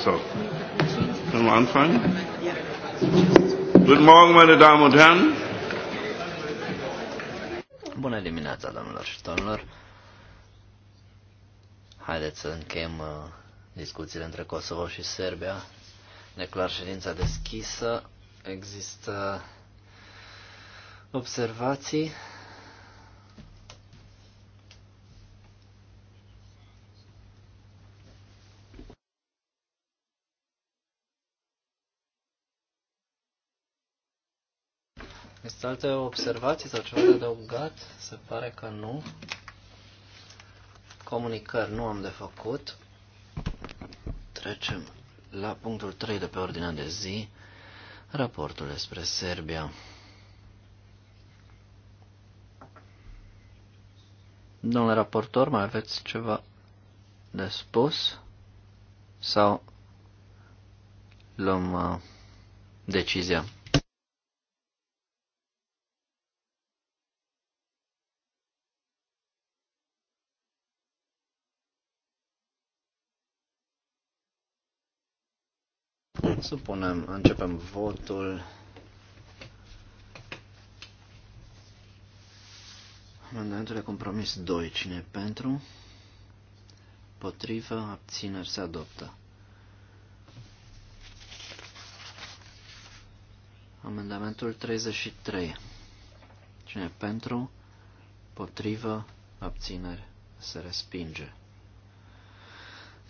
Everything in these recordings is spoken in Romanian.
So, können wir anfangen? Ja. Guten Morgen, meine Damen und Herren. Bună dimineața, domnilor și domnilor. Haideți să încheiem uh, discuțiile între Kosovo și Serbia. Declar ședința deschisă. Există observații. Sunt alte observații sau ceva de adăugat? Se pare că nu. Comunicări nu am de făcut. Trecem la punctul 3 de pe ordinea de zi, raportul despre Serbia. Domnule raportor, mai aveți ceva de spus? Sau luăm uh, decizia? Supunem, începem votul. Amendamentul de compromis 2. Cine e pentru? Potrivă, abțineri, se adoptă. Amendamentul 33. Cine e pentru? Potrivă, abțineri, se respinge.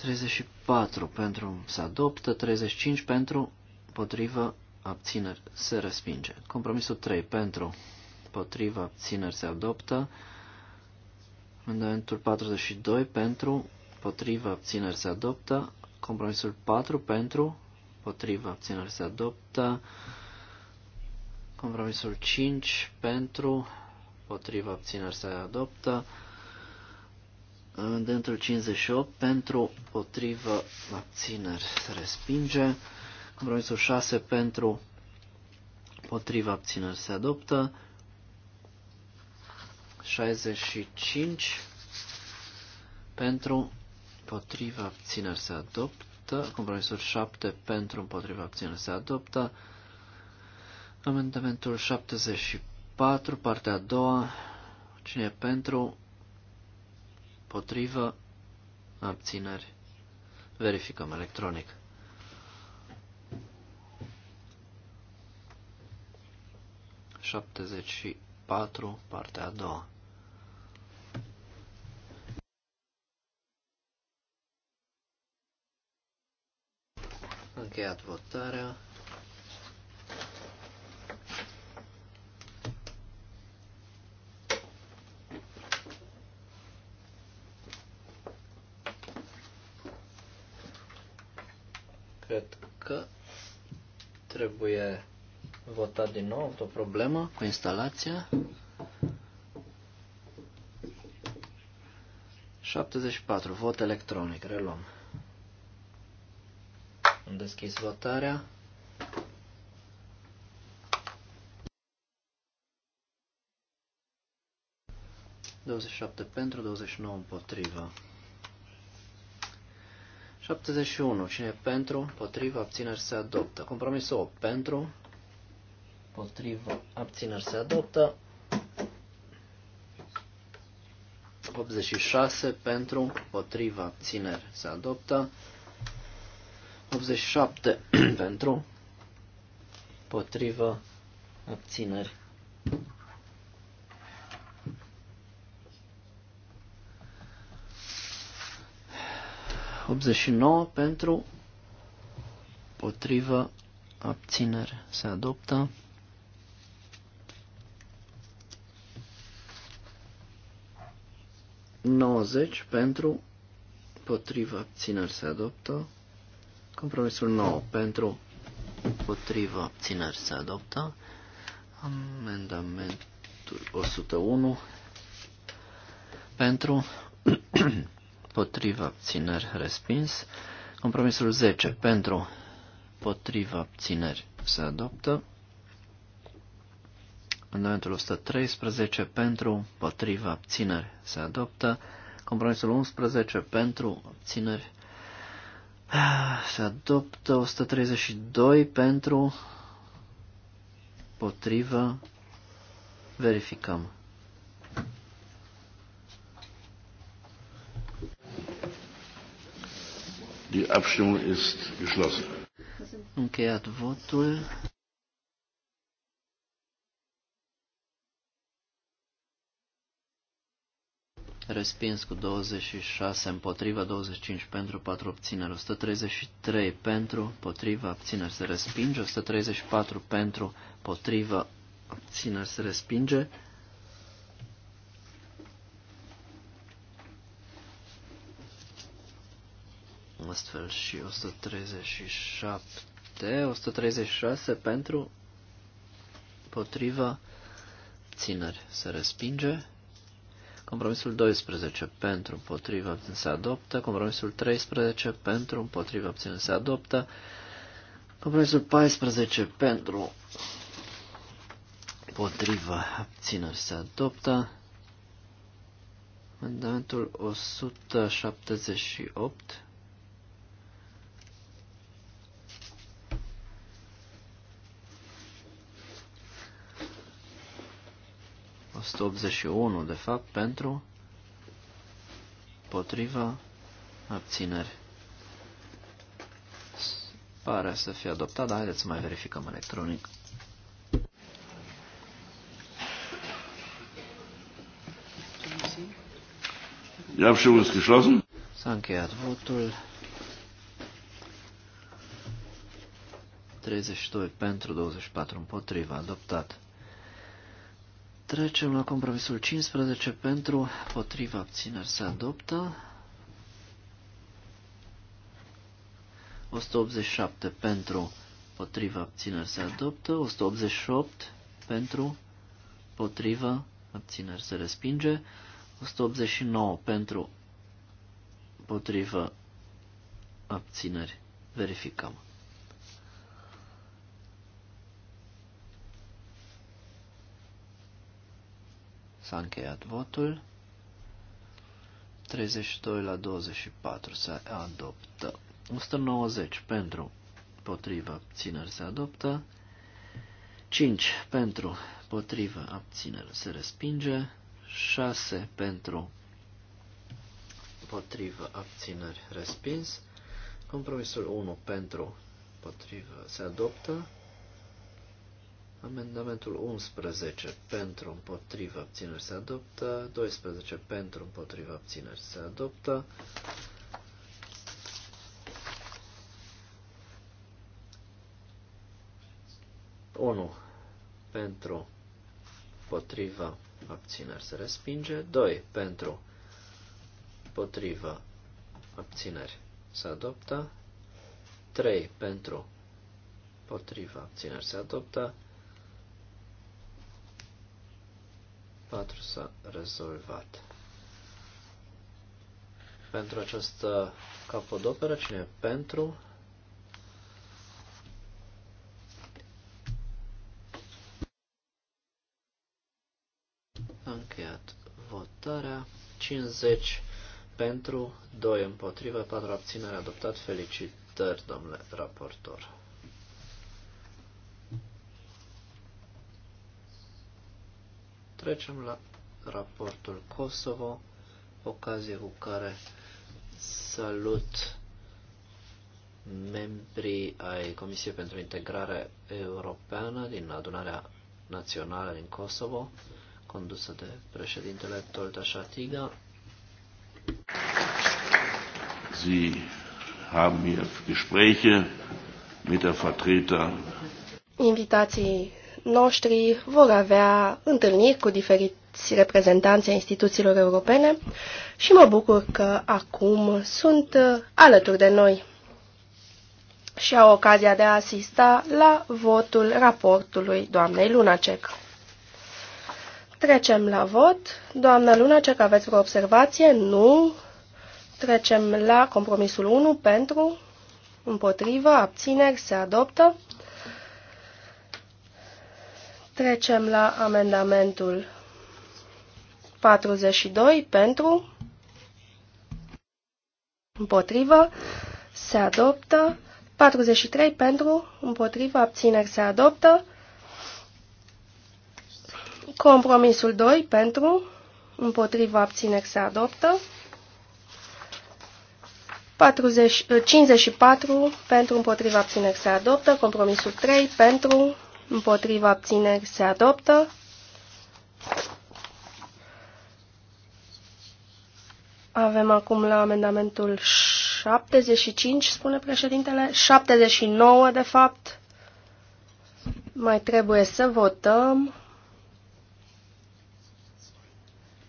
34 pentru se adoptă, 35 pentru, potrivă, abțineri se respinge. Compromisul 3 pentru, potrivă, abțineri se adoptă. Amendamentul 42 pentru, potrivă, abțineri se adoptă. Compromisul 4 pentru, potrivă, abțineri se adoptă. Compromisul 5 pentru, potrivă, abțineri se adoptă. Amendamentul 58 pentru, potrivă, abțineri se respinge. Compromisul 6 pentru, potrivă, abțineri se adoptă. 65 pentru, potrivă abțineri se adoptă. Compromisul 7 pentru, împotriva abțineri se adoptă. Amendamentul 74, partea a doua. Cine e pentru, Potrivă. Abțineri. Verificăm electronic. Șaptezeci și patru, partea a doua. Încheiat votarea. Cred că trebuie votat din nou. o problemă cu instalația. 74. Vot electronic. Reluăm. Am deschis votarea. Douăzeci pentru, 29 împotriva. 71. Cine e pentru? potriva, Abțineri se adoptă. Compromisul 8. Pentru. potriva, Abțineri se adoptă. 86. Pentru. potriva, Abțineri se adoptă. 87. pentru. potriva, Abțineri 89 pentru, potrivă, abținere se adoptă. Nouăzeci pentru, potrivă, abțineri se adoptă. Compromisul 9 pentru, potrivă, abțineri se adoptă. Amendamentul 101 pentru Potrivă abțineri respins. Compromisul 10 pentru potrivă abțineri se adoptă. Amendamentul 113 pentru potrivă abțineri se adoptă. Compromisul 11 pentru abțineri se adoptă. 132 pentru potrivă verificăm. Die Abstimmung ist geschlossen. Încheiat votul. Respins cu 26 împotriva, 25 pentru, 4 obțineri, 133 pentru, potriva, abțineri se respinge, 134 pentru, potriva, abțineri se respinge, Astfel și 137, 136 pentru, potriva, țineri se respinge. Compromisul 12 pentru împotriva abținere se adoptă. Compromisul 13 pentru împotriva abținere se adoptă. Compromisul 14 pentru împotriva abțineri se adoptă. Amendamentul 178 181 de fapt pentru, potriva, abțineri. Pare să fie adoptat, dar haideți să mai verificăm electronic. S-a încheiat votul. 32 pentru, 24 împotriva, adoptat. Trecem la compromisul 15 pentru potriva abțineri se adoptă. 187 pentru potriva abțineri se adoptă. 188 pentru potriva abțineri se respinge. 189 pentru potriva abțineri verificăm. S-a încheiat votul. 32 la 24 se adoptă. 190 pentru, potrivă, abțineri se adoptă. 5 pentru, potrivă, abțineri se respinge. 6 pentru, potrivă, abțineri respins. Compromisul 1 pentru, potrivă, se adoptă. Amendamentul 11 pentru împotriva abțineri se adoptă, 12 pentru împotriva abțineri se adoptă. Unu pentru împotriva abțineri se respinge, 2 pentru împotriva abțineri se adoptă, 3 pentru împotriva abțineri se adoptă, 4 s-a rezolvat. Pentru această capodoperă, cine e pentru? Am încheiat votarea. 50 pentru, 2 împotrivă, 4 abținere adoptat. Felicitări, domnule raportor. Trecem la raportul Kosovo, ocazie cu care salut membrii ai Comisiei pentru Integrare Europeană din adunarea națională din Kosovo, condusă de președintele Tolta Shatiga. Sie haben hier Gespräche mit der Vertreter. Invitații noștri vor avea întâlniri cu diferiți reprezentanți ai instituțiilor europene și mă bucur că acum sunt uh, alături de noi și au ocazia de a asista la votul raportului doamnei Lunacek. Trecem la vot. Doamna Lunacek, aveți vreo observație? Nu. Trecem la compromisul 1 pentru, împotrivă, abțineri, se adoptă. Trecem la amendamentul 42 pentru, împotrivă, se adoptă, 43 pentru, împotrivă, abțineri se adoptă, compromisul 2 pentru, împotrivă, abțineri se adoptă, 40, 54 pentru, împotrivă, abțineri se adoptă, compromisul 3 pentru, împotriva abțineri se adoptă. Avem acum la amendamentul 75, spune președintele, 79 de fapt. Mai trebuie să votăm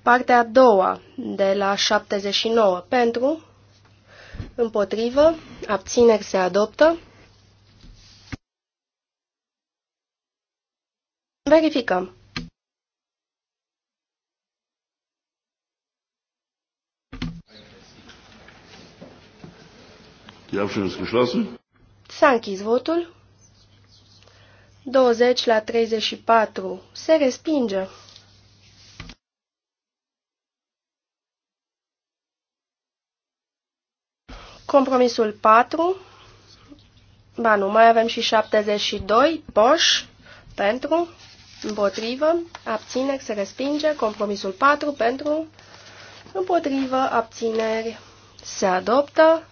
partea a doua de la 79 pentru, împotrivă, abțineri se adoptă. Verificăm. S-a închis votul. 20 la 34. Se respinge. Compromisul 4. Ba nu, mai avem și 72. Poș. Pentru. Împotrivă, abțineri, se respinge. Compromisul 4 pentru. Împotrivă, abțineri, se adoptă.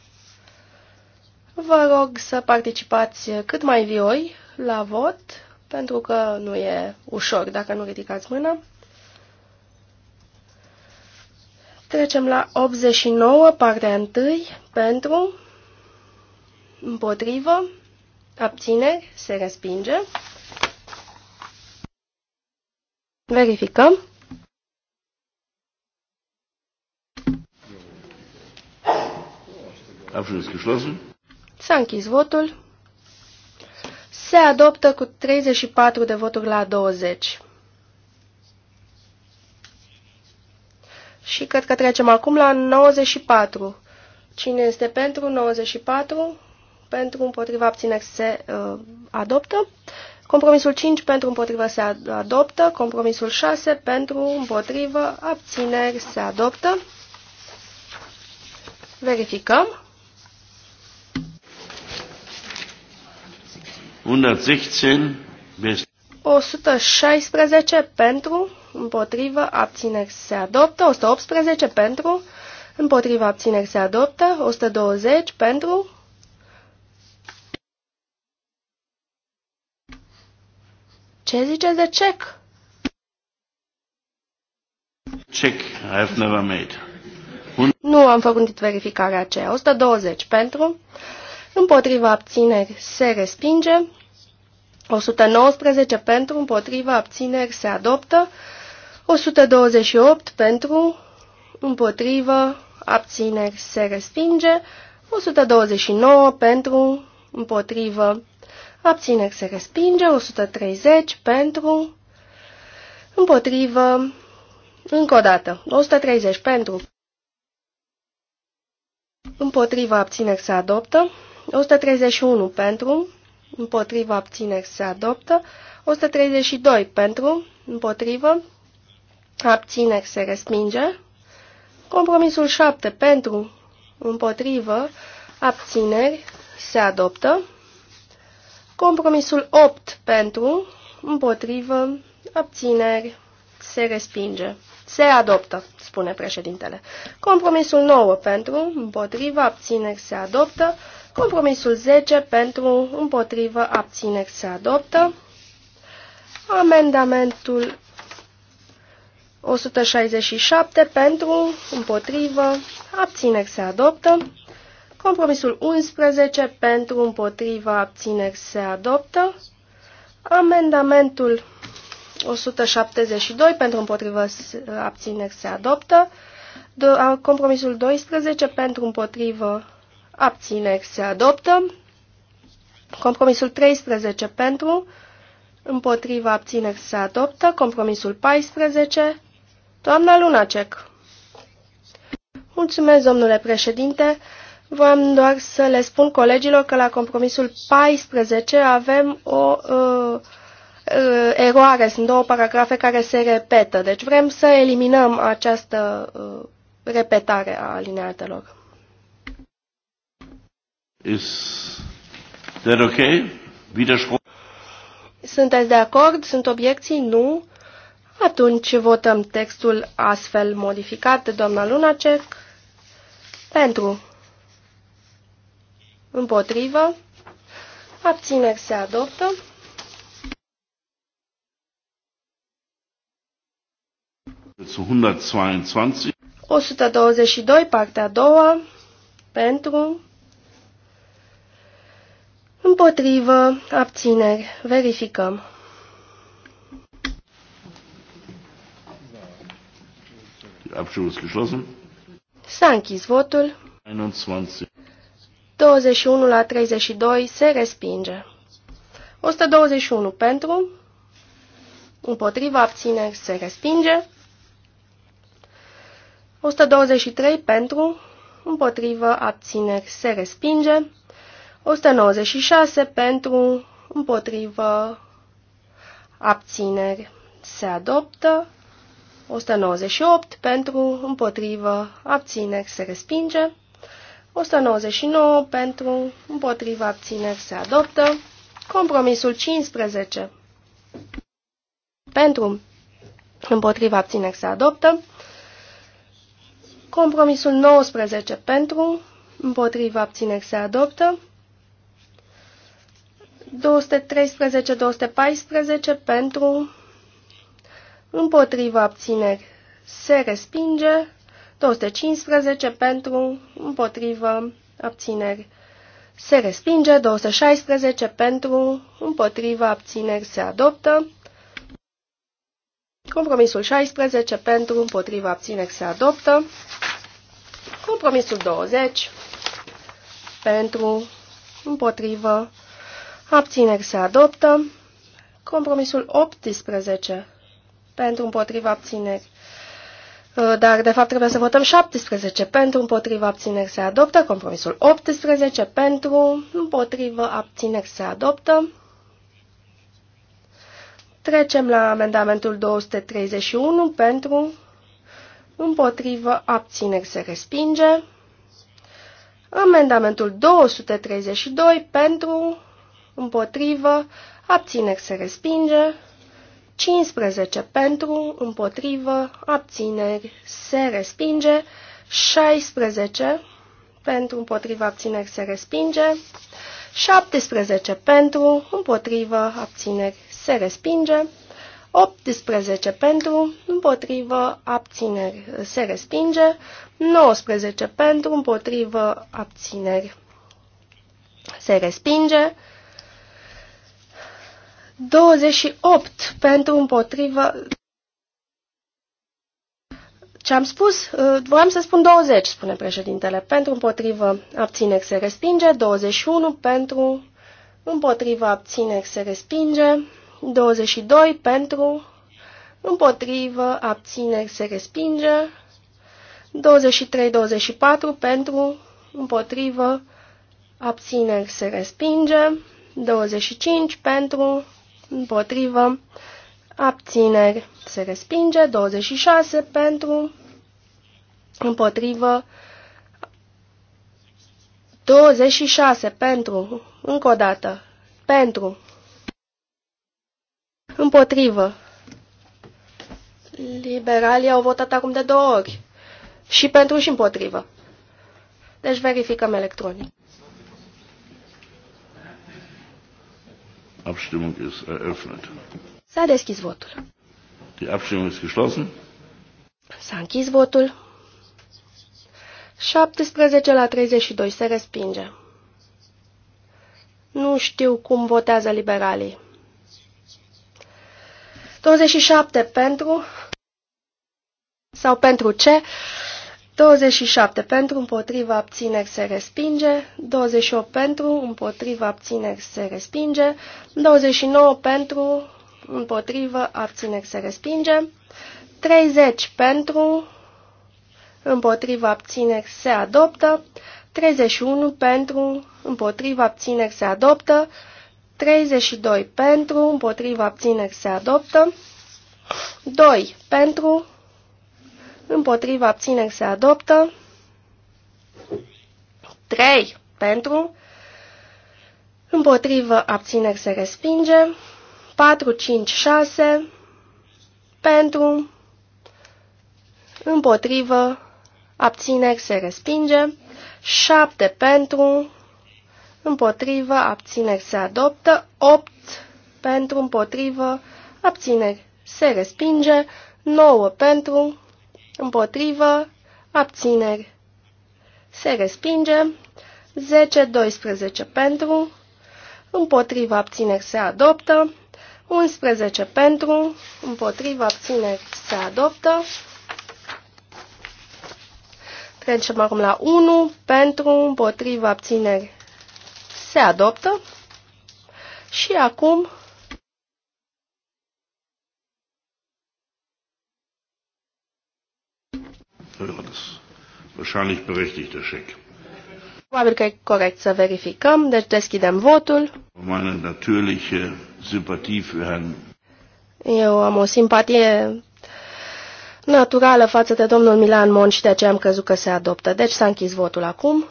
Vă rog să participați cât mai vioi la vot, pentru că nu e ușor dacă nu ridicați mâna. Trecem la 89, partea 1, pentru, împotrivă, abțineri, se respinge. Verificăm. S-a închis votul. Se adoptă cu 34 de voturi la 20. Și cred că trecem acum la 94. Cine este pentru 94? Pentru împotriva abțineri se uh, adoptă. Compromisul 5 pentru împotrivă se adoptă. Compromisul 6 pentru împotrivă abțineri se adoptă. Verificăm. 116, 116 pentru, împotrivă, abțineri se adoptă, 118 pentru, împotrivă, abțineri se adoptă, 120 pentru, Ce ziceți de cec? Check have never made. Un... Nu am făcut verificarea aceea. 120 pentru, împotriva abțineri se respinge, 119 pentru, împotriva abțineri se adoptă, 128 pentru, împotriva abțineri se respinge, 129 pentru, împotrivă, abțineri se respinge, 130 pentru, împotrivă, încă o dată, 130 pentru, împotrivă, abțineri se adoptă, 131 pentru, împotrivă, abțineri se adoptă, 132 pentru, împotrivă, abțineri se respinge, compromisul 7 pentru, împotrivă, abțineri se adoptă, Compromisul 8 pentru, împotrivă, abțineri, se respinge. Se adoptă, spune președintele. Compromisul 9 pentru, împotrivă, abțineri, se adoptă. Compromisul 10 pentru, împotrivă, abțineri, se adoptă. Amendamentul 167 pentru, împotrivă, abțineri se adoptă. Compromisul 11 pentru împotriva abțineri se adoptă. Amendamentul 172 pentru împotriva abțineri se adoptă. Compromisul 12 pentru împotriva abțineri se adoptă. Compromisul 13 pentru împotriva abțineri se adoptă. Compromisul 14. Doamna Lunacek. Mulțumesc, domnule președinte. Vreau doar să le spun colegilor că la compromisul 14 avem o uh, uh, eroare, sunt două paragrafe care se repetă, deci vrem să eliminăm această uh, repetare a alineatelor. Is that okay? Sunteți de acord? Sunt obiecții? Nu? Atunci votăm textul astfel modificat de doamna Lunacek pentru Împotrivă. Abțineri se adoptă. Zu 122. 122, partea a doua, pentru, împotrivă, abțineri, verificăm. Abstimmung geschlossen. S-a închis votul. 21 21 la 32 se respinge. 121 pentru, împotriva abțineri se respinge. 123 pentru, împotriva abțineri se respinge. 196 pentru, împotriva abțineri se adoptă. 198 pentru, împotrivă abțineri se respinge. 199 pentru, împotriva abțineri se adoptă. Compromisul 15 pentru, împotriva abțineri se adoptă. Compromisul 19 pentru, împotriva abțineri se adoptă. 213-214 pentru, împotriva abțineri se respinge. 215 pentru, împotrivă, abțineri se respinge. 216 pentru, împotrivă, abțineri se adoptă. Compromisul 16 pentru, împotriva abțineri se adoptă. Compromisul 20 pentru, împotrivă, abțineri se adoptă. Compromisul 18 pentru, împotriva abțineri Uh, dar de fapt trebuie să votăm 17 pentru, împotriva abțineri se adoptă, compromisul 18 pentru, împotriva abțineri se adoptă. Trecem la amendamentul 231 pentru, împotrivă, abțineri se respinge. Amendamentul 232 pentru, împotrivă, abțineri se respinge. 15 pentru, împotrivă, abțineri, se respinge. 16 pentru, împotrivă, abțineri, se respinge. 17 pentru, împotrivă, abțineri, se respinge. 18 pentru, împotrivă, abțineri, se respinge. 19 pentru, împotrivă, abțineri, se respinge. 28 pentru împotrivă. Ce am spus? Uh, voiam să spun 20, spune președintele. Pentru împotrivă abțineri se respinge, 21 pentru împotrivă abțineri se respinge, 22 pentru împotrivă abțineri se respinge, 23-24 pentru împotrivă abțineri se respinge, 25 pentru împotrivă, abțineri, se respinge, 26 pentru, împotrivă, 26 pentru, încă o dată, pentru, împotrivă. Liberalii au votat acum de două ori, și pentru și împotrivă. Deci verificăm electronic. Abstimmung ist eröffnet. S-a deschis votul. Die Abstimmung ist geschlossen. S-a închis votul. 17 la 32 se respinge. Nu știu cum votează liberalii. 27 pentru sau pentru ce? 27 pentru, împotriva abțineri se respinge, 28 pentru, împotriva abțineri se respinge, 29 pentru, împotriva abțineri se respinge, 30 pentru, împotriva abțineri se adoptă, 31 pentru, împotriva abțineri se adoptă, 32 pentru, împotriva abțineri se adoptă, 2 pentru, Împotriva abțineri se adoptă. 3 pentru. Împotrivă abțineri se respinge. 4, 5, 6 pentru. Împotrivă abțineri se respinge. 7 pentru. Împotrivă abțineri se adoptă. 8 pentru împotrivă abțineri se respinge. 9 pentru împotrivă, abțineri, se respinge, 10-12 pentru, împotrivă, abțineri, se adoptă, 11 pentru, împotrivă, abțineri, se adoptă, trecem acum la 1, pentru, împotrivă, abțineri, se adoptă, și acum Wahrscheinlich berechtigter Scheck. Probabil că e corect să verificăm, deci deschidem votul. Meine natürliche Sympathie für Herrn eu am o simpatie naturală față de domnul Milan Mon și de aceea am crezut că se adoptă. Deci s-a închis votul acum.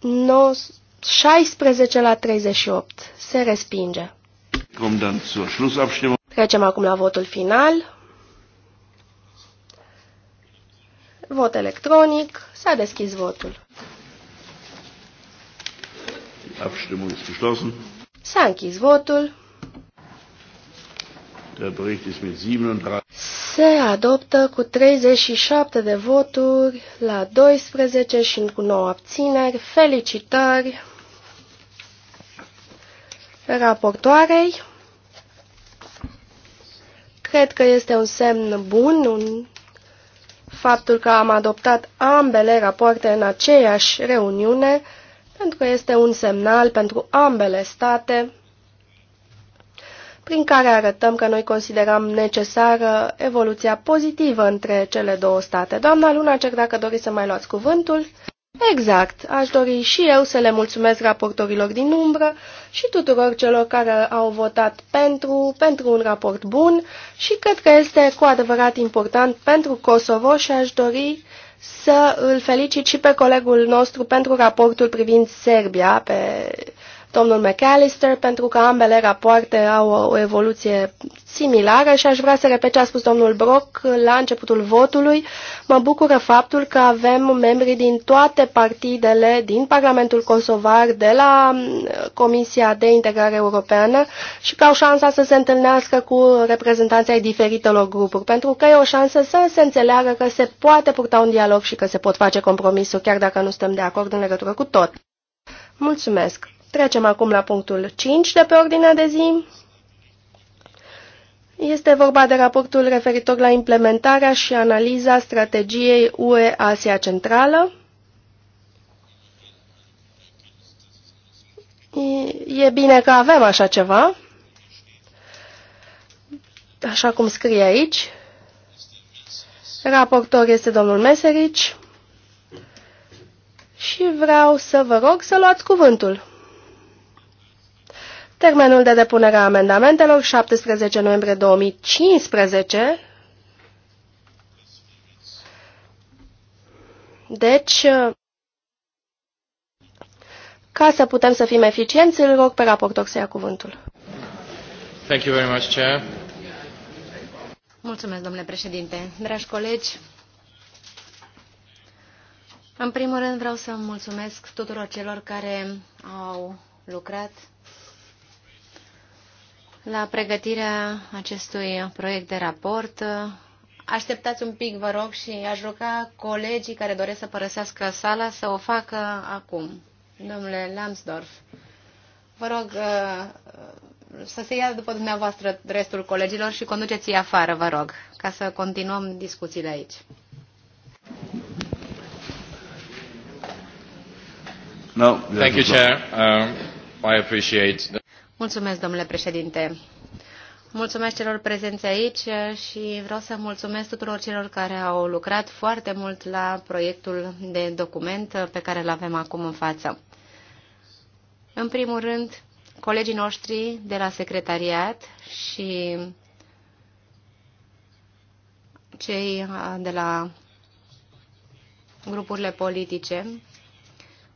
No, 16 la 38. Se respinge. Trecem acum la votul final. Vot electronic. S-a deschis votul. S-a închis votul. se adoptă cu 37 de voturi la 12 și cu 9 abțineri. Felicitări raportoarei. Cred că este un semn bun un... faptul că am adoptat ambele rapoarte în aceeași reuniune, pentru că este un semnal pentru ambele state prin care arătăm că noi considerăm necesară evoluția pozitivă între cele două state. Doamna cer dacă doriți să mai luați cuvântul... Exact, aș dori și eu să le mulțumesc raportorilor din umbră și tuturor celor care au votat pentru, pentru un raport bun și cred că este cu adevărat important pentru Kosovo și aș dori să îl felicit și pe colegul nostru pentru raportul privind Serbia, pe domnul McAllister, pentru că ambele rapoarte au o evoluție similară și aș vrea să repet ce a spus domnul Brock la începutul votului. Mă bucură faptul că avem membri din toate partidele, din Parlamentul Kosovar, de la mm, Comisia de Integrare Europeană și că au șansa să se întâlnească cu reprezentanții ai diferitelor grupuri, pentru că e o șansă să se înțeleagă că se poate purta un dialog și că se pot face compromisuri, chiar dacă nu suntem de acord în legătură cu tot. Mulțumesc! Trecem acum la punctul 5 de pe ordinea de zi. Este vorba de raportul referitor la implementarea și analiza strategiei UE Asia Centrală. E bine că avem așa ceva, așa cum scrie aici. Raportor este domnul Meserici și vreau să vă rog să luați cuvântul. Termenul de depunere a amendamentelor, 17 noiembrie 2015. Deci, ca să putem să fim eficienți, îl rog pe raportor să ia cuvântul. Thank you very much, Chair. Mulțumesc, domnule președinte. Dragi colegi, în primul rând vreau să mulțumesc tuturor celor care au lucrat la pregătirea acestui proiect de raport. Așteptați un pic, vă rog, și aș ruga colegii care doresc să părăsească sala să o facă acum. Domnule Lambsdorff, vă rog uh, să se ia după dumneavoastră restul colegilor și conduceți-i afară, vă rog, ca să continuăm discuțiile aici. No, Thank you, Chair. Um, I appreciate Mulțumesc, domnule președinte. Mulțumesc celor prezenți aici și vreau să mulțumesc tuturor celor care au lucrat foarte mult la proiectul de document pe care îl avem acum în față. În primul rând, colegii noștri de la secretariat și cei uh, de la grupurile politice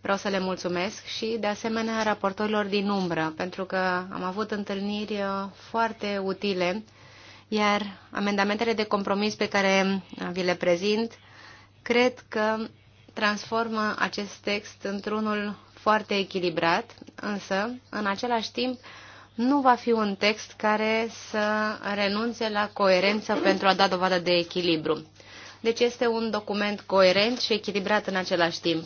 Vreau să le mulțumesc și, de asemenea, raportorilor din umbră, pentru că am avut întâlniri uh, foarte utile, iar amendamentele de compromis pe care uh, vi le prezint, cred că transformă acest text într-unul foarte echilibrat, însă, în același timp, nu va fi un text care să renunțe la coerență pentru a da dovadă de echilibru. Deci este un document coerent și echilibrat în același timp.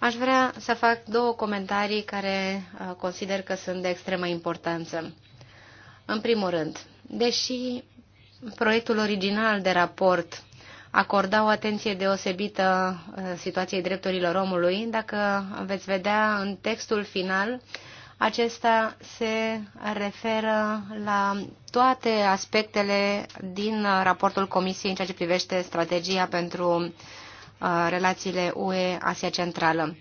Aș vrea să fac două comentarii care uh, consider că sunt de extremă importanță. În primul rând, deși proiectul original de raport acorda o atenție deosebită uh, situației drepturilor omului, dacă veți vedea în textul final, acesta se referă la toate aspectele din uh, raportul Comisiei în ceea ce privește strategia pentru relațiile UE-Asia Centrală.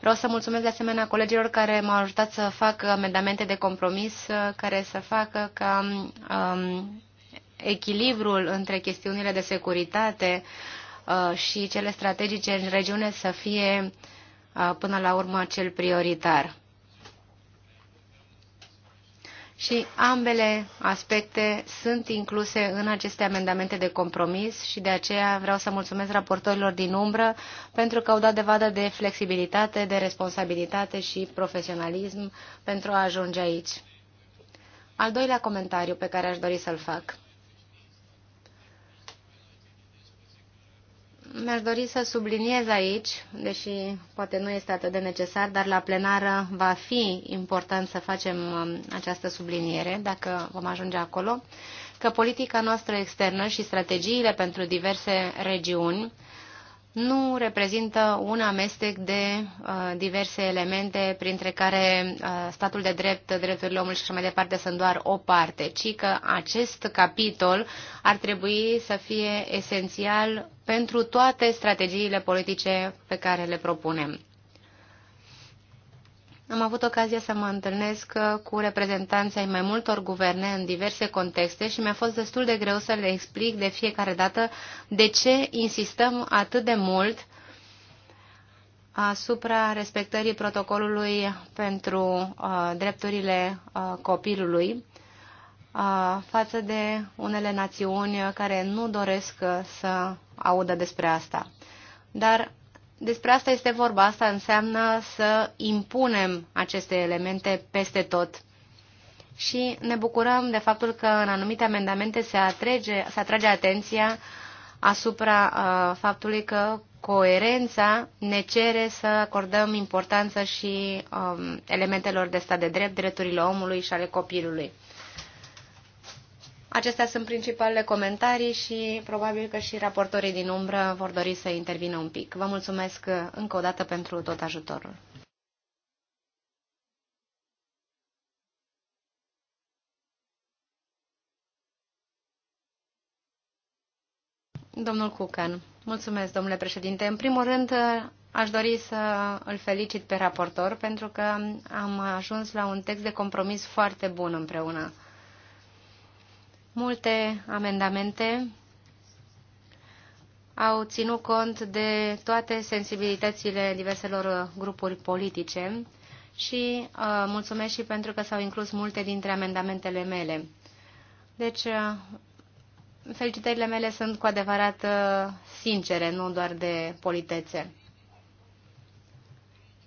Vreau să mulțumesc de asemenea colegilor care m-au ajutat să fac amendamente de compromis uh, care să facă ca um, echilibrul între chestiunile de securitate uh, și cele strategice în regiune să fie uh, până la urmă cel prioritar și ambele aspecte sunt incluse în aceste amendamente de compromis și de aceea vreau să mulțumesc raportorilor din umbră pentru că au dat devadă de flexibilitate, de responsabilitate și profesionalism pentru a ajunge aici. Al doilea comentariu pe care aș dori să-l fac. Mi-aș dori să subliniez aici, deși poate nu este atât de necesar, dar la plenară va fi important să facem um, această subliniere, dacă vom ajunge acolo, că politica noastră externă și strategiile pentru diverse regiuni nu reprezintă un amestec de uh, diverse elemente, printre care uh, statul de drept, drepturile omului și așa mai departe sunt doar o parte, ci că acest capitol ar trebui să fie esențial pentru toate strategiile politice pe care le propunem. Am avut ocazia să mă întâlnesc uh, cu reprezentanții mai multor guverne în diverse contexte și mi-a fost destul de greu să le explic de fiecare dată de ce insistăm atât de mult asupra respectării protocolului pentru uh, drepturile uh, copilului uh, față de unele națiuni care nu doresc uh, să audă despre asta. Dar despre asta este vorba. Asta înseamnă să impunem aceste elemente peste tot. Și ne bucurăm de faptul că în anumite amendamente se, atrege, se atrage atenția asupra uh, faptului că coerența ne cere să acordăm importanță și um, elementelor de stat de drept, drepturile omului și ale copilului. Acestea sunt principalele comentarii și probabil că și raportorii din umbră vor dori să intervină un pic. Vă mulțumesc uh, încă o dată pentru tot ajutorul. Domnul Cucan. Mulțumesc, domnule președinte. În primul rând, uh, aș dori să îl felicit pe raportor pentru că am ajuns la un text de compromis foarte bun împreună. Multe amendamente au ținut cont de toate sensibilitățile diverselor grupuri politice și uh, mulțumesc și pentru că s-au inclus multe dintre amendamentele mele. Deci, uh, felicitările mele sunt cu adevărat uh, sincere, nu doar de politețe.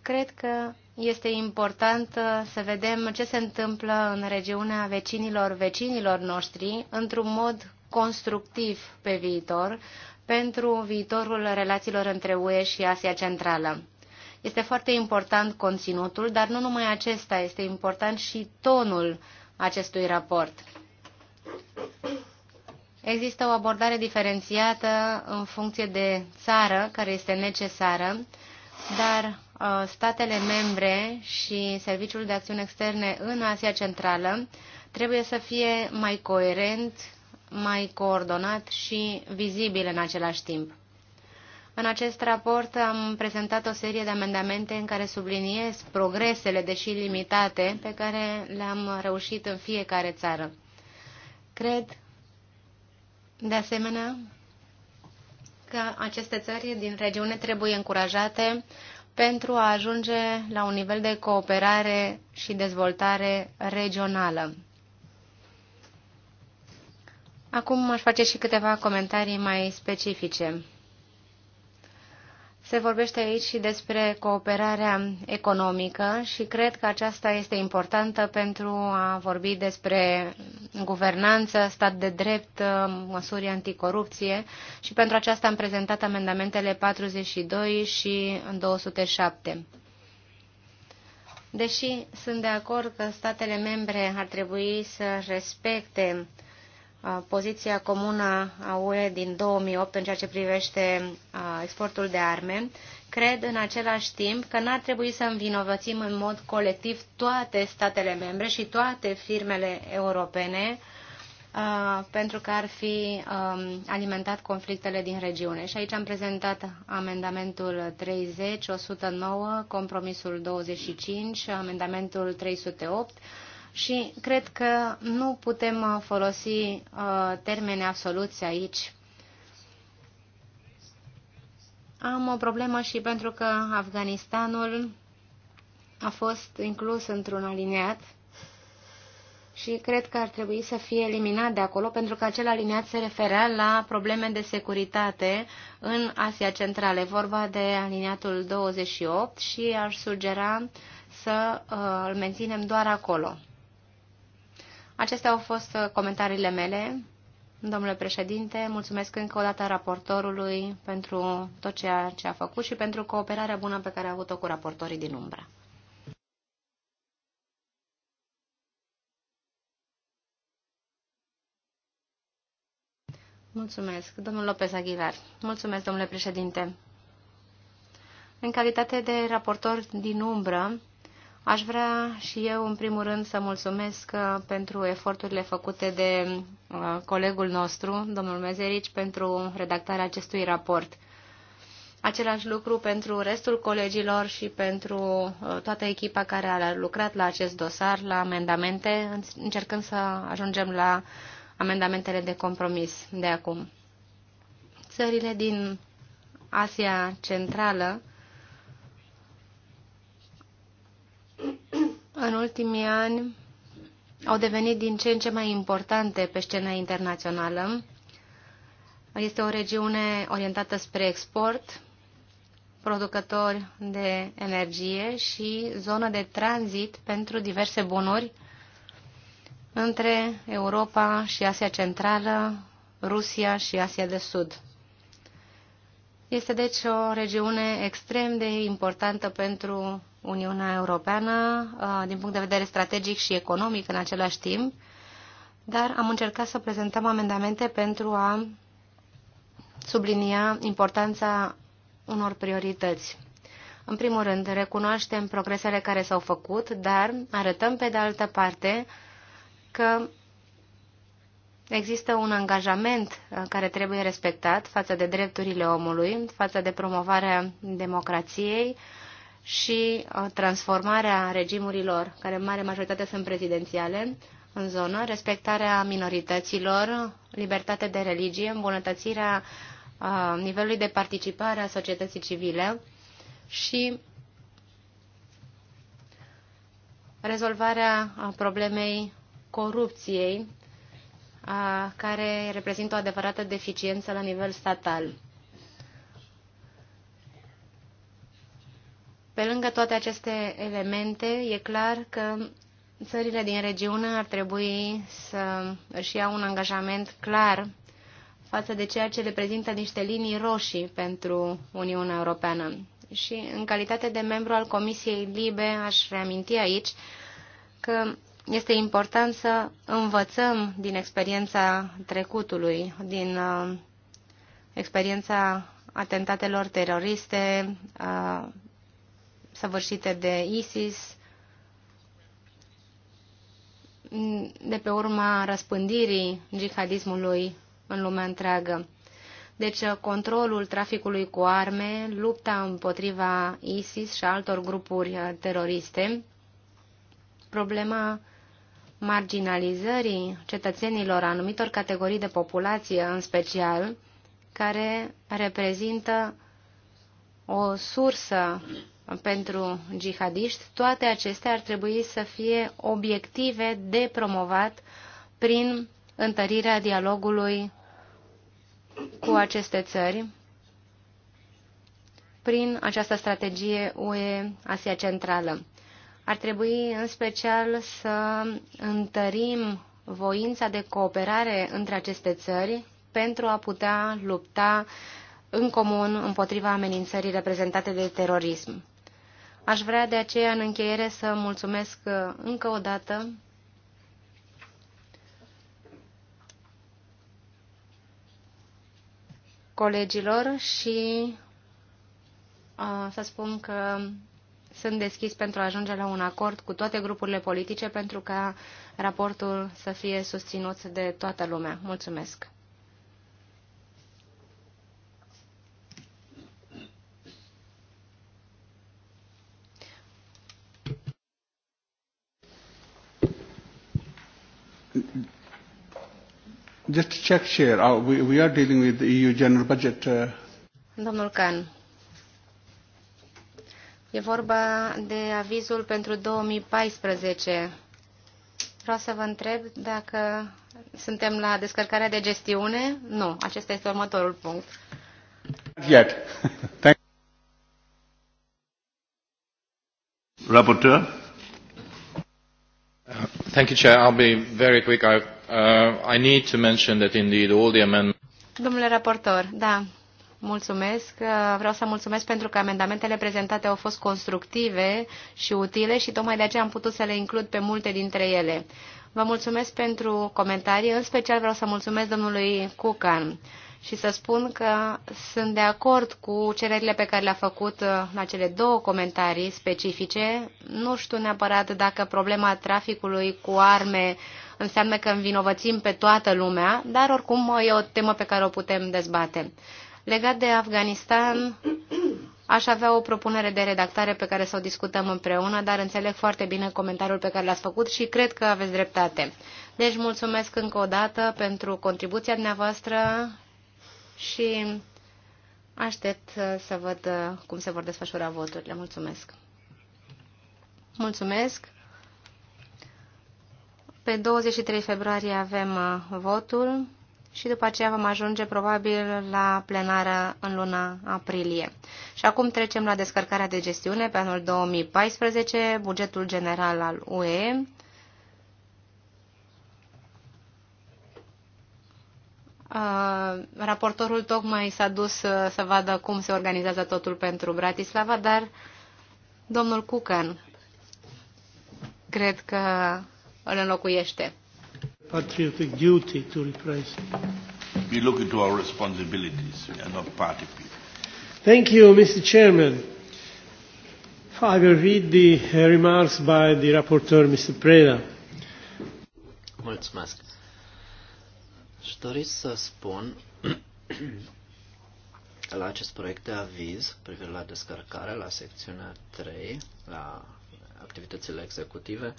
Cred că este important uh, să vedem ce se întâmplă în regiunea vecinilor vecinilor noștri într-un mod constructiv pe viitor pentru viitorul relațiilor între UE și Asia Centrală. Este foarte important conținutul, dar nu numai acesta, este important și tonul acestui raport. Există o abordare diferențiată în funcție de țară, care este necesară, dar Uh, statele membre și Serviciul de Acțiune Externe în Asia Centrală trebuie să fie mai coerent, mai coordonat și vizibil în același timp. În acest raport am prezentat o serie de amendamente în care subliniez progresele, deși limitate, pe care le-am reușit în fiecare țară. Cred, de asemenea, că aceste țări din regiune trebuie încurajate pentru a ajunge la un nivel de cooperare și dezvoltare regională. Acum aș face și câteva comentarii mai specifice. Se vorbește aici și despre cooperarea economică și cred că aceasta este importantă pentru a vorbi despre guvernanță, stat de drept, măsuri anticorupție și pentru aceasta am prezentat amendamentele 42 și 207. Deși sunt de acord că statele membre ar trebui să respecte uh, poziția comună a UE din 2008 în ceea ce privește exportul de arme, cred în același timp că n-ar trebui să învinovățim în mod colectiv toate statele membre și toate firmele europene pentru că ar fi alimentat conflictele din regiune. Și aici am prezentat amendamentul 30, 109, compromisul 25, amendamentul 308, și cred că nu putem uh, folosi uh, termeni absoluți aici. Am o problemă și pentru că Afganistanul a fost inclus într-un aliniat și cred că ar trebui să fie eliminat de acolo, pentru că acel aliniat se referea la probleme de securitate în Asia Centrală. E vorba de aliniatul 28 și aș sugera să uh, îl menținem doar acolo. Acestea au fost uh, comentariile mele. Domnule președinte, mulțumesc încă o dată raportorului pentru tot ceea ce a făcut și pentru cooperarea bună pe care a avut-o cu raportorii din umbră. Mulțumesc, domnul Lopez Aguilar. Mulțumesc, domnule președinte. În calitate de raportor din umbră, Aș vrea și eu, în primul rând, să mulțumesc uh, pentru eforturile făcute de uh, colegul nostru, domnul Mezerici, pentru redactarea acestui raport. Același lucru pentru restul colegilor și pentru uh, toată echipa care a lucrat la acest dosar, la amendamente, încercând să ajungem la amendamentele de compromis de acum. Țările din Asia Centrală în ultimii ani au devenit din ce în ce mai importante pe scena internațională. Este o regiune orientată spre export, producători de energie și zonă de tranzit pentru diverse bunuri între Europa și Asia Centrală, Rusia și Asia de Sud. Este deci o regiune extrem de importantă pentru Uniunea Europeană uh, din punct de vedere strategic și economic în același timp, dar am încercat să prezentăm amendamente pentru a sublinia importanța unor priorități. În primul rând, recunoaștem progresele care s-au făcut, dar arătăm pe de altă parte că există un angajament uh, care trebuie respectat față de drepturile omului, față de promovarea democrației, și uh, transformarea regimurilor, care în mare majoritate sunt prezidențiale, în zonă, respectarea minorităților, libertate de religie, îmbunătățirea uh, nivelului de participare a societății civile și rezolvarea uh, problemei corupției, care reprezintă o adevărată deficiență la nivel statal. Pe lângă toate aceste elemente, e clar că țările din regiune ar trebui să își iau un angajament clar față de ceea ce reprezintă niște linii roșii pentru Uniunea Europeană. Și în calitate de membru al Comisiei Libe aș reaminti aici că este important să învățăm din experiența trecutului, din uh, experiența atentatelor teroriste, uh, săvârșite de ISIS, de pe urma răspândirii jihadismului în lumea întreagă. Deci controlul traficului cu arme, lupta împotriva ISIS și altor grupuri teroriste, problema marginalizării cetățenilor anumitor categorii de populație în special, care reprezintă o sursă pentru jihadiști, toate acestea ar trebui să fie obiective de promovat prin întărirea dialogului cu aceste țări, prin această strategie UE Asia Centrală. Ar trebui în special să întărim voința de cooperare între aceste țări pentru a putea lupta în comun împotriva amenințării reprezentate de terorism. Aș vrea de aceea în încheiere să mulțumesc uh, încă o dată colegilor și uh, să spun că sunt deschis pentru a ajunge la un acord cu toate grupurile politice pentru ca raportul să fie susținut de toată lumea. Mulțumesc! Just to check, Chair, uh, we, we are dealing with the EU general budget. Uh... Domnul Can, e vorba de avizul pentru 2014. Vreau să vă întreb dacă suntem la descărcarea de gestiune. Nu, acesta este următorul punct. Yet. Thank. Rapporteur. Domnule raportor, da, mulțumesc. Uh, vreau să mulțumesc pentru că amendamentele prezentate au fost constructive și utile și tocmai de aceea am putut să le includ pe multe dintre ele. Vă mulțumesc pentru comentarii, în special vreau să mulțumesc domnului Cucan și să spun că sunt de acord cu cererile pe care le-a făcut uh, în acele două comentarii specifice. Nu știu neapărat dacă problema traficului cu arme înseamnă că învinovățim pe toată lumea, dar oricum uh, e o temă pe care o putem dezbate. Legat de Afganistan, aș avea o propunere de redactare pe care să o discutăm împreună, dar înțeleg foarte bine comentariul pe care l-ați făcut și cred că aveți dreptate. Deci mulțumesc încă o dată pentru contribuția dumneavoastră și aștept să văd uh, cum se vor desfășura voturile. Mulțumesc! Mulțumesc! Pe 23 februarie avem uh, votul și după aceea vom ajunge probabil la plenară în luna aprilie. Și acum trecem la descărcarea de gestiune pe anul 2014, bugetul general al UE. Raportorul tocmai s-a dus uh, să vadă cum se organizează totul pentru Bratislava, dar domnul Cucan cred că îl înlocuiește. Patriotic duty to replace. We look into our responsibilities. We are not party people. Thank you, Mr. Chairman. I will read the uh, remarks by the rapporteur, Mr. Preda. Mulțumesc. Și dori să spun la acest proiect de aviz privire la descărcare, la secțiunea 3, la activitățile executive,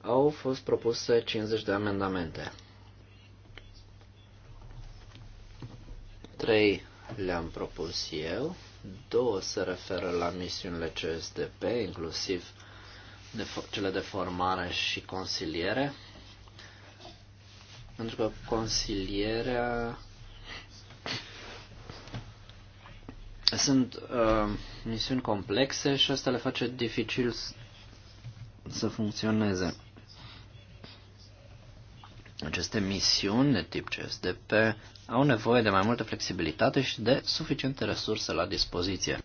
au fost propuse 50 de amendamente. 3 le-am propus eu, 2 se referă la misiunile CSDP, inclusiv de cele de formare și consiliere, pentru că consilierea sunt uh, misiuni complexe și asta le face dificil să funcționeze. Aceste misiuni de tip CSDP au nevoie de mai multă flexibilitate și de suficiente resurse la dispoziție.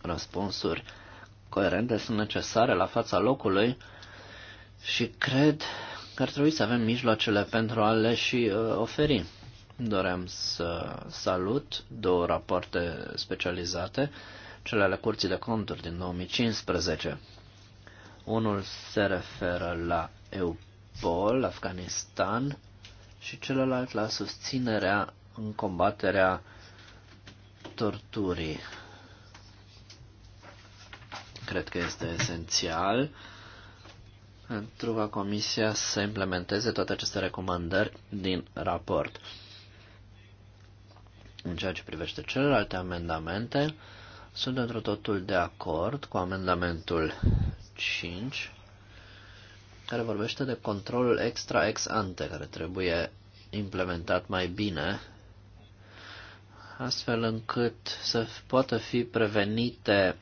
Răspunsuri coerente sunt necesare la fața locului și cred că ar trebui să avem mijloacele pentru a le și uh, oferi. Doream să salut două rapoarte specializate, cele ale Curții de Conturi din 2015. Unul se referă la EUPOL, Afganistan, și celălalt la susținerea în combaterea torturii. Cred că este esențial pentru ca Comisia să implementeze toate aceste recomandări din raport. În ceea ce privește celelalte amendamente, sunt într totul de acord cu amendamentul 5, care vorbește de controlul extra ex ante, care trebuie implementat mai bine, astfel încât să poată fi prevenite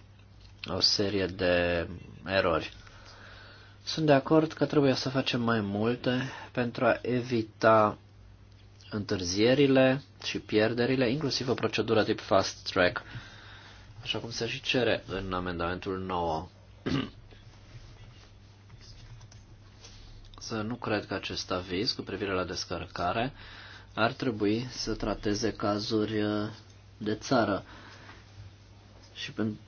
o serie de erori. Sunt de acord că trebuie să facem mai multe pentru a evita întârzierile și pierderile, inclusiv o procedură tip fast track, așa cum se și cere în amendamentul 9. să nu cred că acest aviz cu privire la descărcare ar trebui să trateze cazuri uh, de țară. Și pentru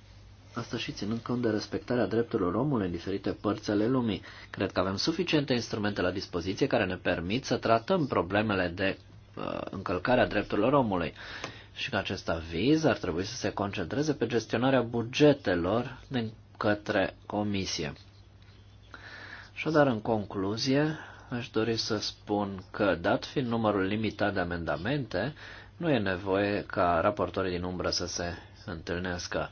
Asta și ținând cont de respectarea drepturilor omului în diferite părți ale lumii. Cred că avem suficiente instrumente la dispoziție care ne permit să tratăm problemele de uh, încălcarea drepturilor omului și că acest aviz ar trebui să se concentreze pe gestionarea bugetelor din către comisie. Așadar, în concluzie, aș dori să spun că, dat fiind numărul limitat de amendamente, nu e nevoie ca raportorii din umbră să se întâlnească.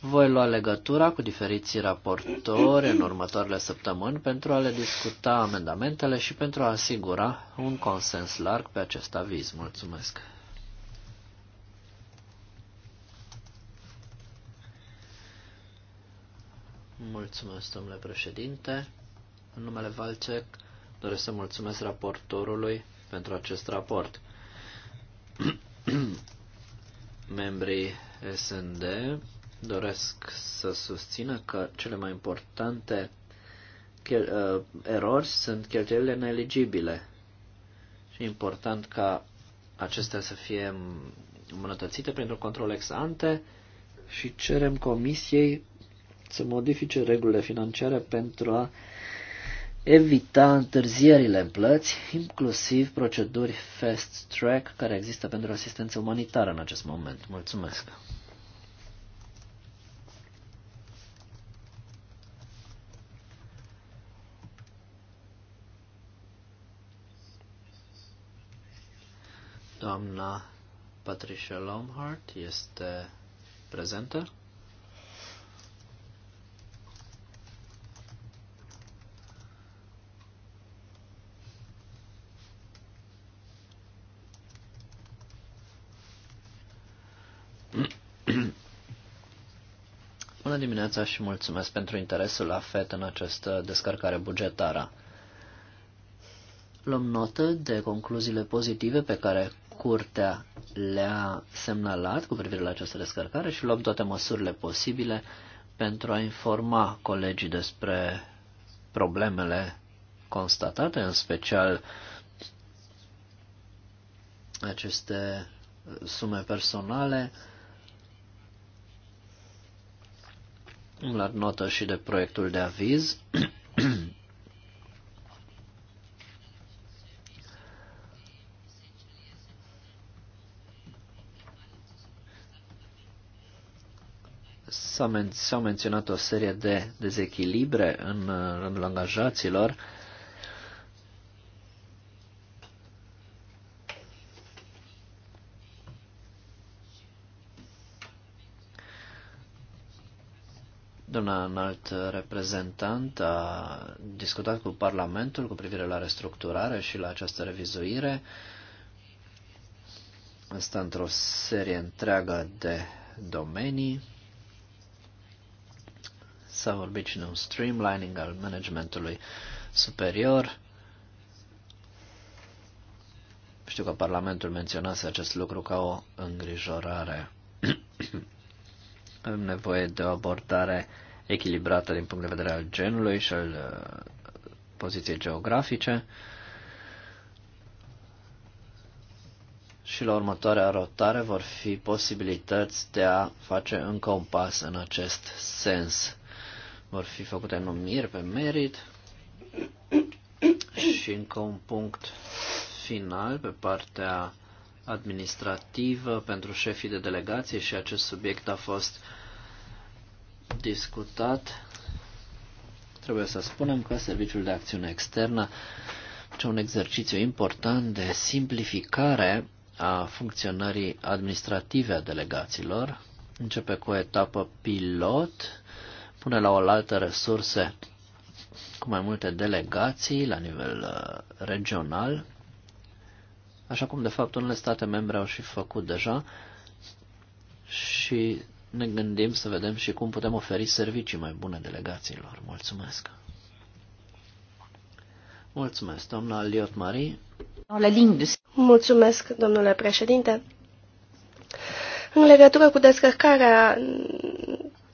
Voi lua legătura cu diferiții raportori în următoarele săptămâni pentru a le discuta amendamentele și pentru a asigura un consens larg pe acest aviz. Mulțumesc! Mulțumesc, domnule președinte. În numele Valcec doresc să mulțumesc raportorului pentru acest raport. Membrii SND doresc să susțină că cele mai importante uh, erori sunt cheltuielile neeligibile. Și e important ca acestea să fie îmbunătățite pentru un control ex ante și cerem comisiei să modifice regulile financiare pentru a evita întârzierile în plăți, inclusiv proceduri fast track care există pentru asistență umanitară în acest moment. Mulțumesc! Doamna Patricia Lomhart este prezentă. Bună dimineața și mulțumesc pentru interesul la FET în această descărcare bugetară. Luăm notă de concluziile pozitive pe care curtea le-a semnalat cu privire la această descărcare și luăm toate măsurile posibile pentru a informa colegii despre problemele constatate, în special aceste sume personale. Am notă și de proiectul de aviz S-au men menționat o serie de dezechilibre în uh, rândul angajaților. Doamna înalt reprezentant a discutat cu Parlamentul cu privire la restructurare și la această revizuire. Asta într-o serie întreagă de domenii. S-a vorbit și de un streamlining al managementului superior. Știu că Parlamentul menționase acest lucru ca o îngrijorare. Avem nevoie de o abordare echilibrată din punct de vedere al genului și al uh, poziției geografice. Și la următoarea rotare vor fi posibilități de a face încă un pas în acest sens vor fi făcute numiri pe merit. Și încă un punct final pe partea administrativă pentru șefii de delegație și acest subiect a fost discutat. Trebuie să spunem că Serviciul de Acțiune Externă face un exercițiu important de simplificare a funcționării administrative a delegațiilor. Începe cu o etapă pilot pune la oaltă resurse cu mai multe delegații la nivel uh, regional, așa cum de fapt unele state membre au și făcut deja și ne gândim să vedem și cum putem oferi servicii mai bune delegațiilor. Mulțumesc! Mulțumesc, doamna Liot Marie. Mulțumesc, domnule președinte. În legătură cu descărcarea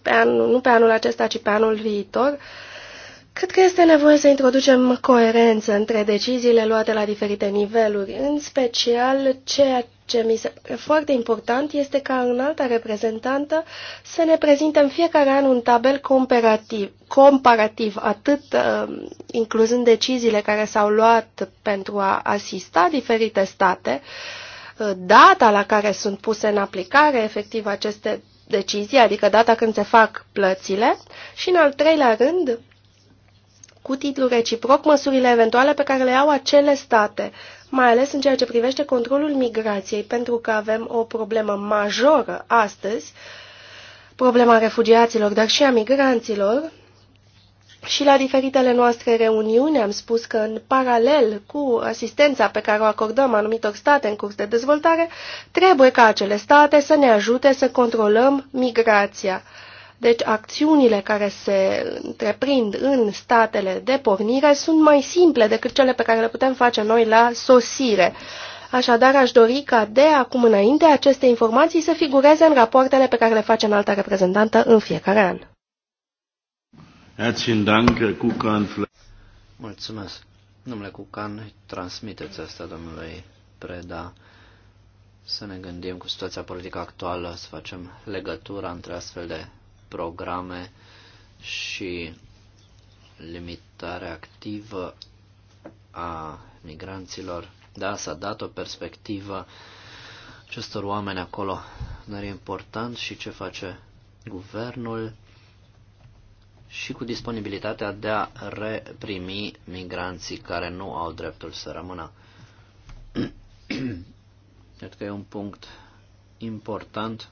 pe anul, nu pe anul acesta, ci pe anul viitor, cred că este nevoie să introducem coerență între deciziile luate la diferite niveluri. În special, ceea ce mi se pare foarte important este ca în alta reprezentantă să ne prezintem fiecare an un tabel comparativ, comparativ atât uh, incluzând deciziile care s-au luat pentru a asista diferite state, uh, data la care sunt puse în aplicare efectiv aceste decizie, adică data când se fac plățile, și în al treilea rând, cu titlu reciproc, măsurile eventuale pe care le au acele state, mai ales în ceea ce privește controlul migrației, pentru că avem o problemă majoră astăzi, problema refugiaților, dar și a migranților, și la diferitele noastre reuniuni am spus că în paralel cu asistența pe care o acordăm anumitor state în curs de dezvoltare, trebuie ca acele state să ne ajute să controlăm migrația. Deci acțiunile care se întreprind în statele de pornire sunt mai simple decât cele pe care le putem face noi la sosire. Așadar, aș dori ca de acum înainte aceste informații să figureze în rapoartele pe care le face în alta reprezentantă în fiecare an. Herzlichen Dank, Herr Kukan. Mulțumesc. Domnule Cucan, transmiteți asta domnului Preda să ne gândim cu situația politică actuală, să facem legătura între astfel de programe și limitarea activă a migranților. Da, s-a dat o perspectivă acestor oameni acolo, dar e important și ce face guvernul și cu disponibilitatea de a reprimi migranții care nu au dreptul să rămână. Cred că e un punct important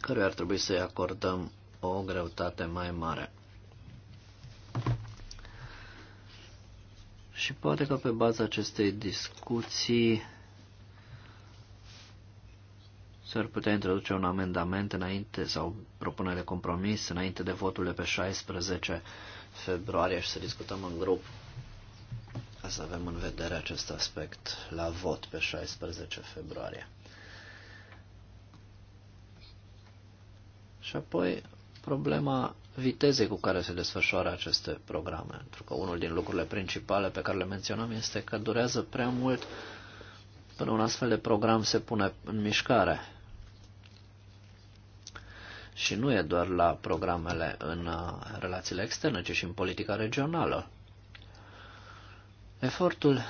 căruia ar trebui să-i acordăm o greutate mai mare. Și poate că pe baza acestei discuții s-ar putea introduce un amendament înainte sau propunere de compromis înainte de voturile pe 16 februarie și să discutăm în grup ca să avem în vedere acest aspect la vot pe 16 februarie. Și apoi problema vitezei cu care se desfășoară aceste programe. Pentru că unul din lucrurile principale pe care le menționăm este că durează prea mult până un astfel de program se pune în mișcare. Și nu e doar la programele în uh, relațiile externe, ci și în politica regională. Efortul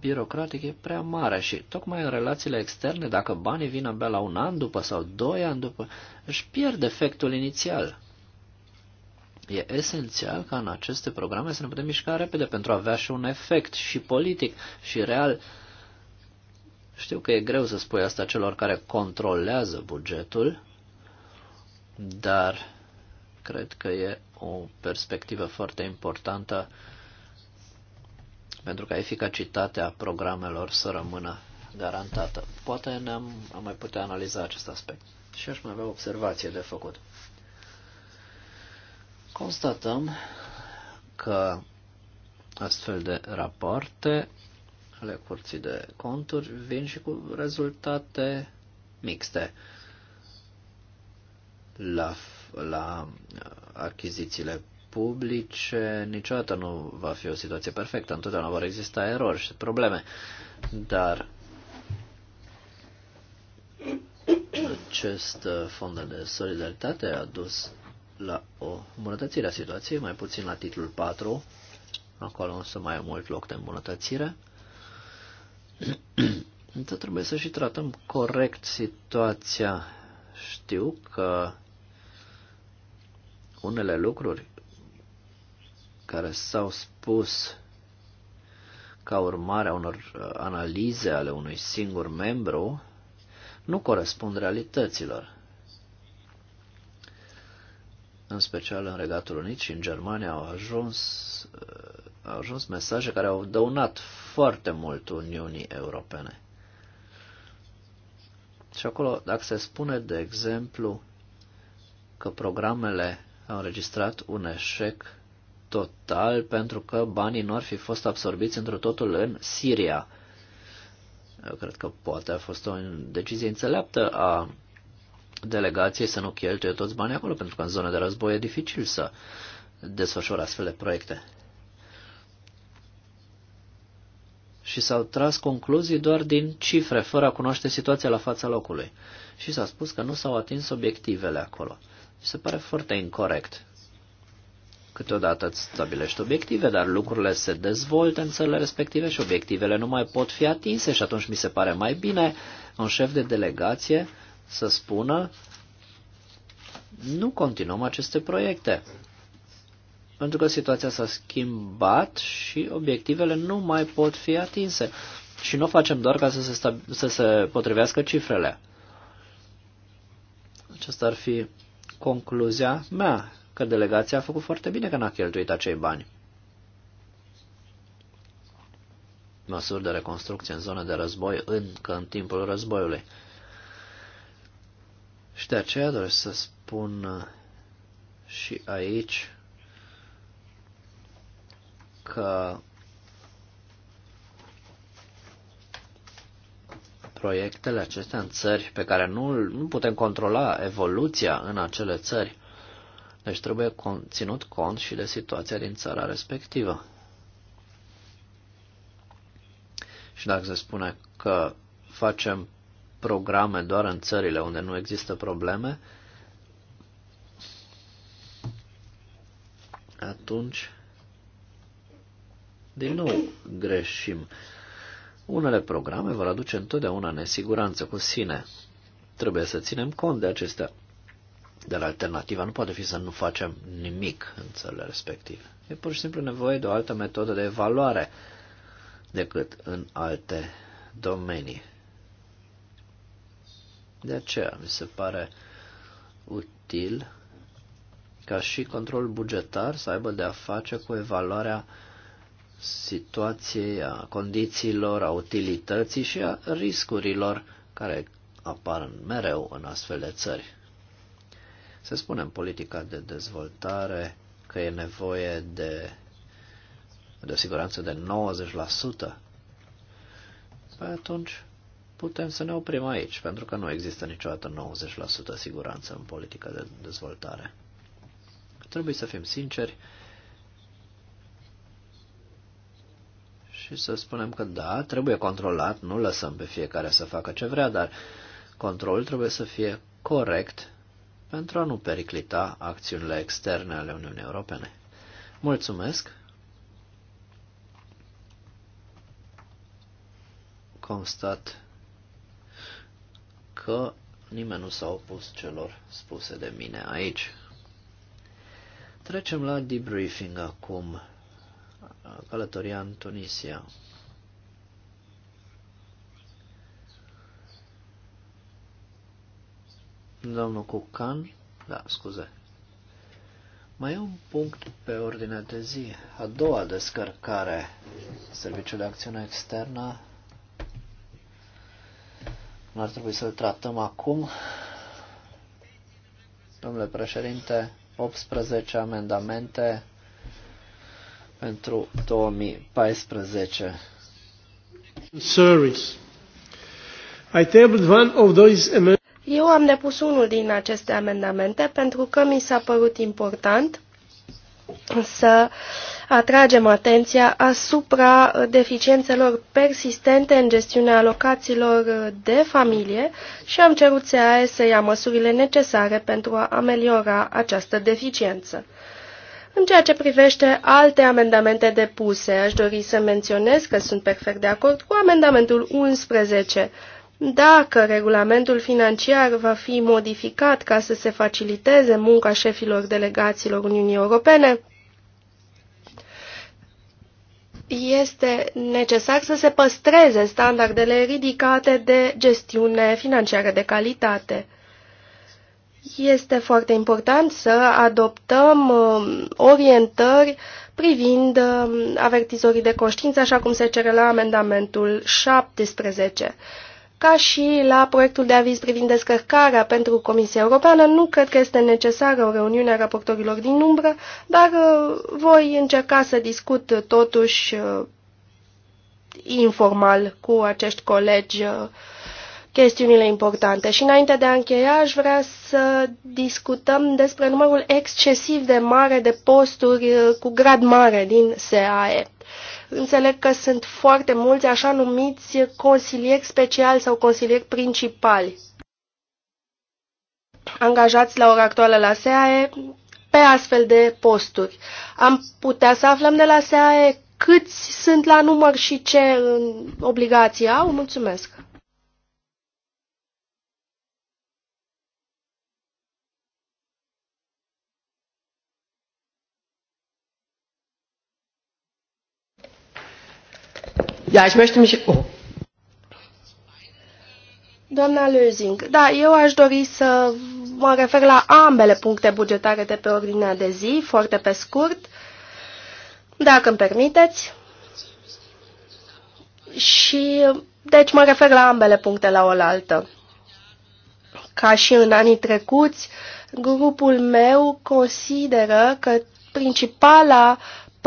birocratic e prea mare și tocmai în relațiile externe, dacă banii vin abia la un an după sau doi ani după, își pierd efectul inițial. E esențial ca în aceste programe să ne putem mișca repede pentru a avea și un efect și politic și real. Știu că e greu să spui asta celor care controlează bugetul, dar cred că e o perspectivă foarte importantă pentru ca eficacitatea programelor să rămână garantată. Poate ne-am am mai putea analiza acest aspect. Și aș mai avea observație de făcut. Constatăm că astfel de rapoarte ale curții de conturi vin și cu rezultate mixte la, la uh, achizițiile publice, niciodată nu va fi o situație perfectă, întotdeauna vor exista erori și probleme, dar acest uh, fond de solidaritate a dus la o îmbunătățire a situației, mai puțin la titlul 4, acolo însă mai e mult loc de îmbunătățire. Însă trebuie să și tratăm corect situația. Știu că unele lucruri care s-au spus ca urmare a unor uh, analize ale unui singur membru nu corespund realităților. În special în Regatul Unit și în Germania au ajuns, uh, au ajuns mesaje care au dăunat foarte mult Uniunii Europene. Și acolo, dacă se spune, de exemplu, că programele au înregistrat un eșec total pentru că banii nu ar fi fost absorbiți într totul în Siria. Eu cred că poate a fost o decizie înțeleaptă a delegației să nu cheltuie toți banii acolo, pentru că în zona de război e dificil să desfășoare astfel de proiecte. Și s-au tras concluzii doar din cifre, fără a cunoaște situația la fața locului. Și s-a spus că nu s-au atins obiectivele acolo mi se pare foarte incorrect. Câteodată îți stabilești obiective, dar lucrurile se dezvoltă în țările respective și obiectivele nu mai pot fi atinse și atunci mi se pare mai bine un șef de delegație să spună nu continuăm aceste proiecte. Pentru că situația s-a schimbat și obiectivele nu mai pot fi atinse. Și nu o facem doar ca să se, să se potrivească cifrele. Acesta ar fi concluzia mea că delegația a făcut foarte bine că n-a cheltuit acei bani. Măsuri de reconstrucție în zone de război încă în timpul războiului. Și de aceea doresc să spun și aici că proiectele acestea în țări pe care nu, nu putem controla evoluția în acele țări. Deci trebuie ținut cont și de situația din țara respectivă. Și dacă se spune că facem programe doar în țările unde nu există probleme, atunci din nou greșim. Unele programe vor aduce întotdeauna nesiguranță cu sine. Trebuie să ținem cont de acestea. Dar alternativa nu poate fi să nu facem nimic în țările respective. E pur și simplu nevoie de o altă metodă de evaluare decât în alte domenii. De aceea mi se pare util ca și controlul bugetar să aibă de a face cu evaluarea situației, a condițiilor, a utilității și a riscurilor care apar mereu în astfel de țări. Se spune în politica de dezvoltare că e nevoie de, de o siguranță de 90%. Păi atunci putem să ne oprim aici, pentru că nu există niciodată 90% siguranță în politica de dezvoltare. Trebuie să fim sinceri, și să spunem că da, trebuie controlat, nu lăsăm pe fiecare să facă ce vrea, dar controlul trebuie să fie corect pentru a nu periclita acțiunile externe ale Uniunii Europene. Mulțumesc! Constat că nimeni nu s-a opus celor spuse de mine aici. Trecem la debriefing acum călătoria în Tunisia. Domnul Cucan, da, scuze. Mai e un punct pe ordinea de zi. A doua descărcare. Serviciul de acțiune externă. Nu ar trebui să-l tratăm acum. Domnule președinte, 18 amendamente pentru 2014. Service. I tabled one of those amendments. Eu am depus unul din aceste amendamente pentru că mi s-a părut important să atragem atenția asupra deficiențelor persistente în gestiunea alocațiilor de familie și am cerut SAE să ia măsurile necesare pentru a ameliora această deficiență. În ceea ce privește alte amendamente depuse, aș dori să menționez că sunt perfect de acord cu amendamentul 11. Dacă regulamentul financiar va fi modificat ca să se faciliteze munca șefilor delegațiilor Uniunii Europene, este necesar să se păstreze standardele ridicate de gestiune financiară de calitate. Este foarte important să adoptăm uh, orientări privind uh, avertizorii de conștiință, așa cum se cere la amendamentul 17. Ca și la proiectul de aviz privind descărcarea pentru Comisia Europeană, nu cred că este necesară o reuniune a raportorilor din umbră, dar uh, voi încerca să discut totuși informal cu acești colegi chestiunile importante. Și înainte de a încheia, aș vrea să discutăm despre numărul excesiv de mare de posturi uh, cu grad mare din SAE. Înțeleg că sunt foarte mulți așa numiți consilieri speciali sau consilieri principali angajați la ora actuală la SAE pe astfel de posturi. Am putea să aflăm de la SAE câți sunt la număr și ce uh, obligații au? Mulțumesc! Ja, ich möchte mich... Oh. Doamna Lösing, da, eu aș dori să mă refer la ambele puncte bugetare de pe ordinea de zi, foarte pe scurt, dacă îmi permiteți. Și, deci, mă refer la ambele puncte la oaltă. Ca și în anii trecuți, grupul meu consideră că principala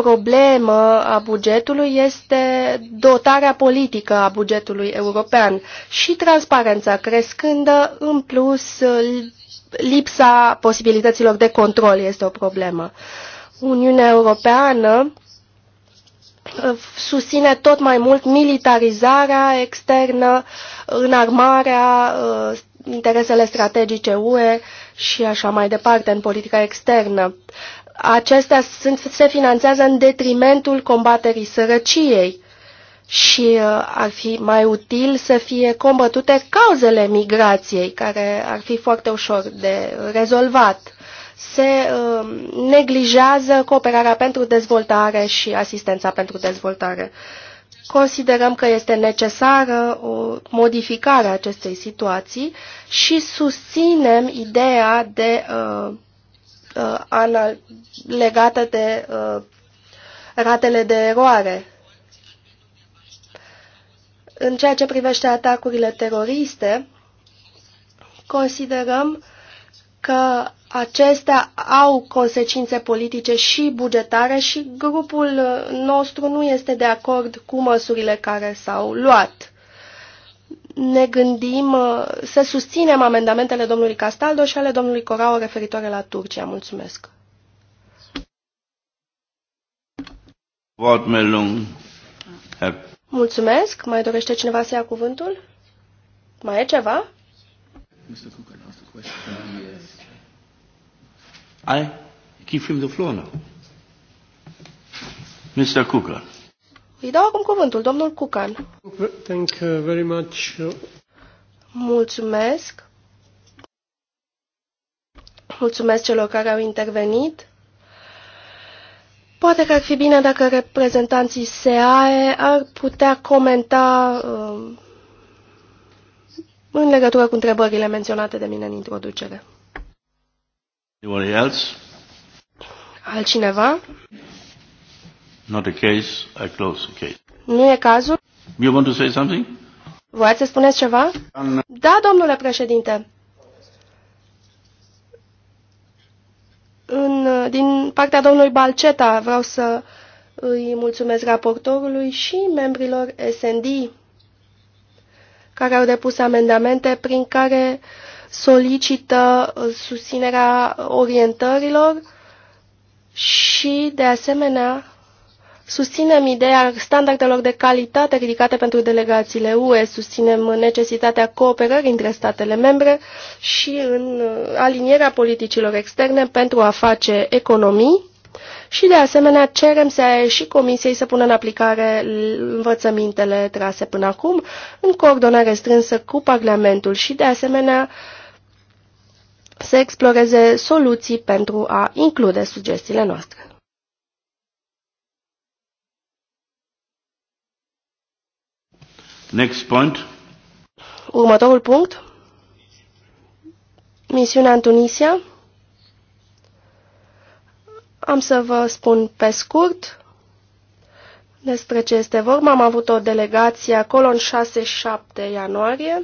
problemă a bugetului este dotarea politică a bugetului european și transparența crescândă, în plus lipsa posibilităților de control este o problemă. Uniunea Europeană uh, susține tot mai mult militarizarea externă, înarmarea, uh, interesele strategice UE și așa mai departe în politica externă acestea sunt, se finanțează în detrimentul combaterii sărăciei și uh, ar fi mai util să fie combătute cauzele migrației, care ar fi foarte ușor de rezolvat. Se uh, neglijează cooperarea pentru dezvoltare și asistența pentru dezvoltare. Considerăm că este necesară o modificare a acestei situații și susținem ideea de uh, uh, ala, legată de uh, ratele de eroare. În ceea ce privește atacurile teroriste, considerăm că acestea au consecințe politice și bugetare și grupul nostru nu este de acord cu măsurile care s-au luat ne gândim uh, să susținem amendamentele domnului Castaldo și ale domnului Corao referitoare la Turcia. Mulțumesc. Mulțumesc. Mai dorește cineva să ia cuvântul? Mai e ceva? I give him the floor now. Mr. Cooker. Îi dau acum cuvântul, domnul Cucan. Thank you very much. Mulțumesc. Mulțumesc celor care au intervenit. Poate că ar fi bine dacă reprezentanții SEAE ar putea comenta uh, în legătură cu întrebările menționate de mine în introducere. Altcineva? Not the case. I close the case. Nu e cazul? You want to say something? Voiați să spuneți ceva? Da, domnule președinte. În, din partea domnului Balceta vreau să îi mulțumesc raportorului și membrilor SND care au depus amendamente prin care solicită susținerea orientărilor și, de asemenea, Susținem ideea standardelor de calitate ridicate pentru delegațiile UE, susținem necesitatea cooperării între statele membre și în uh, alinierea politicilor externe pentru a face economii și, de asemenea, cerem să și Comisiei să pună în aplicare învățămintele trase până acum, în coordonare strânsă cu Parlamentul și, de asemenea, să exploreze soluții pentru a include sugestiile noastre. Next point. Următorul punct. Misiunea în Tunisia. Am să vă spun pe scurt despre ce este vorba. Am avut o delegație acolo în 6-7 ianuarie.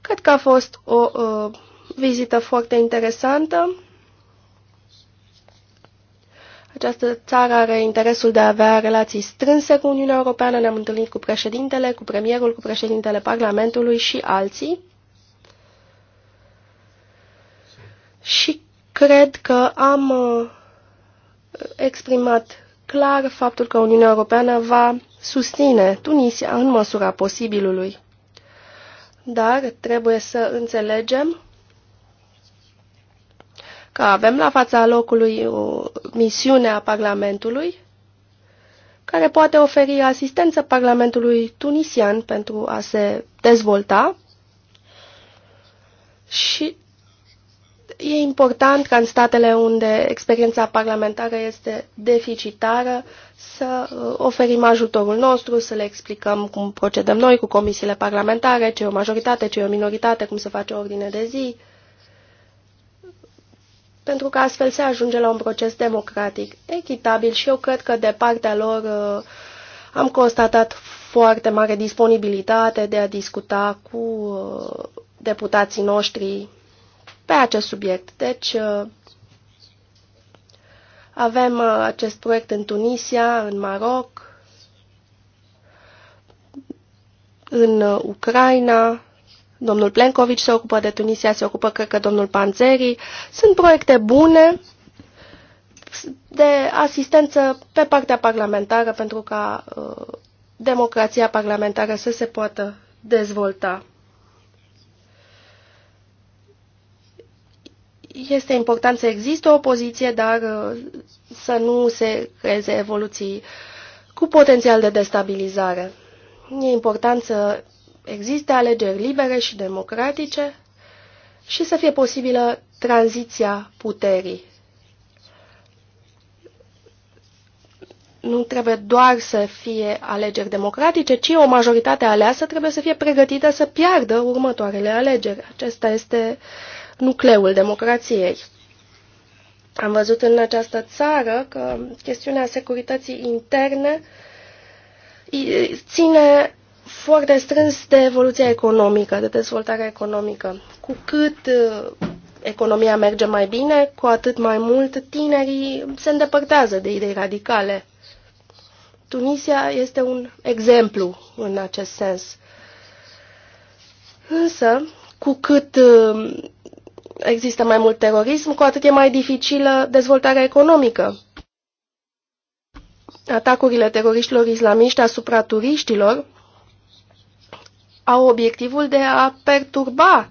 Cred că a fost o uh, vizită foarte interesantă. Această țară are interesul de a avea relații strânse cu Uniunea Europeană. Ne-am întâlnit cu președintele, cu premierul, cu președintele Parlamentului și alții. Și cred că am uh, exprimat clar faptul că Uniunea Europeană va susține Tunisia în măsura posibilului. Dar trebuie să înțelegem că avem la fața locului o misiune a Parlamentului care poate oferi asistență Parlamentului tunisian pentru a se dezvolta și e important ca în statele unde experiența parlamentară este deficitară să uh, oferim ajutorul nostru, să le explicăm cum procedăm noi cu comisiile parlamentare, ce e o majoritate, ce e o minoritate, cum se face ordine de zi pentru că astfel se ajunge la un proces democratic echitabil și eu cred că de partea lor uh, am constatat foarte mare disponibilitate de a discuta cu uh, deputații noștri pe acest subiect. Deci uh, avem acest proiect în Tunisia, în Maroc, în Ucraina, Domnul Plenkovici se ocupă de Tunisia, se ocupă, cred că, domnul Panzeri. Sunt proiecte bune de asistență pe partea parlamentară pentru ca uh, democrația parlamentară să se poată dezvolta. Este important să existe o opoziție, dar uh, să nu se creeze evoluții cu potențial de destabilizare. E important să existe alegeri libere și democratice și să fie posibilă tranziția puterii. Nu trebuie doar să fie alegeri democratice, ci o majoritate aleasă trebuie să fie pregătită să piardă următoarele alegeri. Acesta este nucleul democrației. Am văzut în această țară că chestiunea securității interne ține foarte strâns de evoluția economică, de dezvoltarea economică. Cu cât uh, economia merge mai bine, cu atât mai mult tinerii se îndepărtează de idei radicale. Tunisia este un exemplu în acest sens. Însă, cu cât uh, există mai mult terorism, cu atât e mai dificilă dezvoltarea economică. Atacurile teroriștilor islamiști asupra turiștilor au obiectivul de a perturba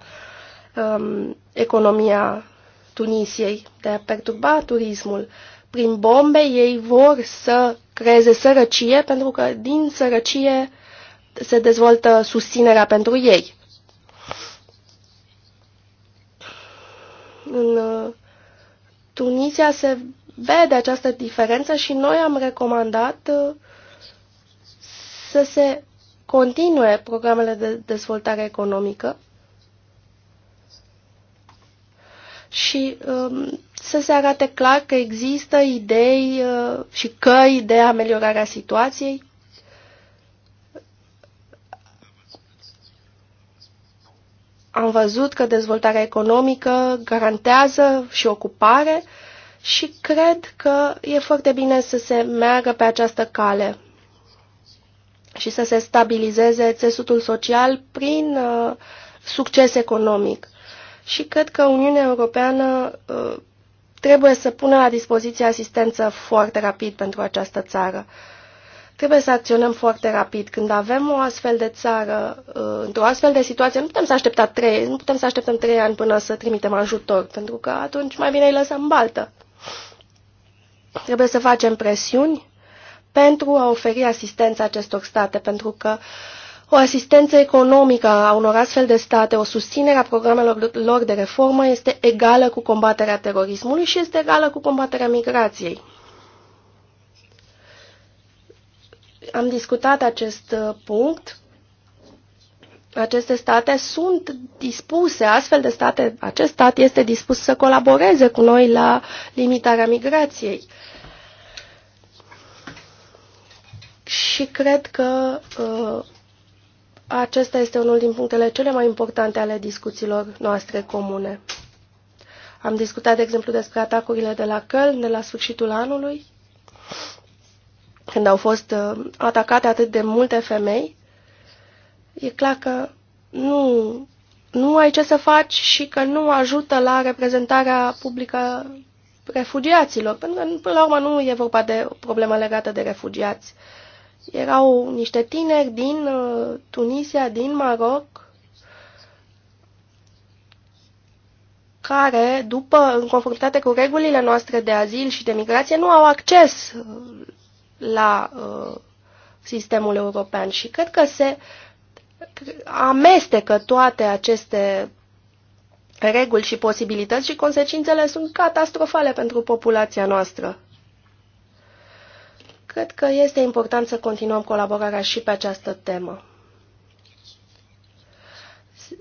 um, economia Tunisiei, de a perturba turismul. Prin bombe ei vor să creeze sărăcie, pentru că din sărăcie se dezvoltă susținerea pentru ei. În uh, Tunisia se vede această diferență și noi am recomandat uh, să se continue programele de dezvoltare economică și um, să se arate clar că există idei uh, și căi de ameliorarea situației. Am văzut că dezvoltarea economică garantează și ocupare și cred că e foarte bine să se meargă pe această cale și să se stabilizeze țesutul social prin uh, succes economic. Și cred că Uniunea Europeană uh, trebuie să pună la dispoziție asistență foarte rapid pentru această țară. Trebuie să acționăm foarte rapid. Când avem o astfel de țară, uh, într-o astfel de situație, nu putem să aștepta trei, nu putem să așteptăm trei ani până să trimitem ajutor, pentru că atunci mai bine îi lăsăm baltă. Trebuie să facem presiuni pentru a oferi asistență acestor state, pentru că o asistență economică a unor astfel de state, o susținere a programelor lor de reformă este egală cu combaterea terorismului și este egală cu combaterea migrației. Am discutat acest uh, punct aceste state sunt dispuse, astfel de state, acest stat este dispus să colaboreze cu noi la limitarea migrației. Și cred că uh, acesta este unul din punctele cele mai importante ale discuțiilor noastre comune. Am discutat, de exemplu, despre atacurile de la Köln de la sfârșitul anului, când au fost uh, atacate atât de multe femei. E clar că nu, nu ai ce să faci și că nu ajută la reprezentarea publică refugiaților, pentru că, până la urmă, nu e vorba de o problemă legată de refugiați. Uh, erau niște tineri din uh, Tunisia, din Maroc, care, după, în conformitate cu regulile noastre de azil și de migrație, nu au acces uh, la uh, sistemul european. Și cred că se amestecă toate aceste reguli și posibilități și consecințele sunt catastrofale pentru populația noastră. Cred că este important să continuăm colaborarea și pe această temă.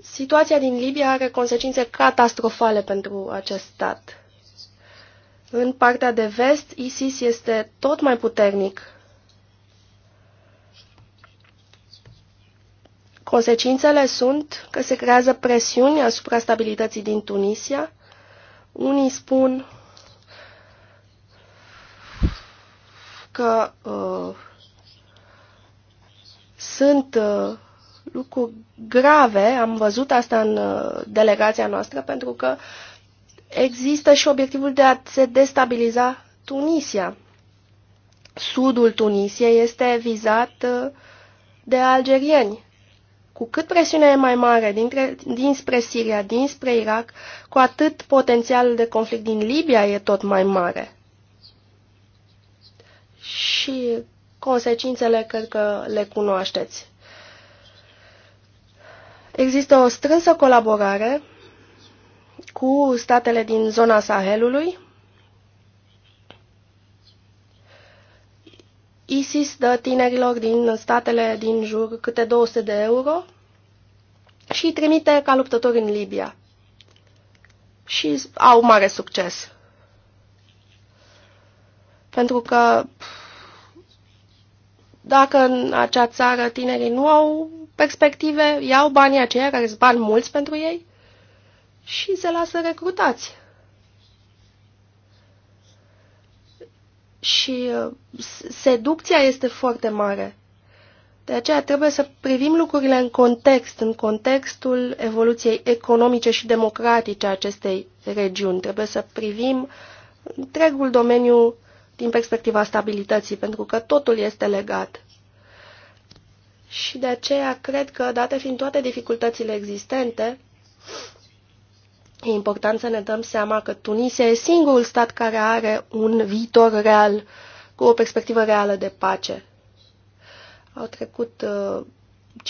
Situația din Libia are consecințe catastrofale pentru acest stat. În partea de vest, ISIS este tot mai puternic. Consecințele sunt că se creează presiuni asupra stabilității din Tunisia. Unii spun că uh, sunt uh, lucruri grave, am văzut asta în uh, delegația noastră, pentru că există și obiectivul de a se destabiliza Tunisia. Sudul Tunisiei este vizat uh, de algerieni. Cu cât presiunea e mai mare dintre, dinspre Siria, dinspre Irak, cu atât potențialul de conflict din Libia e tot mai mare și consecințele cred că le cunoașteți. Există o strânsă colaborare cu statele din zona Sahelului. ISIS dă tinerilor din statele din jur câte 200 de euro și îi trimite ca luptători în Libia. Și au mare succes. Pentru că dacă în acea țară tinerii nu au perspective, iau banii aceia care sunt bani mulți pentru ei și se lasă recrutați. Și uh, seducția este foarte mare. De aceea trebuie să privim lucrurile în context, în contextul evoluției economice și democratice a acestei regiuni. Trebuie să privim întregul domeniu din perspectiva stabilității, pentru că totul este legat. Și de aceea cred că, date fiind toate dificultățile existente, e important să ne dăm seama că Tunisia e singurul stat care are un viitor real, cu o perspectivă reală de pace. Au trecut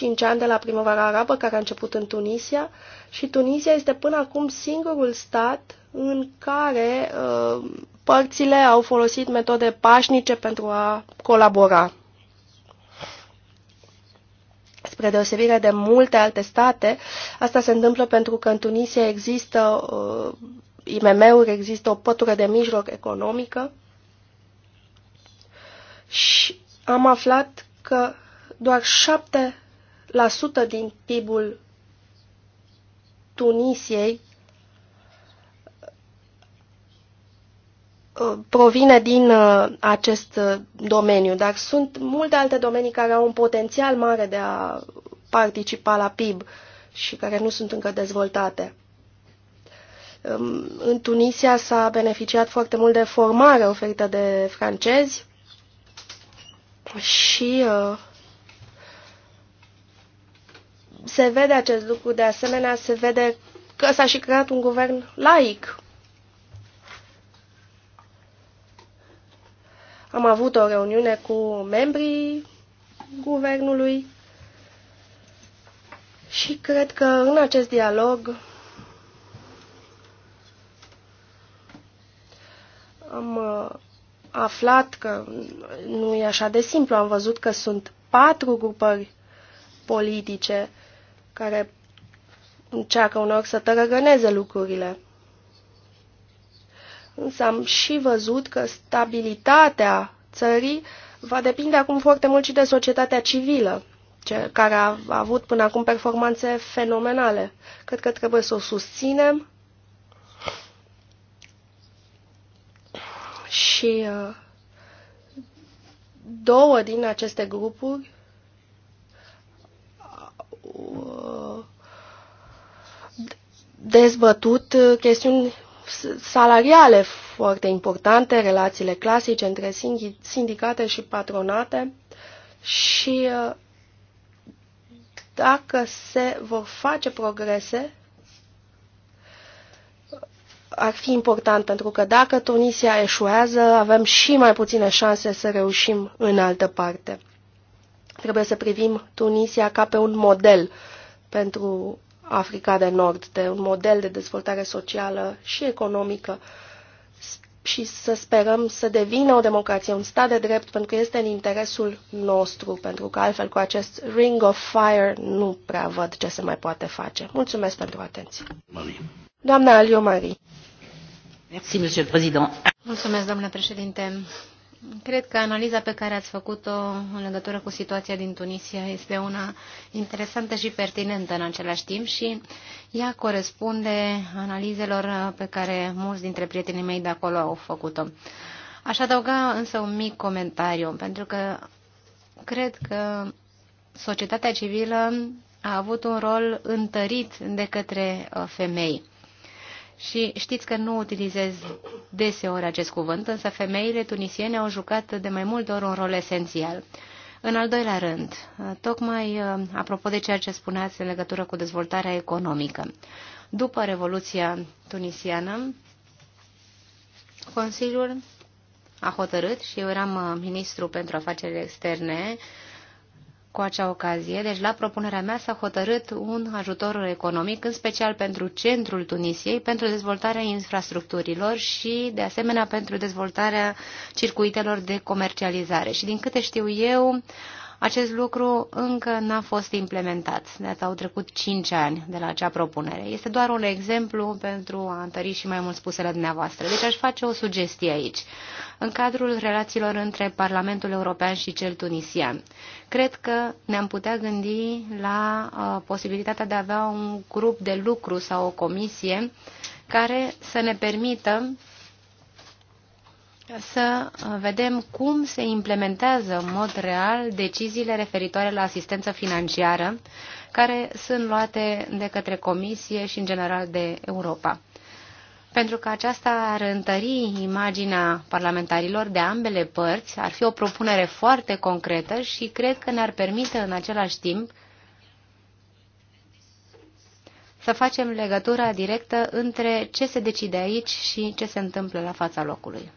uh, ani de la primăvara arabă care a început în Tunisia și Tunisia este până acum singurul stat în care uh, părțile au folosit metode pașnice pentru a colabora. Spre deosebire de multe alte state, asta se întâmplă pentru că în Tunisia există uh, IMM-uri, există o pătură de mijloc economică și am aflat că doar 7% din PIB-ul Tunisiei Uh, provine din uh, acest uh, domeniu, dar sunt multe alte domenii care au un potențial mare de a participa la PIB și care nu sunt încă dezvoltate. Um, în Tunisia s-a beneficiat foarte mult de formare oferită de francezi și se vede acest lucru. De asemenea, se vede că s-a și creat un guvern laic Am avut o reuniune cu membrii guvernului și cred că în acest dialog am uh, aflat că nu e așa de simplu. Am văzut că sunt patru grupări politice care încearcă uneori să tărăgăneze lucrurile. Însă am și văzut că stabilitatea țării va depinde acum foarte mult și de societatea civilă, care a avut până acum performanțe fenomenale. Cred că trebuie să o susținem și uh, două din aceste grupuri uh, dezbătut uh, chestiuni salariale foarte importante, relațiile clasice între sindicate și patronate și uh, dacă se vor face progrese, ar fi important, pentru că dacă Tunisia eșuează, avem și mai puține șanse să reușim în altă parte. Trebuie să privim Tunisia ca pe un model pentru Africa de Nord, de un model de dezvoltare socială și economică și să sperăm să devină o democrație, un stat de drept, pentru că este în interesul nostru, pentru că altfel cu acest ring of fire nu prea văd ce se mai poate face. Mulțumesc pentru atenție. Doamna Alio Marie. Mulțumesc, domnule președinte. Cred că analiza pe care ați făcut-o în legătură cu situația din Tunisia este una interesantă și pertinentă în același timp și ea corespunde analizelor pe care mulți dintre prietenii mei de acolo au făcut-o. Aș adăuga însă un mic comentariu, pentru că cred că societatea civilă a avut un rol întărit de către uh, femei. Și știți că nu utilizez deseori acest cuvânt, însă femeile tunisiene au jucat de mai multe ori un rol esențial. În al doilea rând, tocmai uh, apropo de ceea ce spuneați în legătură cu dezvoltarea economică, după Revoluția tunisiană, Consiliul a hotărât și eu eram uh, ministru pentru afacerile externe cu acea ocazie, deci la propunerea mea s-a hotărât un ajutor economic, în special pentru centrul Tunisiei, pentru dezvoltarea infrastructurilor și, de asemenea, pentru dezvoltarea circuitelor de comercializare. Și din câte știu eu, acest lucru încă n-a fost implementat. De au trecut 5 ani de la acea propunere. Este doar un exemplu pentru a întări și mai mult spusele dumneavoastră. Deci aș face o sugestie aici. În cadrul relațiilor între Parlamentul European și cel tunisian, cred că ne-am putea gândi la uh, posibilitatea de a avea un grup de lucru sau o comisie care să ne permită să uh, vedem cum se implementează în mod real deciziile referitoare la asistență financiară care sunt luate de către Comisie și în general de Europa. Pentru că aceasta ar întări imaginea parlamentarilor de ambele părți, ar fi o propunere foarte concretă și cred că ne-ar permite în același timp să facem legătura directă între ce se decide aici și ce se întâmplă la fața locului.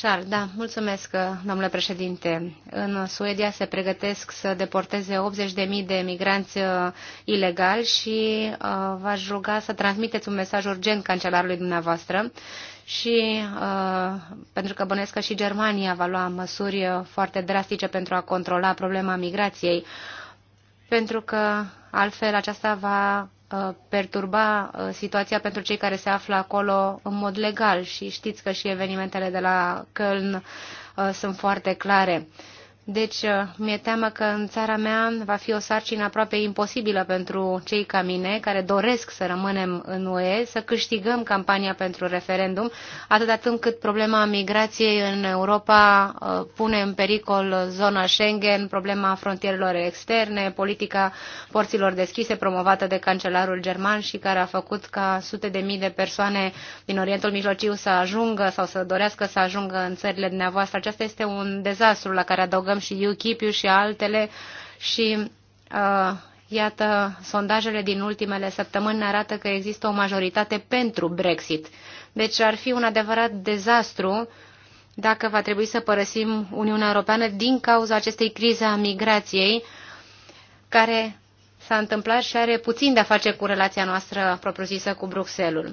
Charles, da, mulțumesc, domnule președinte. În Suedia se pregătesc să deporteze 80.000 de migranți uh, ilegali și uh, v-aș ruga să transmiteți un mesaj urgent cancelarului dumneavoastră și uh, pentru că bănesc că și Germania va lua măsuri uh, foarte drastice pentru a controla problema migrației, pentru că altfel aceasta va Uh, perturba uh, situația pentru cei care se află acolo în mod legal și știți că și evenimentele de la Köln uh, sunt foarte clare. Deci, uh, mi-e teamă că în țara mea va fi o sarcină aproape imposibilă pentru cei ca mine, care doresc să rămânem în UE, să câștigăm campania pentru referendum, atâta timp cât problema migrației în Europa uh, pune în pericol zona Schengen, problema frontierelor externe, politica porților deschise promovată de cancelarul german și care a făcut ca sute de mii de persoane din Orientul Mijlociu să ajungă sau să dorească să ajungă în țările dumneavoastră. Aceasta este un dezastru la care adăugăm adăugăm și ukip și altele și uh, iată, sondajele din ultimele săptămâni ne arată că există o majoritate pentru Brexit. Deci ar fi un adevărat dezastru dacă va trebui să părăsim Uniunea Europeană din cauza acestei crize a migrației, care s-a întâmplat și are puțin de a face cu relația noastră propriu-zisă cu Bruxelles.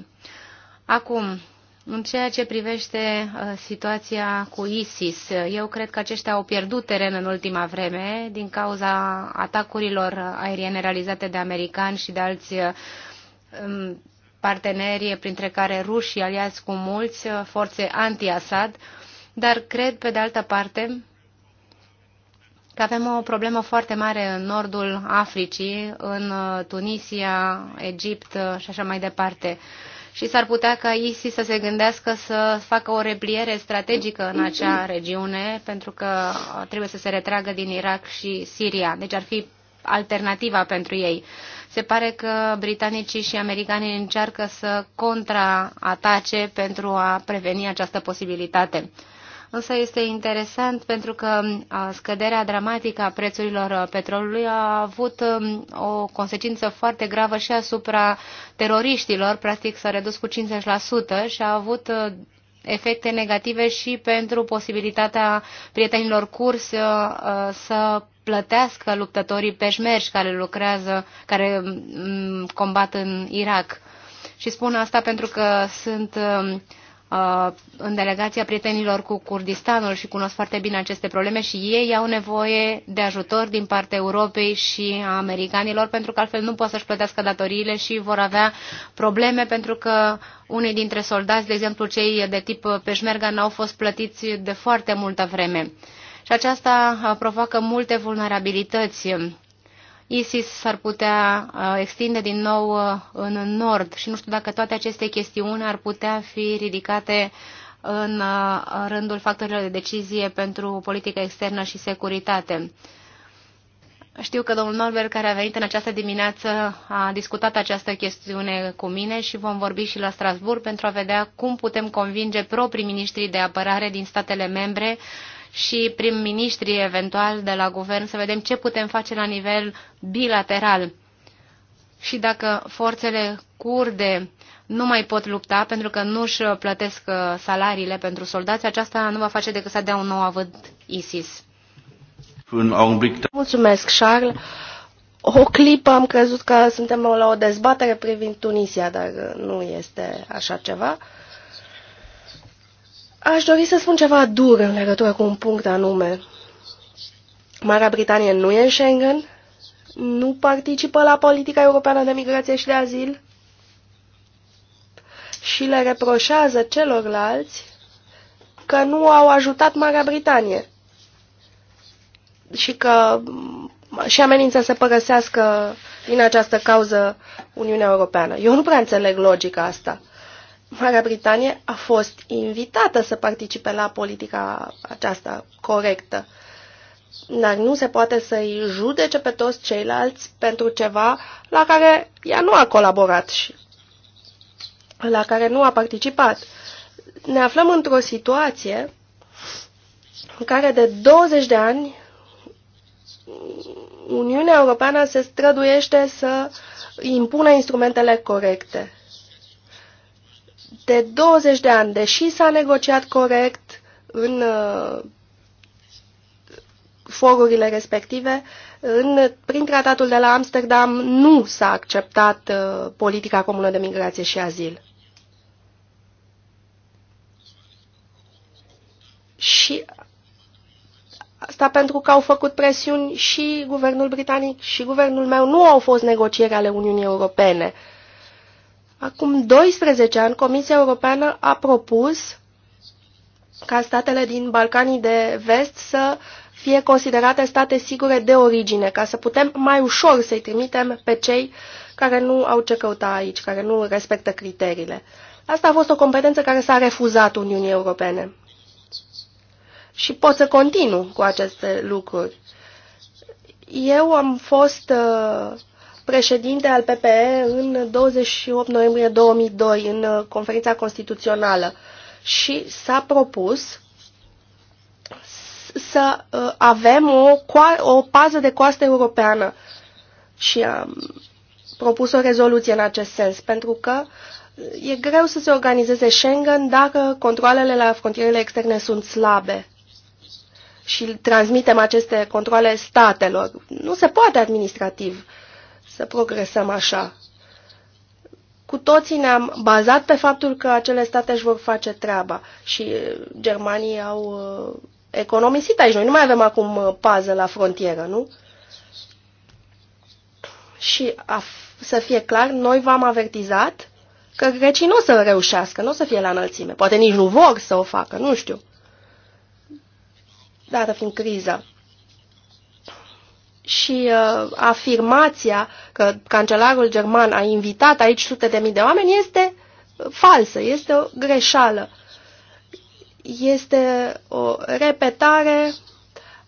Acum, în ceea ce privește uh, situația cu ISIS, eu cred că aceștia au pierdut teren în ultima vreme din cauza atacurilor aeriene realizate de americani și de alți uh, um, parteneri, printre care ruși aliați cu mulți, uh, forțe anti-Assad, dar cred, pe de altă parte, că avem o problemă foarte mare în nordul Africii, în Tunisia, Egipt și așa mai departe și s-ar putea ca ISI să se gândească să facă o repliere strategică în acea regiune, pentru că trebuie să se retragă din Irak și Siria. Deci ar fi alternativa pentru ei. Se pare că britanicii și americanii încearcă să contraatace pentru a preveni această posibilitate însă este interesant pentru că scăderea dramatică a prețurilor petrolului a avut o consecință foarte gravă și asupra teroriștilor, practic s-a redus cu 50% și a avut efecte negative și pentru posibilitatea prietenilor curs să plătească luptătorii peșmerși care lucrează, care combat în Irak. Și spun asta pentru că sunt Uh, în delegația prietenilor cu Kurdistanul și cunosc foarte bine aceste probleme și ei au nevoie de ajutor din partea Europei și a americanilor pentru că altfel nu pot să-și plătească datoriile și vor avea probleme pentru că unii dintre soldați, de exemplu cei de tip peșmerga, n-au fost plătiți de foarte multă vreme. Și aceasta uh, provoacă multe vulnerabilități ISIS s-ar putea uh, extinde din nou uh, în nord și nu știu dacă toate aceste chestiuni ar putea fi ridicate în uh, rândul factorilor de decizie pentru politică externă și securitate. Știu că domnul Norbert, care a venit în această dimineață, a discutat această chestiune cu mine și vom vorbi și la Strasburg pentru a vedea cum putem convinge proprii ministrii de apărare din statele membre și prim-ministrii eventual de la guvern să vedem ce putem face la nivel bilateral. Și dacă forțele curde nu mai pot lupta pentru că nu își plătesc uh, salariile pentru soldați, aceasta nu va face decât să dea un nou avânt ISIS. Mulțumesc, Charles. O clipă am crezut că suntem la o dezbatere privind Tunisia, dar uh, nu este așa ceva. Aș dori să spun ceva dur în legătură cu un punct anume. Marea Britanie nu e în Schengen, nu participă la politica europeană de migrație și de azil și le reproșează celorlalți că nu au ajutat Marea Britanie și că și amenință să părăsească din această cauză Uniunea Europeană. Eu nu prea înțeleg logica asta. Marea Britanie a fost invitată să participe la politica aceasta corectă, dar nu se poate să-i judece pe toți ceilalți pentru ceva la care ea nu a colaborat și la care nu a participat. Ne aflăm într-o situație în care de 20 de ani Uniunea Europeană se străduiește să impună instrumentele corecte de 20 de ani, deși s-a negociat corect în uh, forurile respective, în, prin tratatul de la Amsterdam nu s-a acceptat uh, politica comună de migrație și azil. Și asta pentru că au făcut presiuni și guvernul britanic și guvernul meu nu au fost negocieri ale Uniunii Europene. Uh, Acum 12 ani, Comisia Europeană a propus ca statele din Balcanii de Vest să fie considerate state sigure de origine, ca să putem mai ușor să-i trimitem pe cei care nu au ce căuta aici, care nu respectă criteriile. Asta a fost o competență care s-a refuzat Uniunii Europene. Și pot să continu cu aceste lucruri. Eu am fost uh, președinte al PPE în 28 noiembrie 2002 în uh, conferința constituțională și s-a propus să uh, avem o, o pază de coastă europeană și am propus o rezoluție în acest sens, pentru că uh, e greu să se organizeze Schengen dacă controlele la frontierele externe sunt slabe și transmitem aceste controle statelor. Nu se poate administrativ. Uh, să progresăm așa. Cu toții ne-am bazat pe faptul că acele state își vor face treaba și germanii au uh, economisit aici. Noi nu mai avem acum uh, pază la frontieră, nu? Și a, să fie clar, noi v-am avertizat că grecii nu o să reușească, nu o să fie la înălțime. Poate nici nu vor să o facă, nu știu. Dar fiind criza și uh, afirmația că cancelarul german a invitat aici sute de mii de oameni este uh, falsă, este o greșeală. Este o repetare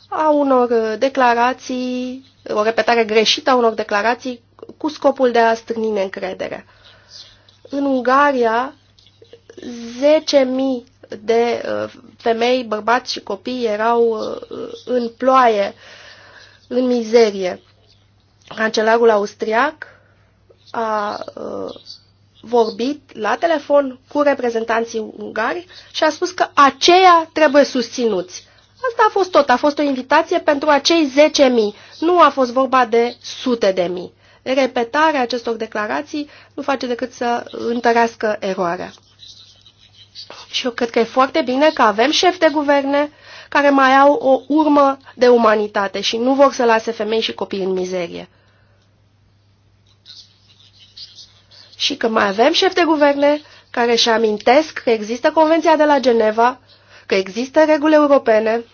a unor declarații, o repetare greșită a unor declarații cu scopul de a strâni neîncredere. În Ungaria, 10.000 de uh, femei, bărbați și copii erau uh, în ploaie uh, în mizerie. Cancelarul austriac a uh, vorbit la telefon cu reprezentanții ungari și a spus că aceia trebuie susținuți. Asta a fost tot, a fost o invitație pentru acei 10.000, nu a fost vorba de sute de mii. Repetarea acestor declarații nu face decât să întărească eroarea. Și eu cred că e foarte bine că avem șef de guverne care mai au o urmă de umanitate și nu vor să lase femei și copii în mizerie. Și că mai avem șefi de guverne care își amintesc că există Convenția de la Geneva, că există reguli europene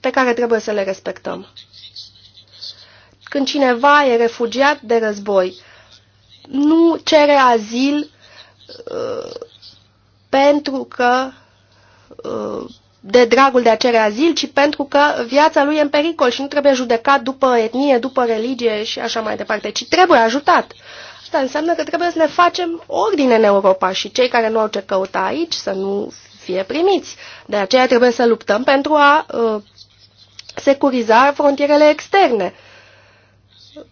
pe care trebuie să le respectăm. Când cineva e refugiat de război, nu cere azil uh, pentru că uh, de dragul de a cere azil, ci pentru că viața lui e în pericol și nu trebuie judecat după etnie, după religie și așa mai departe, ci trebuie ajutat. Asta înseamnă că trebuie să ne facem ordine în Europa și cei care nu au ce căuta aici să nu fie primiți. De aceea trebuie să luptăm pentru a uh, securiza frontierele externe.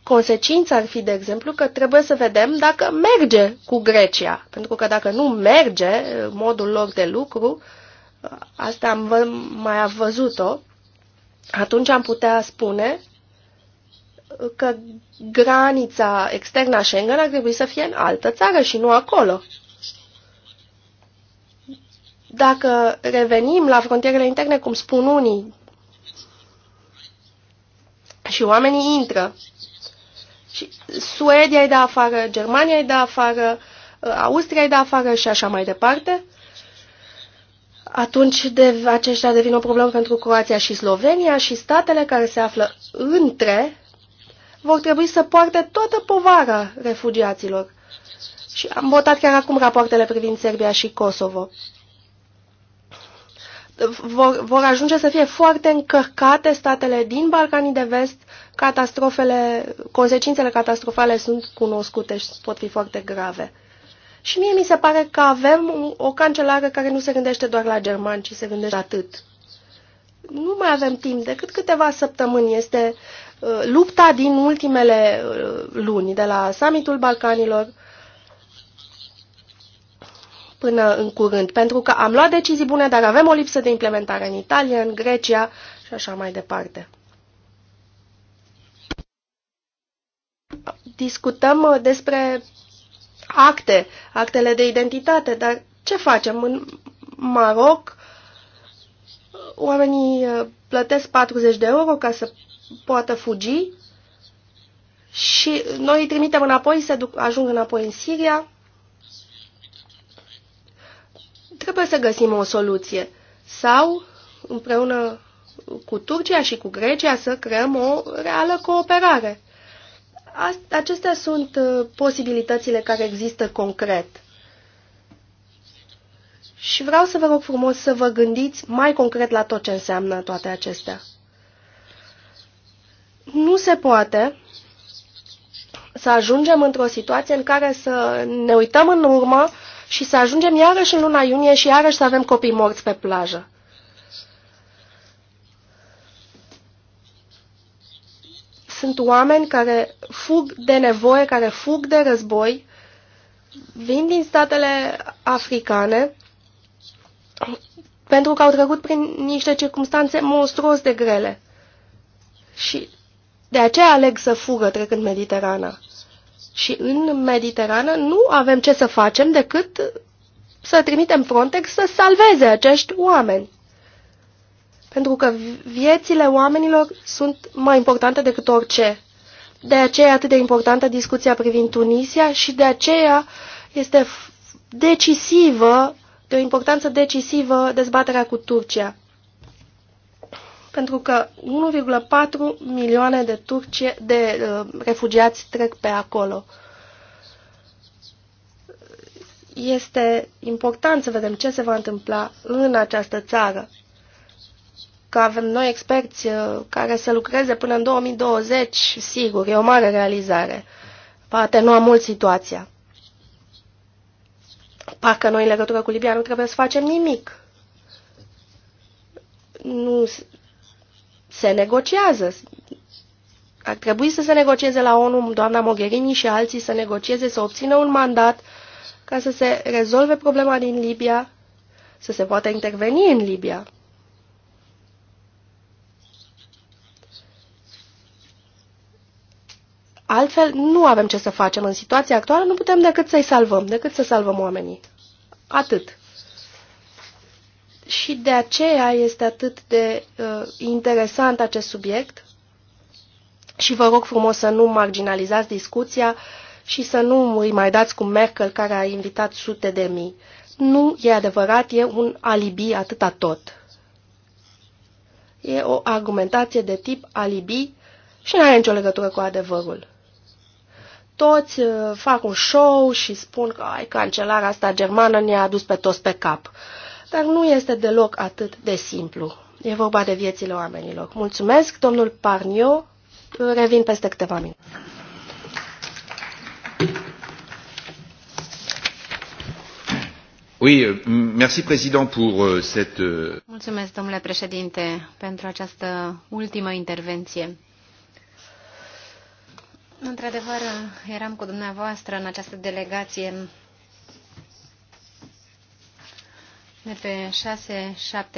Consecința ar fi, de exemplu, că trebuie să vedem dacă merge cu Grecia, pentru că dacă nu merge modul lor de lucru, uh, asta am mai văzut-o, atunci am putea spune că granița externă a Schengen ar trebui să fie în altă țară și nu acolo. Dacă revenim la frontierele interne, cum spun unii, și oamenii intră, și Suedia e de afară, Germania e de afară, Austria e de afară și așa mai departe, atunci de, aceștia devin o problemă pentru Croația și Slovenia și statele care se află între vor trebui să poarte toată povara refugiaților. Și am votat chiar acum rapoartele privind Serbia și Kosovo. Vor, vor ajunge să fie foarte încărcate statele din Balcanii de Vest, catastrofele, consecințele catastrofale sunt cunoscute și pot fi foarte grave. Și mie mi se pare că avem o cancelară care nu se gândește doar la germani, ci se gândește atât. Nu mai avem timp decât câteva săptămâni. Este uh, lupta din ultimele uh, luni, de la summitul Balcanilor până în curând, pentru că am luat decizii bune, dar avem o lipsă de implementare în Italia, în Grecia și așa mai departe. Discutăm uh, despre acte, actele de identitate, dar ce facem? În Maroc oamenii uh, plătesc 40 de euro ca să poată fugi și noi îi trimitem înapoi, se duc, ajung înapoi în Siria. Trebuie să găsim o soluție sau împreună cu Turcia și cu Grecia să creăm o reală cooperare. Acestea sunt uh, posibilitățile care există concret. Și vreau să vă rog frumos să vă gândiți mai concret la tot ce înseamnă toate acestea. Nu se poate să ajungem într-o situație în care să ne uităm în urmă și să ajungem iarăși în luna iunie și iarăși să avem copii morți pe plajă. Sunt oameni care fug de nevoie, care fug de război, vin din statele africane pentru că au trecut prin niște circunstanțe monstruos de grele. Și de aceea aleg să fugă trecând Mediterana. Și în Mediterană nu avem ce să facem decât să trimitem Frontex să salveze acești oameni. Pentru că viețile oamenilor sunt mai importante decât orice. De aceea e atât de importantă discuția privind Tunisia și de aceea este decisivă, de o importanță decisivă, dezbaterea cu Turcia. Pentru că 1,4 milioane de, turcie, de uh, refugiați trec pe acolo. Este important să vedem ce se va întâmpla în această țară că avem noi experți uh, care să lucreze până în 2020, sigur, e o mare realizare. poate nu am mult situația. Parcă noi în legătură cu Libia nu trebuie să facem nimic. Nu se negociază. Ar trebui să se negocieze la ONU, doamna Mogherini și alții să negocieze, să obțină un mandat ca să se rezolve problema din Libia, să se poată interveni în Libia. Altfel, nu avem ce să facem. În situația actuală nu putem decât să-i salvăm, decât să salvăm oamenii. Atât. Și de aceea este atât de uh, interesant acest subiect și vă rog frumos să nu marginalizați discuția și să nu îi mai dați cu Merkel care a invitat sute de mii. Nu e adevărat, e un alibi atâta tot. E o argumentație de tip alibi și nu are nicio legătură cu adevărul toți uh, fac un show și spun că ai, cancelarea asta germană ne-a adus pe toți pe cap. Dar nu este deloc atât de simplu. E vorba de viețile oamenilor. Mulțumesc, domnul Parnio. Uh, revin peste câteva minute. Oui, euh, merci, président, pour euh, cette... Euh, Mulțumesc, domnule președinte, pentru această ultimă intervenție. Într-adevăr, eram cu dumneavoastră în această delegație de pe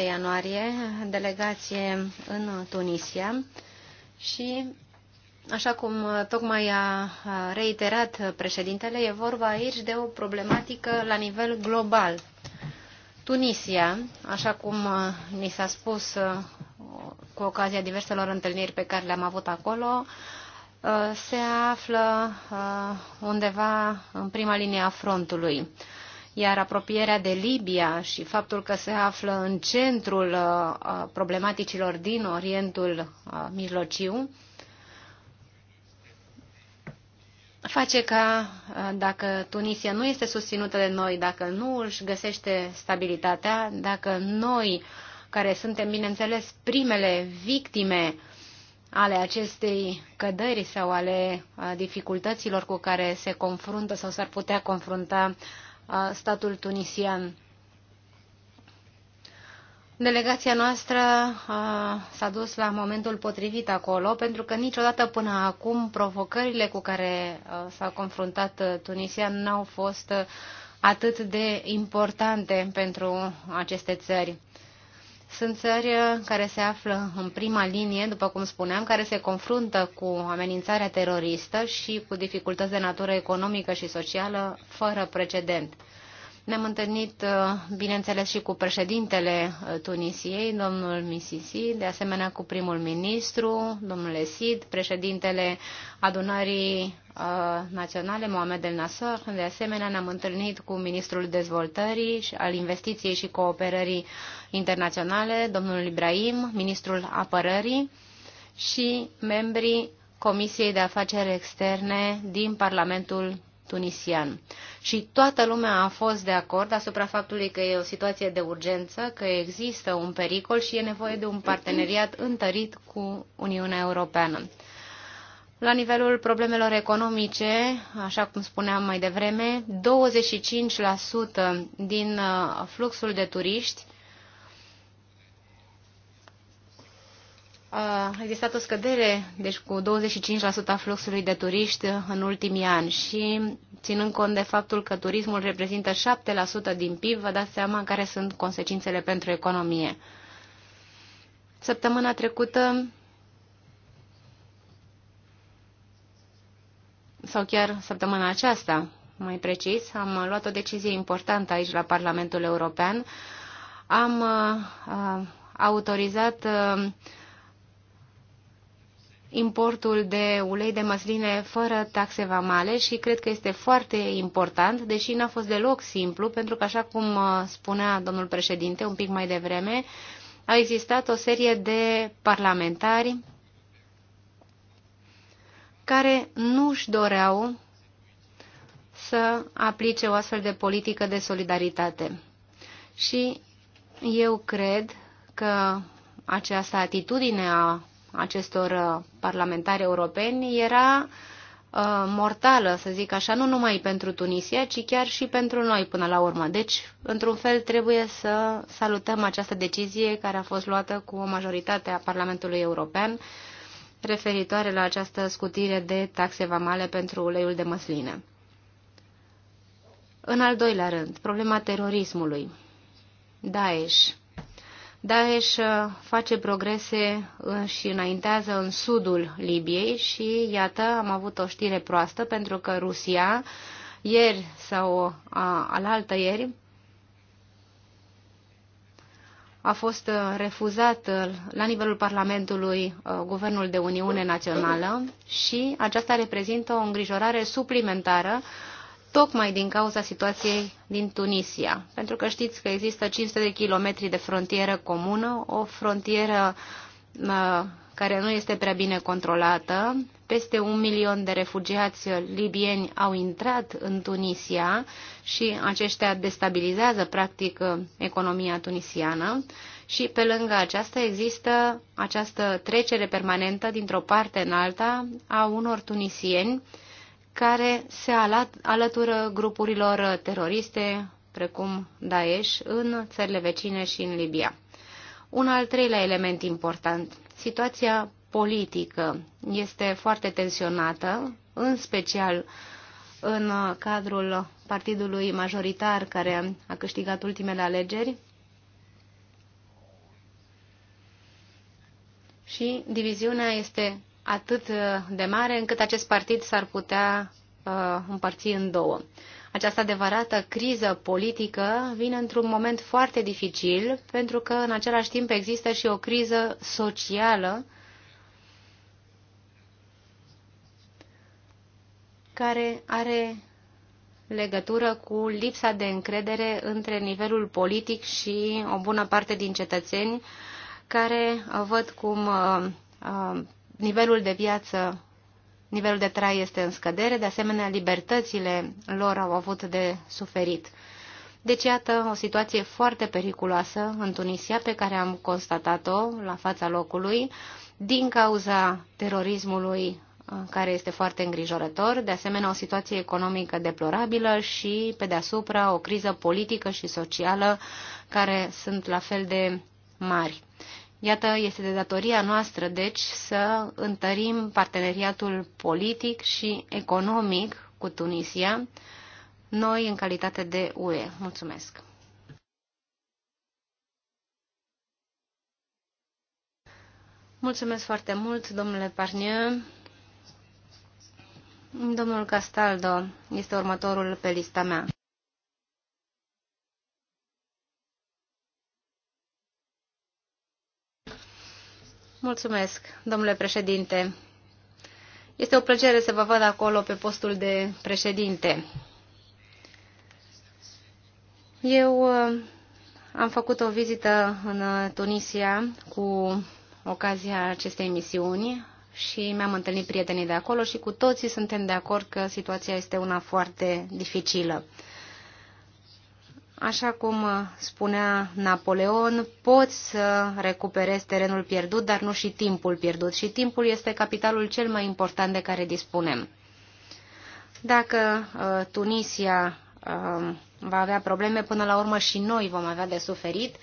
6-7 ianuarie, delegație în Tunisia și, așa cum tocmai a reiterat președintele, e vorba aici de o problematică la nivel global. Tunisia, așa cum ni s-a spus cu ocazia diverselor întâlniri pe care le-am avut acolo, Uh, se află uh, undeva în prima linie a frontului. Iar apropierea de Libia și faptul că se află în centrul uh, problematicilor din Orientul Mijlociu face ca, dacă Tunisia nu este susținută de noi, dacă nu își găsește stabilitatea, dacă noi, care suntem, bineînțeles, primele victime uh, ale acestei cădări sau ale dificultăților cu care se confruntă sau s-ar putea confrunta statul tunisian. Delegația noastră s-a dus la momentul potrivit acolo, pentru că niciodată până acum provocările cu care s-a confruntat Tunisia n-au fost atât de importante pentru aceste țări. Sunt țări uh, care se află în prima linie, după cum spuneam, care se confruntă cu amenințarea teroristă și cu dificultăți de natură economică și socială fără precedent. Ne-am întâlnit, uh, bineînțeles, și cu președintele uh, Tunisiei, domnul Misisi, de asemenea cu primul ministru, domnul Esid, președintele adunării Uh, naționale, Mohamed El Nasser. De asemenea, ne-am întâlnit cu ministrul dezvoltării, și al investiției și cooperării internaționale, domnul Ibrahim, ministrul apărării și membrii Comisiei de Afaceri Externe din Parlamentul tunisian. Și toată lumea a fost de acord asupra faptului că e o situație de urgență, că există un pericol și e nevoie de un parteneriat întărit cu Uniunea Europeană. La nivelul problemelor economice, așa cum spuneam mai devreme, 25% din uh, fluxul de turiști uh, a existat o scădere, deci cu 25% a fluxului de turiști uh, în ultimii ani și ținând cont de faptul că turismul reprezintă 7% din PIB, vă dați seama care sunt consecințele pentru economie. Săptămâna trecută sau chiar săptămâna aceasta, mai precis, am luat o decizie importantă aici la Parlamentul European. Am uh, uh, autorizat uh, importul de ulei de măsline fără taxe vamale și cred că este foarte important, deși n-a fost deloc simplu, pentru că, așa cum uh, spunea domnul președinte un pic mai devreme, a existat o serie de parlamentari care nu își doreau să aplice o astfel de politică de solidaritate. Și eu cred că această atitudine a acestor uh, parlamentari europeni era uh, mortală, să zic așa, nu numai pentru Tunisia, ci chiar și pentru noi până la urmă. Deci, într-un fel, trebuie să salutăm această decizie care a fost luată cu o majoritate a Parlamentului European referitoare la această scutire de taxe vamale pentru uleiul de măsline. În al doilea rând, problema terorismului. Daesh. Daesh uh, face progrese uh, și înaintează în sudul Libiei și, iată, am avut o știre proastă pentru că Rusia ieri sau uh, alaltă ieri a fost uh, refuzat uh, la nivelul Parlamentului uh, Guvernul de Uniune Națională și aceasta reprezintă o îngrijorare suplimentară tocmai din cauza situației din Tunisia. Pentru că știți că există 500 de kilometri de frontieră comună, o frontieră care nu este prea bine controlată, peste un milion de refugiați libieni au intrat în Tunisia și aceștia destabilizează practic economia tunisiană și pe lângă aceasta există această trecere permanentă dintr-o parte în alta a unor tunisieni care se alătură grupurilor teroriste precum Daesh în țările vecine și în Libia. Un al treilea element important, situația politică este foarte tensionată, în special în cadrul partidului majoritar care a câștigat ultimele alegeri și diviziunea este atât de mare încât acest partid s-ar putea uh, împărți în două. Această adevărată criză politică vine într-un moment foarte dificil, pentru că în același timp există și o criză socială care are legătură cu lipsa de încredere între nivelul politic și o bună parte din cetățeni care uh, văd cum uh, uh, nivelul de viață, nivelul de trai este în scădere, de asemenea libertățile lor au avut de suferit. Deci, iată o situație foarte periculoasă în Tunisia pe care am constatat-o la fața locului din cauza terorismului care este foarte îngrijorător, de asemenea o situație economică deplorabilă și, pe deasupra, o criză politică și socială care sunt la fel de mari. Iată, este de datoria noastră, deci, să întărim parteneriatul politic și economic cu Tunisia, noi în calitate de UE. Mulțumesc! Mulțumesc foarte mult, domnule Parnier. Domnul Castaldo este următorul pe lista mea. Mulțumesc, domnule președinte. Este o plăcere să vă văd acolo pe postul de președinte. Eu uh, am făcut o vizită în Tunisia cu ocazia acestei misiuni și mi-am întâlnit prietenii de acolo și cu toții suntem de acord că situația este una foarte dificilă. Așa cum spunea Napoleon, poți să recuperezi terenul pierdut, dar nu și timpul pierdut. Și timpul este capitalul cel mai important de care dispunem. Dacă uh, Tunisia uh, va avea probleme, până la urmă și noi vom avea de suferit, uh,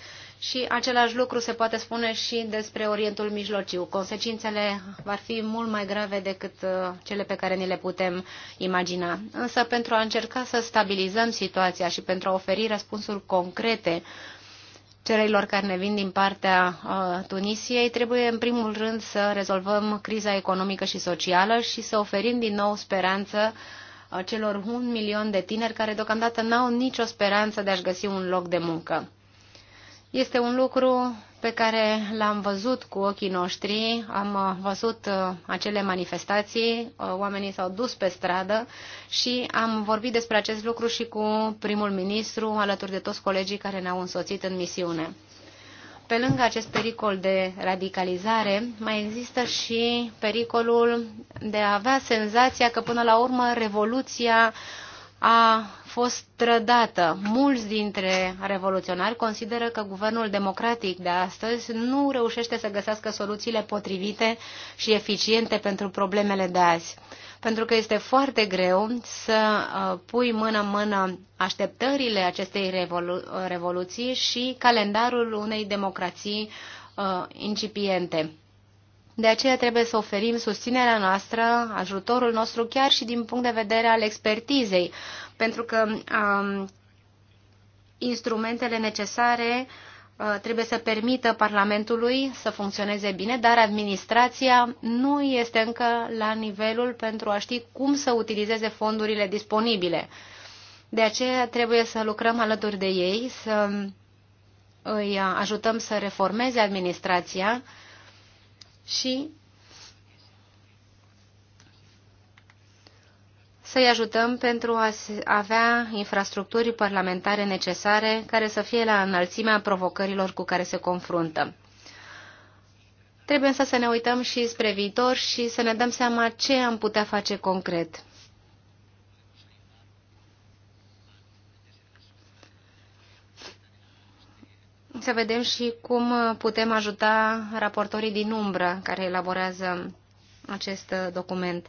și același lucru se poate spune și despre Orientul Mijlociu. Consecințele vor fi mult mai grave decât uh, cele pe care ni le putem imagina. Însă pentru a încerca să stabilizăm situația și pentru a oferi răspunsuri concrete cererilor care ne vin din partea uh, Tunisiei, trebuie în primul rând să rezolvăm criza economică și socială și să oferim din nou speranță uh, celor un milion de tineri care deocamdată n-au nicio speranță de a-și găsi un loc de muncă. Este un lucru pe care l-am văzut cu ochii noștri, am uh, văzut uh, acele manifestații, uh, oamenii s-au dus pe stradă și am vorbit despre acest lucru și cu primul ministru, alături de toți colegii care ne-au însoțit în misiune. Pe lângă acest pericol de radicalizare, mai există și pericolul de a avea senzația că până la urmă revoluția uh, a fost trădată. Mulți dintre revoluționari consideră că guvernul democratic de astăzi nu reușește să găsească soluțiile potrivite și eficiente pentru problemele de azi. Pentru că este foarte greu să uh, pui mână-mână așteptările acestei revolu uh, revoluții și calendarul unei democrații uh, incipiente. De aceea trebuie să oferim susținerea noastră, ajutorul nostru, chiar și din punct de vedere al expertizei, pentru că um, instrumentele necesare uh, trebuie să permită Parlamentului să funcționeze bine, dar administrația nu este încă la nivelul pentru a ști cum să utilizeze fondurile disponibile. De aceea trebuie să lucrăm alături de ei, să um, îi uh, ajutăm să reformeze administrația, și să-i ajutăm pentru a avea infrastructuri parlamentare necesare care să fie la înălțimea provocărilor cu care se confruntă. Trebuie însă să ne uităm și spre viitor și să ne dăm seama ce am putea face concret. să vedem și cum putem ajuta raportorii din umbră care elaborează acest document.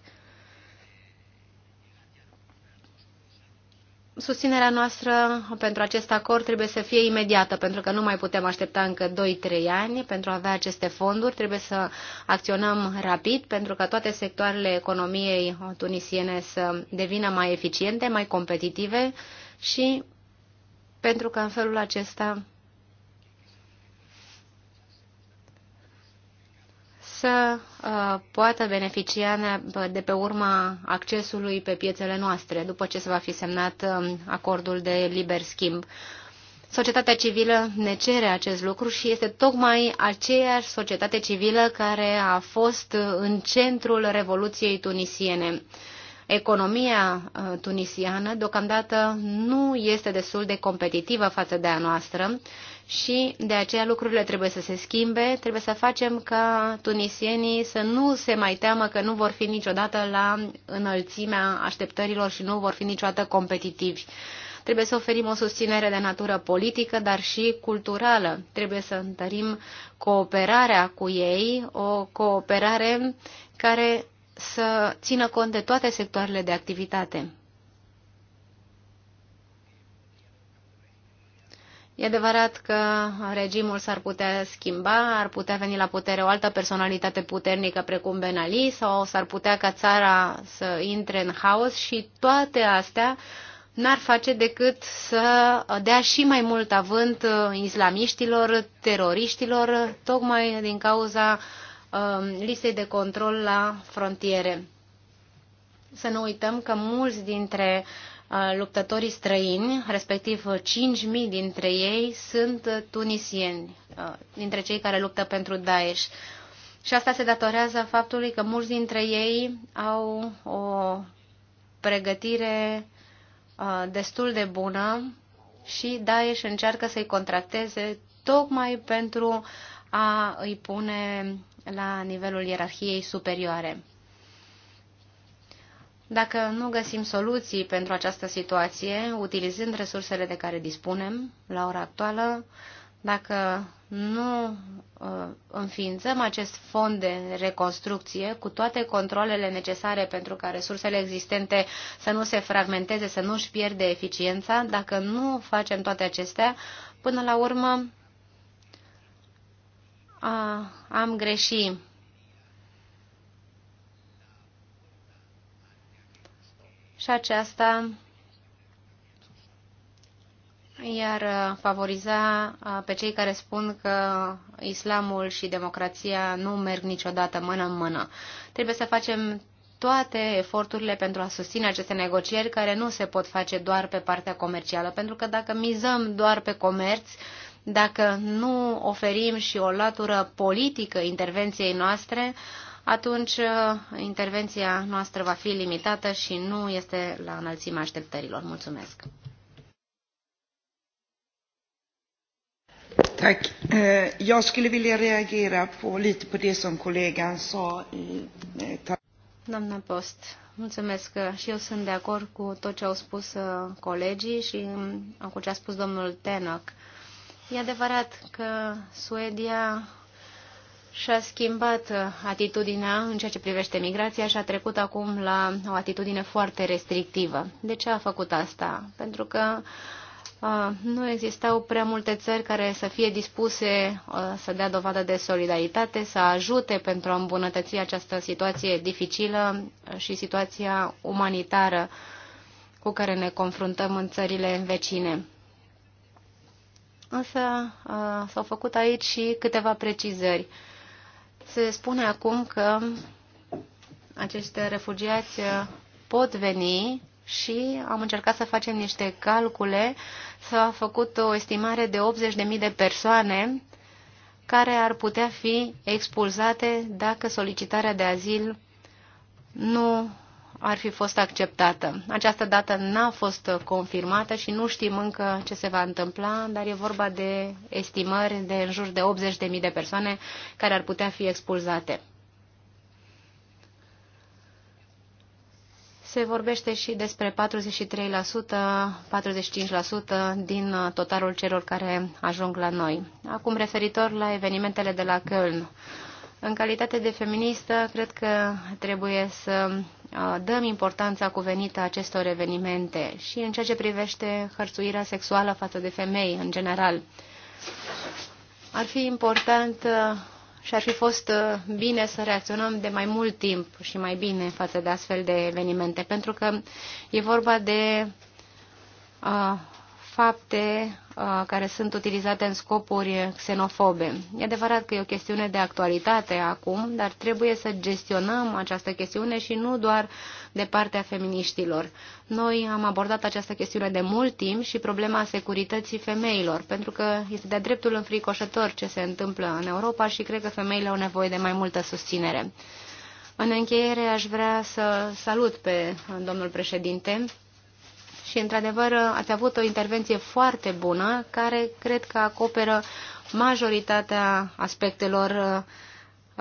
Susținerea noastră pentru acest acord trebuie să fie imediată, pentru că nu mai putem aștepta încă 2-3 ani pentru a avea aceste fonduri. Trebuie să acționăm rapid pentru ca toate sectoarele economiei tunisiene să devină mai eficiente, mai competitive și pentru că în felul acesta să uh, poată beneficia de pe urma accesului pe piețele noastre, după ce se va fi semnat uh, acordul de liber schimb. Societatea civilă ne cere acest lucru și este tocmai aceeași societate civilă care a fost uh, în centrul Revoluției tunisiene. Economia uh, tunisiană deocamdată nu este destul de competitivă față de a noastră și de aceea lucrurile trebuie să se schimbe, trebuie să facem ca tunisienii să nu se mai teamă că nu vor fi niciodată la înălțimea așteptărilor și nu vor fi niciodată competitivi. Trebuie să oferim o susținere de natură politică, dar și culturală. Trebuie să întărim cooperarea cu ei, o cooperare care să țină cont de toate sectoarele de activitate. E adevărat că regimul s-ar putea schimba, ar putea veni la putere o altă personalitate puternică precum Ben Ali sau s-ar putea ca țara să intre în haos și toate astea n-ar face decât să dea și mai mult avânt islamiștilor, teroriștilor, tocmai din cauza um, listei de control la frontiere. Să nu uităm că mulți dintre uh, luptătorii străini, respectiv 5.000 dintre ei sunt tunisieni, dintre cei care luptă pentru Daesh. Și asta se datorează faptului că mulți dintre ei au o pregătire destul de bună și Daesh încearcă să-i contracteze tocmai pentru a îi pune la nivelul ierarhiei superioare. Dacă nu găsim soluții pentru această situație, utilizând resursele de care dispunem la ora actuală, dacă nu uh, înființăm acest fond de reconstrucție cu toate controlele necesare pentru ca resursele existente să nu se fragmenteze, să nu își pierde eficiența, dacă nu facem toate acestea, până la urmă a, am greșit și aceasta iar uh, favoriza uh, pe cei care spun că islamul și democrația nu merg niciodată mână în mână. Trebuie să facem toate eforturile pentru a susține aceste negocieri care nu se pot face doar pe partea comercială, pentru că dacă mizăm doar pe comerț, dacă nu oferim și o latură politică intervenției noastre, uh, atunci uh, intervenția noastră va fi limitată și nu este la înălțimea așteptărilor. Mulțumesc! Tack. Eh, jag skulle vilja reagera på lite på det som kollegan sa i... Eh, Doamna Post, mulțumesc și eu sunt de acord cu tot ce au spus eh, colegii și mm, cu ce a spus domnul Tenok. E adevărat că Suedia și-a schimbat uh, atitudinea în ceea ce privește migrația și a trecut acum la o atitudine foarte restrictivă. De ce a făcut asta? Pentru că uh, nu existau prea multe țări care să fie dispuse uh, să dea dovadă de solidaritate, să ajute pentru a îmbunătăți această situație dificilă și situația umanitară cu care ne confruntăm în țările vecine. Însă s-au făcut aici și câteva precizări. Se spune acum că aceste refugiați pot veni și am încercat să facem niște calcule. S-a făcut o estimare de 80.000 de persoane care ar putea fi expulzate dacă solicitarea de azil nu ar fi fost acceptată. Această dată n-a fost confirmată și nu știm încă ce se va întâmpla, dar e vorba de estimări de în jur de 80.000 de persoane care ar putea fi expulzate. Se vorbește și despre 43%, 45% din totalul celor care ajung la noi. Acum, referitor la evenimentele de la Köln. În calitate de feministă, cred că trebuie să Uh, dăm importanța cuvenită acestor evenimente și în ceea ce privește hărțuirea sexuală față de femei în general. Ar fi important uh, și ar fi fost uh, bine să reacționăm de mai mult timp și mai bine față de astfel de evenimente, pentru că e vorba de fapte uh, care sunt utilizate în scopuri xenofobe. E adevărat că e o chestiune de actualitate acum, dar trebuie să gestionăm această chestiune și nu doar de partea feminiștilor. Noi am abordat această chestiune de mult timp și problema securității femeilor, pentru că este de-a dreptul înfricoșător ce se întâmplă în Europa și cred că femeile au nevoie de mai multă susținere. În încheiere aș vrea să salut pe domnul președinte și, într-adevăr, ați avut o intervenție foarte bună, care cred că acoperă majoritatea aspectelor uh,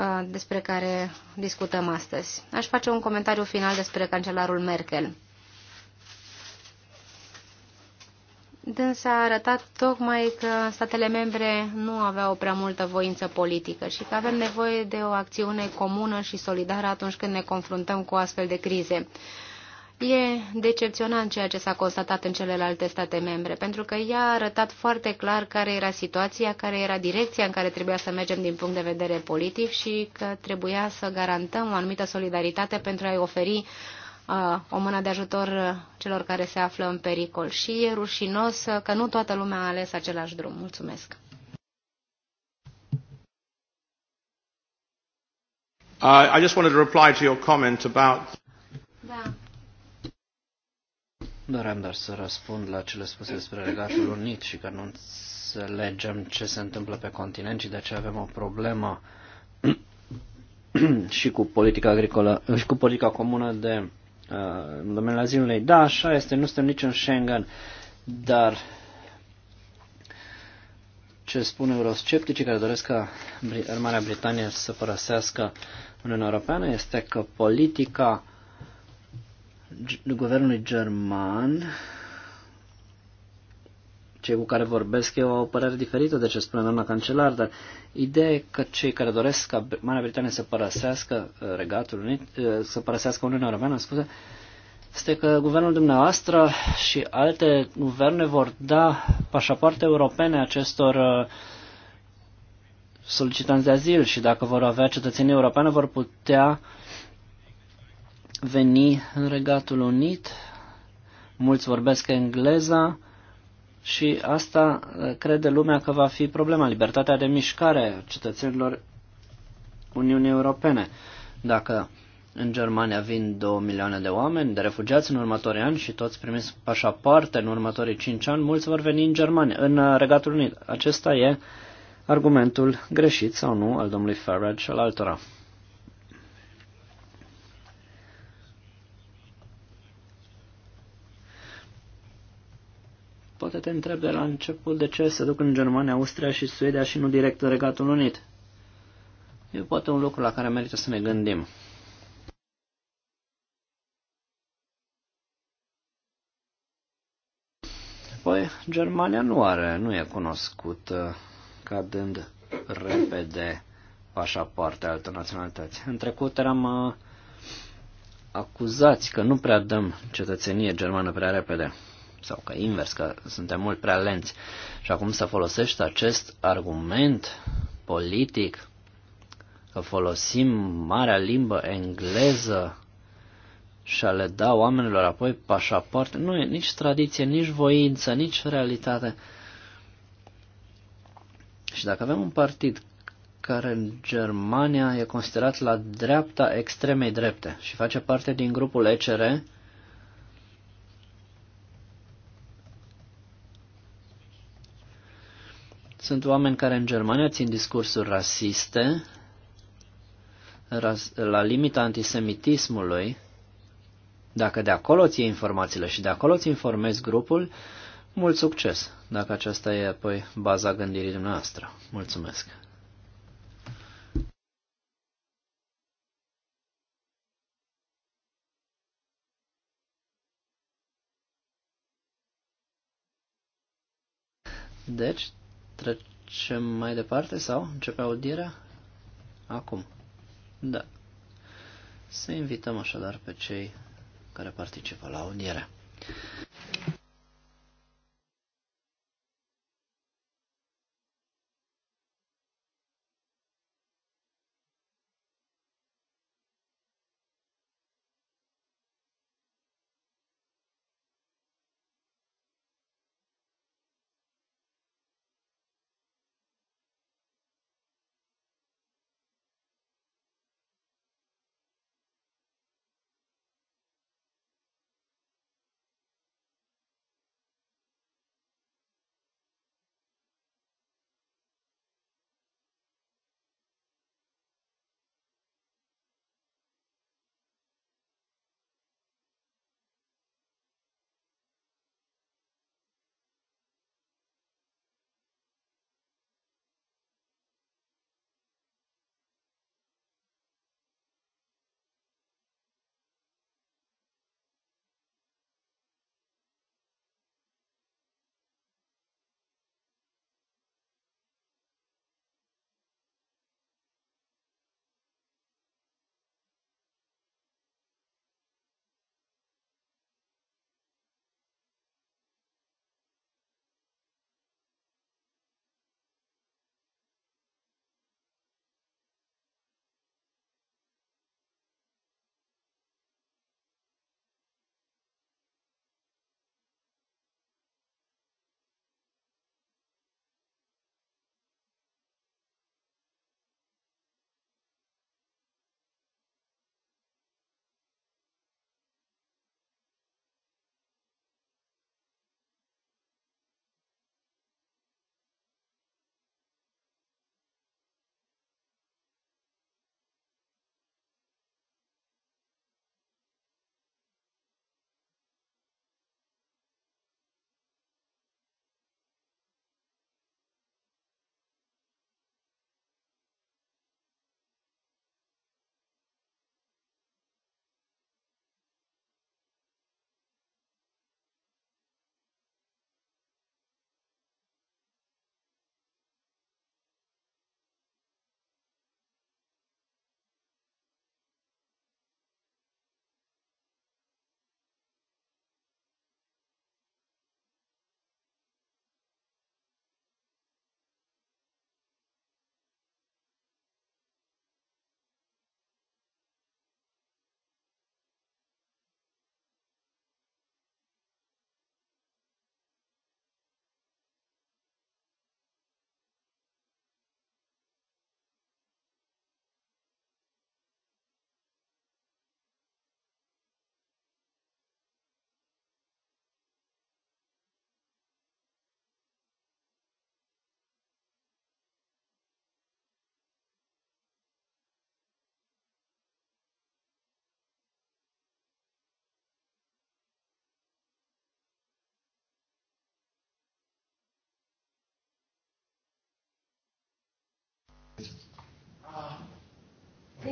uh, despre care discutăm astăzi. Aș face un comentariu final despre cancelarul Merkel. Dânsa a arătat tocmai că statele membre nu aveau prea multă voință politică și că avem nevoie de o acțiune comună și solidară atunci când ne confruntăm cu astfel de crize. E decepționant ceea ce s-a constatat în celelalte state membre, pentru că ea a arătat foarte clar care era situația, care era direcția în care trebuia să mergem din punct de vedere politic și că trebuia să garantăm o anumită solidaritate pentru a-i oferi uh, o mână de ajutor celor care se află în pericol. Și e rușinos că nu toată lumea a ales același drum. Mulțumesc! Uh, I just wanted to reply to your comment about... Da. Doream doar să răspund la cele spuse despre Regatul Unit și că nu înțelegem ce se întâmplă pe continent și de aceea avem o problemă și cu politica agricolă și cu politica comună de uh, în domeniul azilului. Da, așa este, nu suntem nici în Schengen, dar ce spun eurosceptici care doresc ca Marea Britanie să părăsească Uniunea Europeană este că politica guvernului german, cei cu care vorbesc eu au o părere diferită de ce spune doamna cancelar, dar ideea e că cei care doresc ca Marea Britanie să părăsească uh, Regatul Unit, uh, să părăsească Uniunea Europeană, scuze, este că guvernul dumneavoastră și alte guverne vor da pașapoarte europene acestor uh, solicitanți de azil și dacă vor avea cetățenie europeană vor putea uh, veni în Regatul Unit. Mulți vorbesc engleza și asta uh, crede lumea că va fi problema, libertatea de mișcare cetățenilor Uniunii Europene. Dacă în Germania vin 2 milioane de oameni, de refugiați în următorii ani și toți primiți pașapoarte în următorii 5 ani, mulți vor veni în Germania, în uh, Regatul Unit. Acesta e argumentul greșit sau nu al domnului Farage și al altora. te întreb de la început de ce se duc în Germania, Austria și Suedia și nu direct în Regatul Unit. E poate un lucru la care merită să ne gândim. Păi, Germania nu are, nu e cunoscută ca dând repede pașapoarte altă naționalități. În trecut eram uh, acuzați că nu prea dăm cetățenie germană prea repede sau că invers, că suntem mult prea lenți. Și acum să folosești acest argument politic, că folosim marea limbă engleză și a le da oamenilor apoi pașapoarte, nu e nici tradiție, nici voință, nici realitate. Și dacă avem un partid care în Germania e considerat la dreapta extremei drepte și face parte din grupul ECR, Sunt oameni care în Germania țin discursuri rasiste, ras, la limita antisemitismului. Dacă de acolo ții informațiile și de acolo ți informezi grupul, mult succes, dacă aceasta e apoi baza gândirii dumneavoastră. Mulțumesc! Deci, Trecem mai departe sau începe audierea? Acum. Da. Să invităm așadar pe cei care participă la audiere.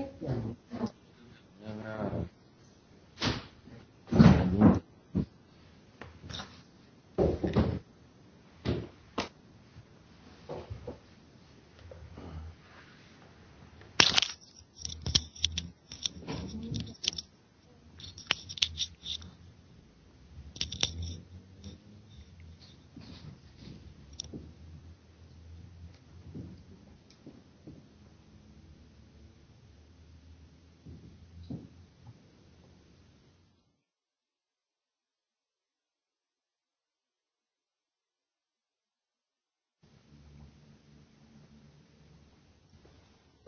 Exactly. Yeah.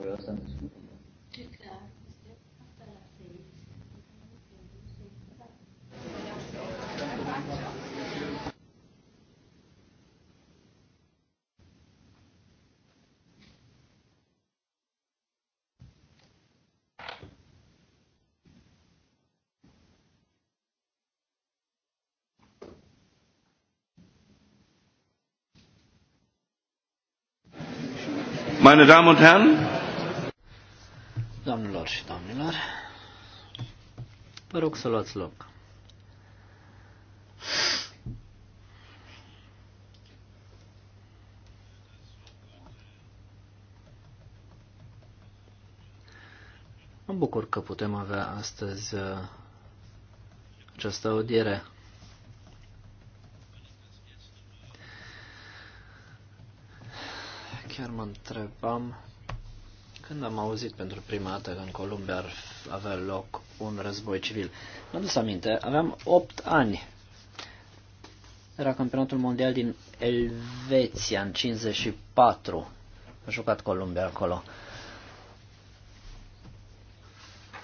vreau să discut. Meine Damen und Herren, Doamnelor și domnilor, vă rog să luați loc. Mă bucur că putem avea astăzi uh, această audiere. Chiar mă întrebam când am auzit pentru prima dată că în Columbia ar avea loc un război civil, Mă am dus aminte, aveam 8 ani. Era campionatul mondial din Elveția în 54. A jucat Columbia acolo.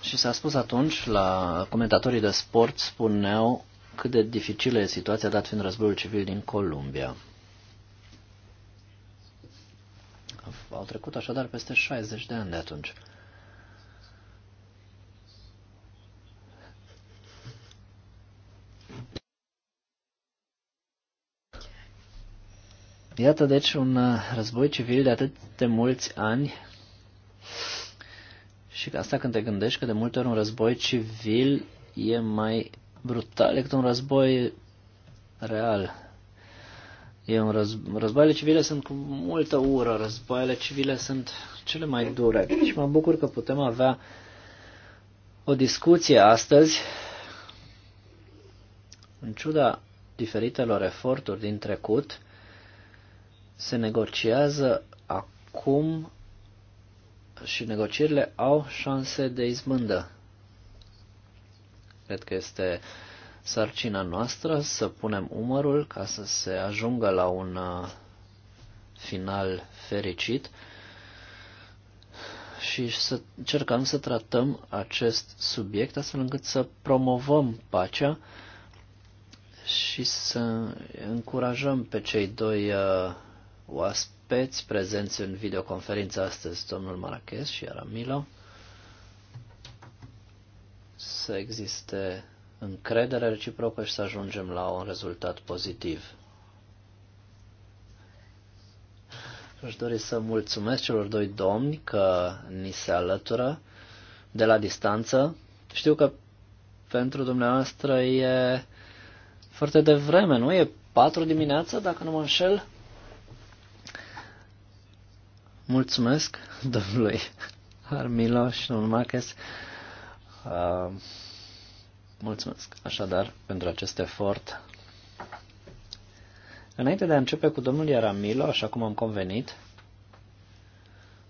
Și s-a spus atunci, la comentatorii de sport spuneau cât de dificilă e situația dat fiind războiul civil din Columbia. Au trecut așadar peste 60 de ani de atunci. Iată deci un uh, război civil de atât de mulți ani și asta când te gândești că de multe ori un război civil e mai brutal decât un război real. E un război. Războaiele civile sunt cu multă ură, războaiele civile sunt cele mai dure și mă bucur că putem avea o discuție astăzi, în ciuda diferitelor eforturi din trecut, se negociază acum și negocierile au șanse de izbândă. Cred că este uh, sarcina noastră să punem umărul ca să se ajungă la un uh, final fericit și să cercăm să tratăm acest subiect astfel încât să promovăm pacea și să încurajăm pe cei doi uh, oaspeți prezenți în videoconferință astăzi, domnul Marachez și Aramilo, să existe încredere reciprocă și să ajungem la un rezultat pozitiv. Aș dori să mulțumesc celor doi domni că ni se alătură de la distanță. Știu că pentru dumneavoastră e foarte devreme, nu? E 4 dimineața, dacă nu mă înșel. Mulțumesc domnului Armilo și domnul Marques. Uh, Mulțumesc așadar pentru acest efort. Înainte de a începe cu domnul Iaramilo, așa cum am convenit,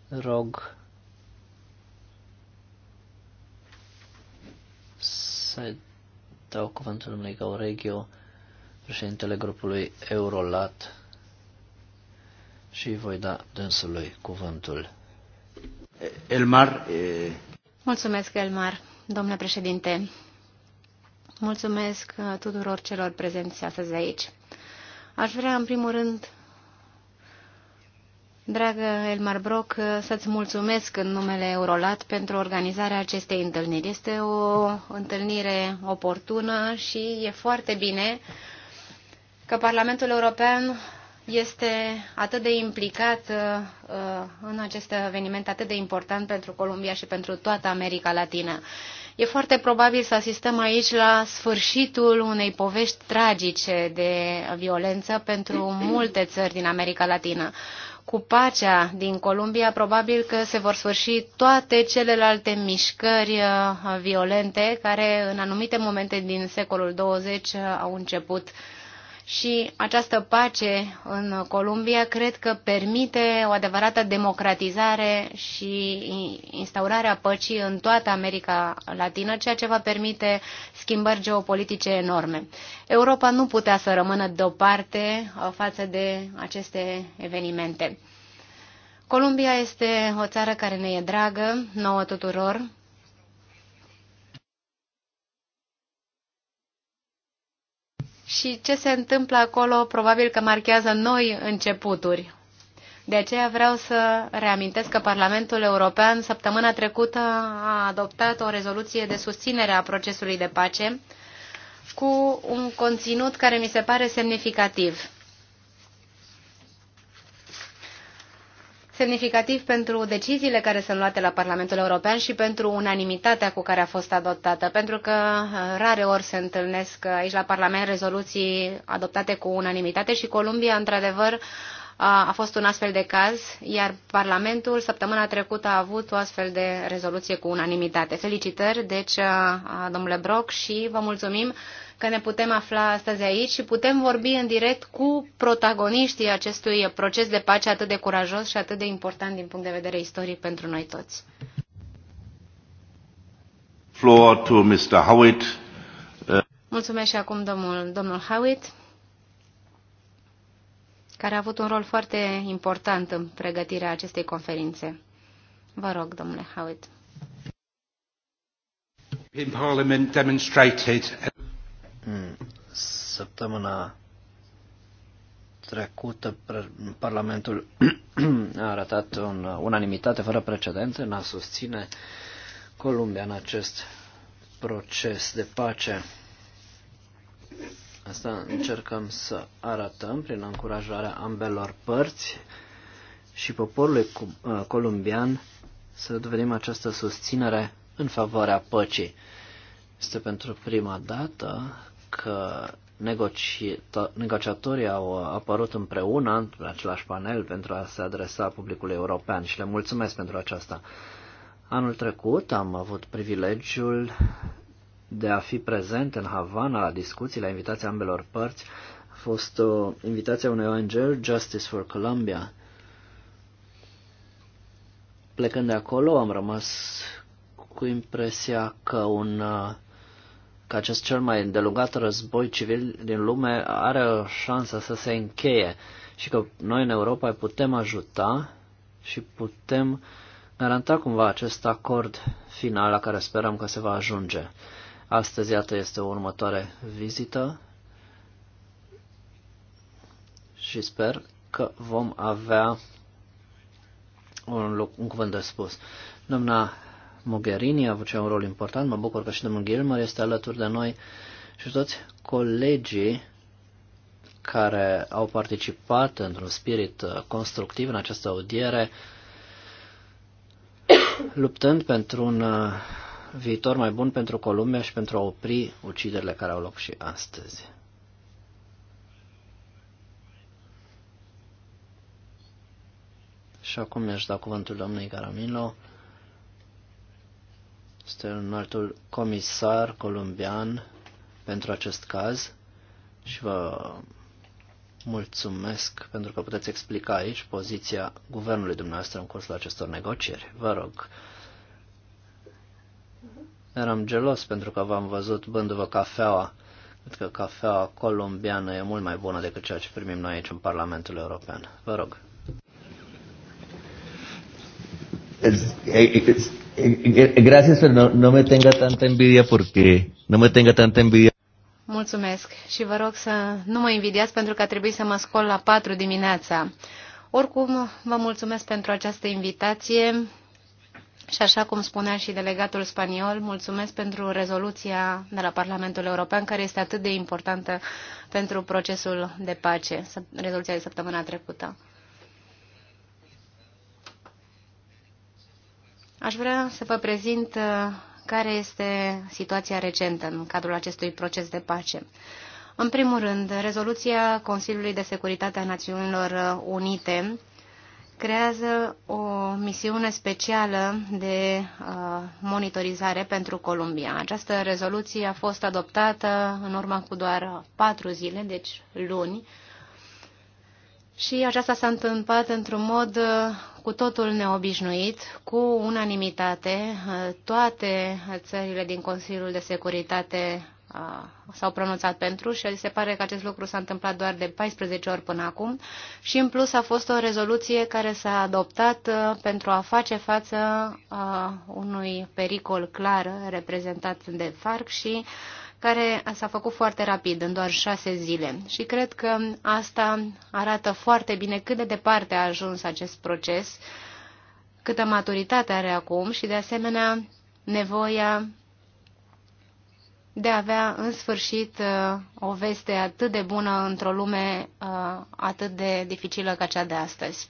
rog să dau cuvântul domnului Gaureghiu, președintele grupului Eurolat, și voi da dânsului cuvântul. Elmar. E... Mulțumesc, Elmar, domnule președinte. Mulțumesc uh, tuturor celor prezenți astăzi aici. Aș vrea, în primul rând, Dragă Elmar Broc, uh, să-ți mulțumesc în numele Eurolat pentru organizarea acestei întâlniri. Este o întâlnire oportună și e foarte bine că Parlamentul European este atât de implicat uh, în acest eveniment atât de important pentru Columbia și pentru toată America Latină. E foarte probabil să asistăm aici la sfârșitul unei povești tragice de violență pentru multe țări din America Latină. Cu pacea din Columbia, probabil că se vor sfârși toate celelalte mișcări uh, violente care în anumite momente din secolul 20 uh, au început uh, și această pace în Columbia cred că permite o adevărată democratizare și instaurarea păcii în toată America Latină, ceea ce va permite schimbări geopolitice enorme. Europa nu putea să rămână deoparte uh, față de aceste evenimente. Columbia este o țară care ne e dragă, nouă tuturor, și ce se întâmplă acolo probabil că marchează noi începuturi. De aceea vreau să reamintesc că Parlamentul European săptămâna trecută a adoptat o rezoluție de susținere a procesului de pace cu un conținut care mi se pare semnificativ. semnificativ pentru deciziile care sunt luate la Parlamentul European și pentru unanimitatea cu care a fost adoptată, pentru că uh, rare ori se întâlnesc uh, aici la Parlament rezoluții adoptate cu unanimitate și Columbia, într-adevăr, a fost un astfel de caz, iar Parlamentul săptămâna trecută a avut o astfel de rezoluție cu unanimitate. Felicitări, deci, uh, domnule Brock, și vă mulțumim că ne putem afla astăzi aici și putem vorbi în direct cu protagoniștii acestui proces de pace atât de curajos și atât de important din punct de vedere istoric pentru noi toți. Floor to Mr. Howitt. Mulțumesc și acum domnul, domnul Howitt, care a avut un rol foarte important în pregătirea acestei conferințe. Vă rog, domnule Howitt. Săptămâna trecută Parlamentul a arătat un, unanimitate fără precedente în a susține Columbia în acest proces de pace. Asta încercăm să arătăm prin încurajarea ambelor părți și poporului uh, columbian să dovedim această susținere în favoarea păcii. Este pentru prima dată că negociatorii au apărut împreună în același panel pentru a se adresa publicului european și le mulțumesc pentru aceasta. Anul trecut am avut privilegiul de a fi prezent în Havana la discuții, la invitația ambelor părți. A fost o invitație a unei ONG, Justice for Colombia. Plecând de acolo, am rămas cu impresia că un uh, că acest cel mai îndelungat război civil din lume are o șansă să se încheie și că noi în Europa putem ajuta și putem garanta cumva acest acord final la care sperăm că se va ajunge. Astăzi, iată, este o următoare vizită și sper că vom avea un, loc, un cuvânt de spus. Doamna Mogherini a avut un rol important, mă bucur că și domnul Gilmer este alături de noi și toți colegii care au participat într-un spirit uh, constructiv în această audiere, luptând pentru un uh, viitor mai bun pentru Columbia și pentru a opri uciderile care au loc și astăzi. Și acum mi-aș da cuvântul domnului Caramilo. Este un altul comisar columbian pentru acest caz și vă mulțumesc pentru că puteți explica aici poziția guvernului dumneavoastră în cursul acestor negocieri. Vă rog. Eram gelos pentru că v-am văzut bându-vă cafeaua. Cred că cafeaua colombiană e mult mai bună decât ceea ce primim noi aici în Parlamentul European. Vă rog. Eh, gracias, pero no, no me tenga tanta envidia porque no me tenga tanta envidia. Mulțumesc și vă rog să nu mă invidiați pentru că a trebuit să mă scol la 4 dimineața. Oricum, vă mulțumesc pentru această invitație și așa cum spunea și delegatul spaniol, mulțumesc pentru rezoluția de la Parlamentul European care este atât de importantă pentru procesul de pace, rezoluția de săptămâna trecută. Aș vrea să vă prezint uh, care este situația recentă în cadrul acestui proces de pace. În primul rând, rezoluția Consiliului de Securitate a Națiunilor uh, Unite creează o misiune specială de uh, monitorizare pentru Columbia. Această rezoluție a fost adoptată în urma cu doar patru zile, deci luni, și aceasta s-a întâmplat într-un mod uh, cu totul neobișnuit, cu unanimitate. Uh, toate țările din Consiliul de Securitate uh, s-au pronunțat pentru și se pare că acest lucru s-a întâmplat doar de 14 ori până acum și în plus a fost o rezoluție care s-a adoptat pentru a face față unui pericol clar reprezentat de FARC și uh, care s-a făcut foarte rapid, în doar șase zile. Și cred că asta arată foarte bine cât de departe a ajuns acest proces, câtă maturitate are acum și, de asemenea, nevoia de a avea în sfârșit uh, o veste atât de bună într-o lume uh, atât de dificilă ca cea de astăzi.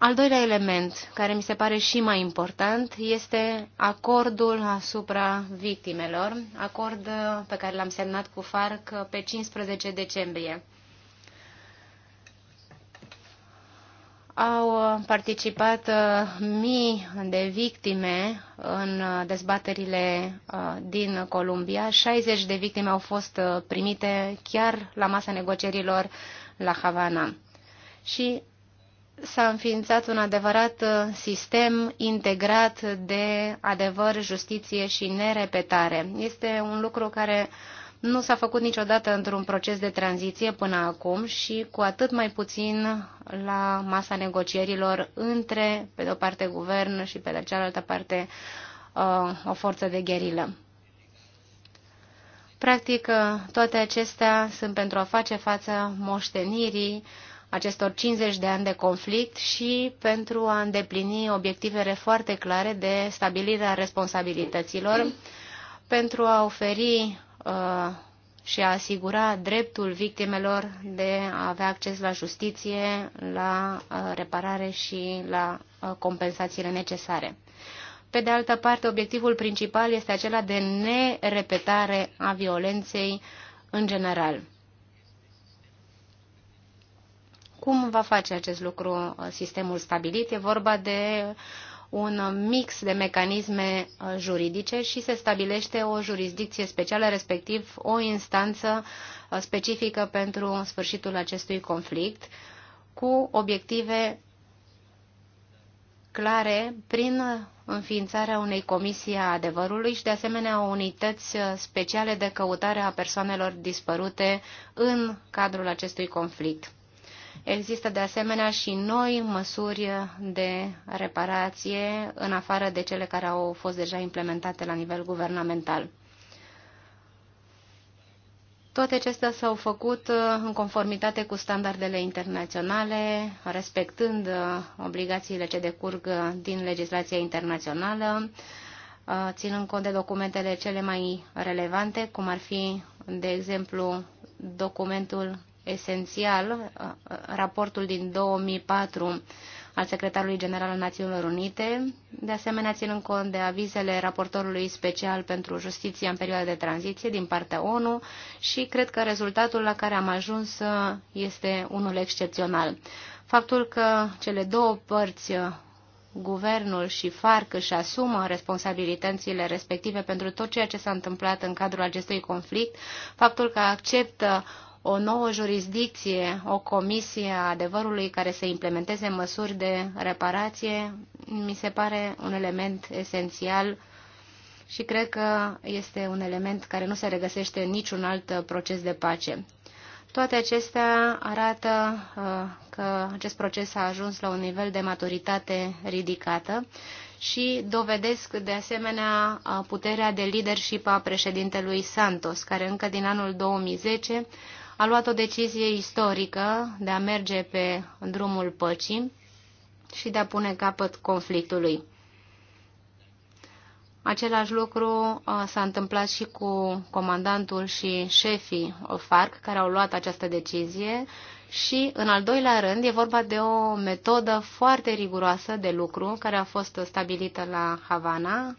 Al doilea element, care mi se pare și mai important, este acordul asupra victimelor, acord pe care l-am semnat cu FARC pe 15 decembrie. Au participat uh, mii de victime în dezbaterile uh, din Columbia. 60 de victime au fost uh, primite chiar la masa negocierilor la Havana. Și s-a înființat un adevărat uh, sistem integrat de adevăr, justiție și nerepetare. Este un lucru care nu s-a făcut niciodată într-un proces de tranziție până acum și cu atât mai puțin la masa negocierilor între, pe de o parte, guvern și pe de cealaltă parte, uh, o forță de gherilă. Practic, uh, toate acestea sunt pentru a face față moștenirii uh, acestor 50 de ani de conflict și pentru a îndeplini obiectivele foarte clare de stabilirea responsabilităților, pentru a oferi uh, și a asigura dreptul victimelor de a avea acces la justiție, la uh, reparare și la uh, compensațiile necesare. Pe de altă parte, obiectivul principal este acela de nerepetare a violenței în general. Cum va face acest lucru uh, sistemul stabilit? E vorba de un mix de mecanisme uh, juridice și se stabilește o jurisdicție specială, respectiv o instanță uh, specifică pentru sfârșitul acestui conflict, cu obiective clare prin înființarea unei comisii a adevărului și, de asemenea, unități speciale de căutare a persoanelor dispărute în cadrul acestui conflict. Există de asemenea și noi măsuri de reparație în afară de cele care au fost deja implementate la nivel guvernamental. Toate acestea s-au făcut în conformitate cu standardele internaționale, respectând obligațiile ce decurg din legislația internațională, ținând cont de documentele cele mai relevante, cum ar fi, de exemplu, documentul esențial uh, uh, raportul din 2004 al secretarului general al Națiunilor Unite, de asemenea ținând cont de avizele raportorului special pentru justiție în perioada de tranziție din partea ONU și cred că rezultatul la care am ajuns uh, este unul excepțional. Faptul că cele două părți guvernul și FARC își asumă responsabilitățile respective pentru tot ceea ce s-a întâmplat în cadrul acestui conflict, faptul că acceptă o nouă jurisdicție, o comisie a adevărului care să implementeze măsuri de reparație, mi se pare un element esențial și cred că este un element care nu se regăsește în niciun alt proces de pace. Toate acestea arată uh, că acest proces a ajuns la un nivel de maturitate ridicată și dovedesc de asemenea uh, puterea de leadership a președintelui Santos, care încă din anul 2010 a luat o decizie istorică de a merge pe drumul păcii și de a pune capăt conflictului. Același lucru uh, s-a întâmplat și cu comandantul și șefii FARC care au luat această decizie și, în al doilea rând, e vorba de o metodă foarte riguroasă de lucru care a fost stabilită la Havana,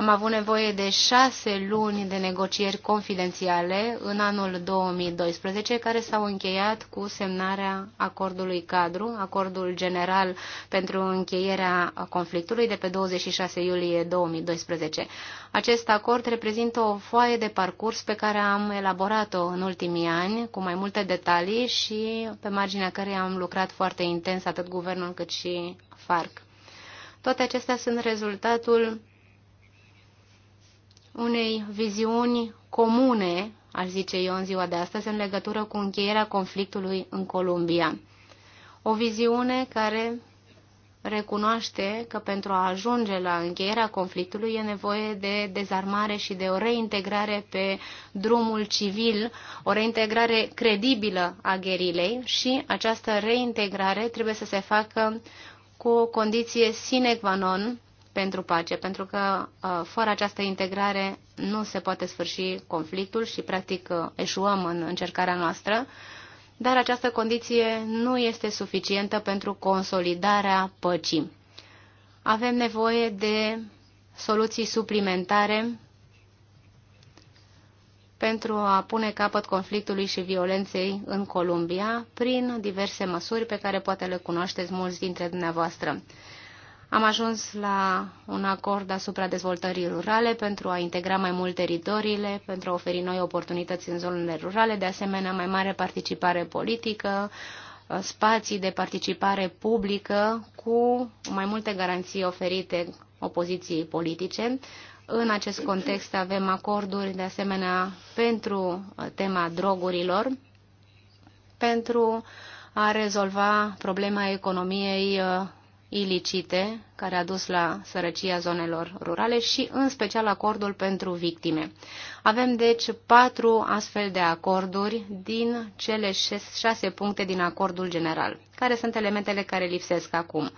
am avut nevoie de șase luni de negocieri confidențiale în anul 2012, care s-au încheiat cu semnarea acordului cadru, acordul general pentru încheierea conflictului de pe 26 iulie 2012. Acest acord reprezintă o foaie de parcurs pe care am elaborat-o în ultimii ani, cu mai multe detalii și pe marginea care am lucrat foarte intens atât guvernul cât și FARC. Toate acestea sunt rezultatul unei viziuni comune, aș zice eu în ziua de astăzi, în legătură cu încheierea conflictului în Columbia. O viziune care recunoaște că pentru a ajunge la încheierea conflictului e nevoie de dezarmare și de o reintegrare pe drumul civil, o reintegrare credibilă a gherilei și această reintegrare trebuie să se facă cu o condiție sine qua non pentru pace, pentru că uh, fără această integrare nu se poate sfârși conflictul și practic uh, eșuăm în încercarea noastră, dar această condiție nu este suficientă pentru consolidarea păcii. Avem nevoie de soluții suplimentare pentru a pune capăt conflictului și violenței în Columbia prin diverse măsuri pe care poate le cunoașteți mulți dintre dumneavoastră. Am ajuns la un acord asupra dezvoltării rurale pentru a integra mai mult teritoriile, pentru a oferi noi oportunități în zonele rurale, de asemenea mai mare participare politică, spații de participare publică cu mai multe garanții oferite opoziției politice. În acest context avem acorduri de asemenea pentru tema drogurilor, pentru a rezolva problema economiei ilicite care a dus la sărăcia zonelor rurale și în special acordul pentru victime. Avem deci patru astfel de acorduri din cele șase puncte din acordul general. Care sunt elementele care lipsesc acum?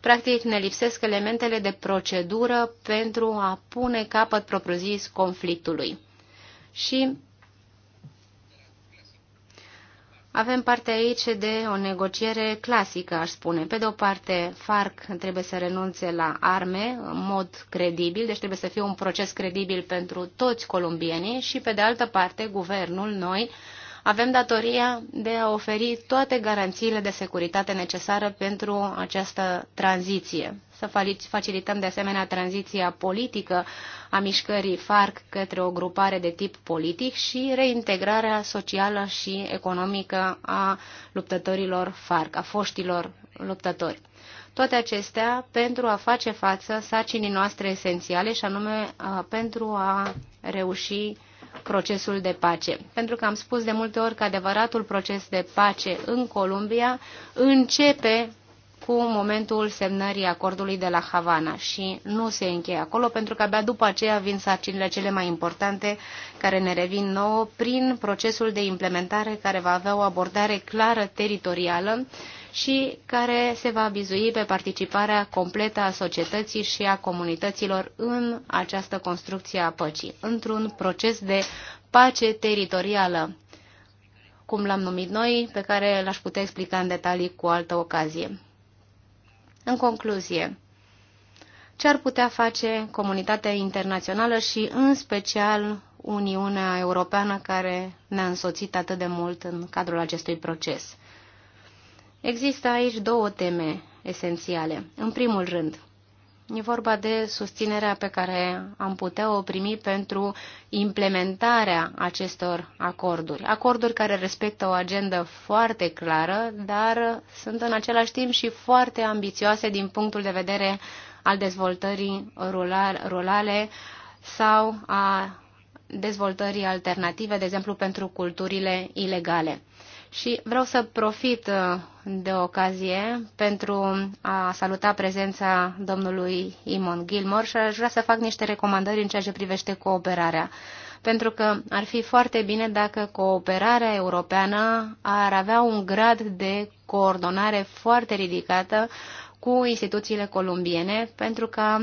Practic ne lipsesc elementele de procedură pentru a pune capăt propriu-zis conflictului. Și avem parte aici de o negociere clasică, aș spune. Pe de o parte, FARC trebuie să renunțe la arme în mod credibil, deci trebuie să fie un proces credibil pentru toți colombienii și, pe de altă parte, guvernul, noi, avem datoria de a oferi toate garanțiile de securitate necesară pentru această tranziție. Să facilităm de asemenea tranziția politică a mișcării FARC către o grupare de tip politic și reintegrarea socială și economică a luptătorilor FARC, a foștilor luptători. Toate acestea pentru a face față sarcinii noastre esențiale și anume pentru a reuși procesul de pace. Pentru că am spus de multe ori că adevăratul proces de pace în Columbia începe cu momentul semnării acordului de la Havana și nu se încheie acolo, pentru că abia după aceea vin sarcinile cele mai importante care ne revin nouă prin procesul de implementare care va avea o abordare clară teritorială și care se va bizui pe participarea completă a societății și a comunităților în această construcție a păcii, într-un proces de pace teritorială, cum l-am numit noi, pe care l-aș putea explica în detalii cu altă ocazie. În concluzie, ce ar putea face comunitatea internațională și, în special, Uniunea Europeană care ne-a însoțit atât de mult în cadrul acestui proces. Există aici două teme esențiale. În primul rând, e vorba de susținerea pe care am putea o primi pentru implementarea acestor acorduri. Acorduri care respectă o agendă foarte clară, dar sunt în același timp și foarte ambițioase din punctul de vedere al dezvoltării rurale sau a dezvoltării alternative, de exemplu pentru culturile ilegale. Și vreau să profit uh, de ocazie pentru a saluta prezența domnului Imon Gilmore și aș vrea să fac niște recomandări în ceea ce privește cooperarea. Pentru că ar fi foarte bine dacă cooperarea europeană ar avea un grad de coordonare foarte ridicată cu instituțiile columbiene, pentru că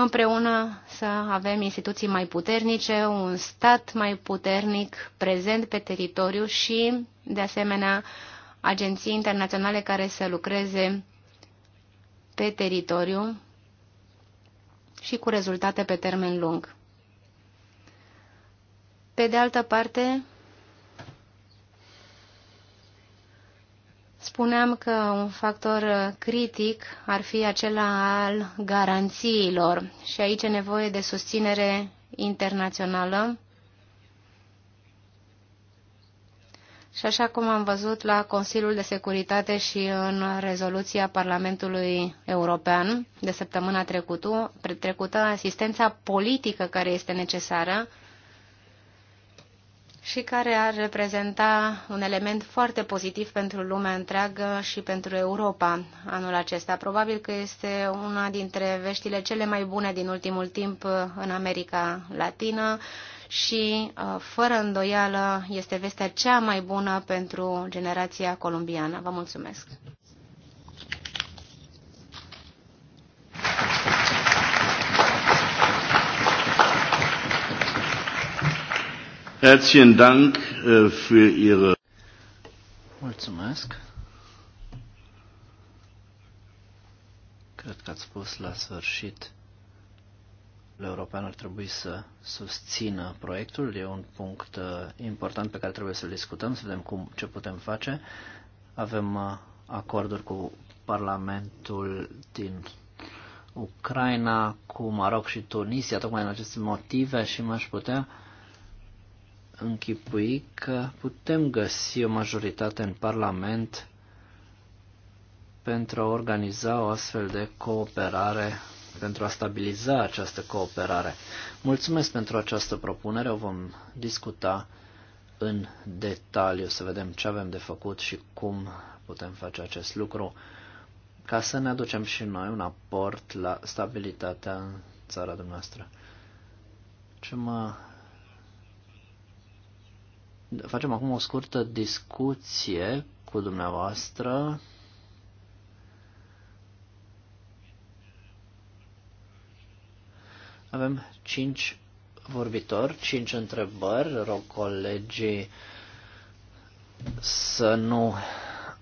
împreună să avem instituții mai puternice, un stat mai puternic prezent pe teritoriu și, de asemenea, agenții internaționale care să lucreze pe teritoriu și cu rezultate pe termen lung. Pe de altă parte, Spuneam că un factor uh, critic ar fi acela al garanțiilor și aici e nevoie de susținere internațională. Și așa cum am văzut la Consiliul de Securitate și în rezoluția Parlamentului European de săptămâna trecută, asistența politică care este necesară și care ar reprezenta un element foarte pozitiv pentru lumea întreagă și pentru Europa anul acesta. Probabil că este una dintre veștile cele mai bune din ultimul timp în America Latină și, uh, fără îndoială, este vestea cea mai bună pentru generația colombiană. Vă mulțumesc! Herzlichen Dank äh, für Ihre. Mulțumesc. Cred că ați spus la sfârșit. European ar trebui să susțină proiectul. E un punct uh, important pe care trebuie să-l discutăm, să vedem cum, ce putem face. Avem uh, acorduri cu Parlamentul din Ucraina, cu Maroc și Tunisia, tocmai în aceste motive și m-aș putea uh, închipui că putem găsi o majoritate în Parlament pentru a organiza o astfel de cooperare, pentru a stabiliza această cooperare. Mulțumesc pentru această propunere, o vom discuta în detaliu, să vedem ce avem de făcut și cum putem face acest lucru, ca să ne aducem și noi un aport la stabilitatea în țara dumneavoastră. Ce mă facem acum o scurtă discuție cu dumneavoastră Avem cinci vorbitori, cinci întrebări. Rog colegii să nu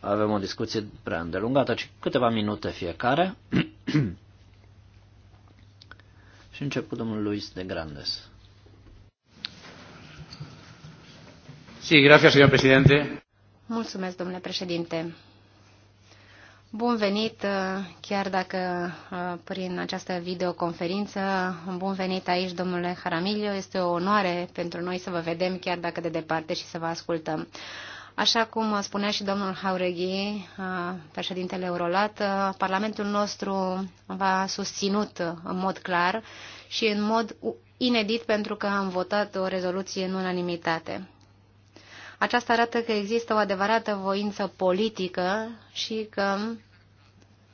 avem o discuție prea îndelungată, ci câteva minute fiecare. Și încep cu domnul Luis de Grandes. Sí, Mulțumesc, domnule președinte. Bun venit, uh, chiar dacă uh, prin această videoconferință, bun venit aici, domnule Haramilio. Este o onoare pentru noi să vă vedem, chiar dacă de departe, și să vă ascultăm. Așa cum uh, spunea și domnul Haureghi, președintele Eurolat, Parlamentul nostru v-a susținut în mod clar și în mod inedit pentru că am votat o rezoluție în unanimitate. Aceasta arată că există o adevărată voință politică și că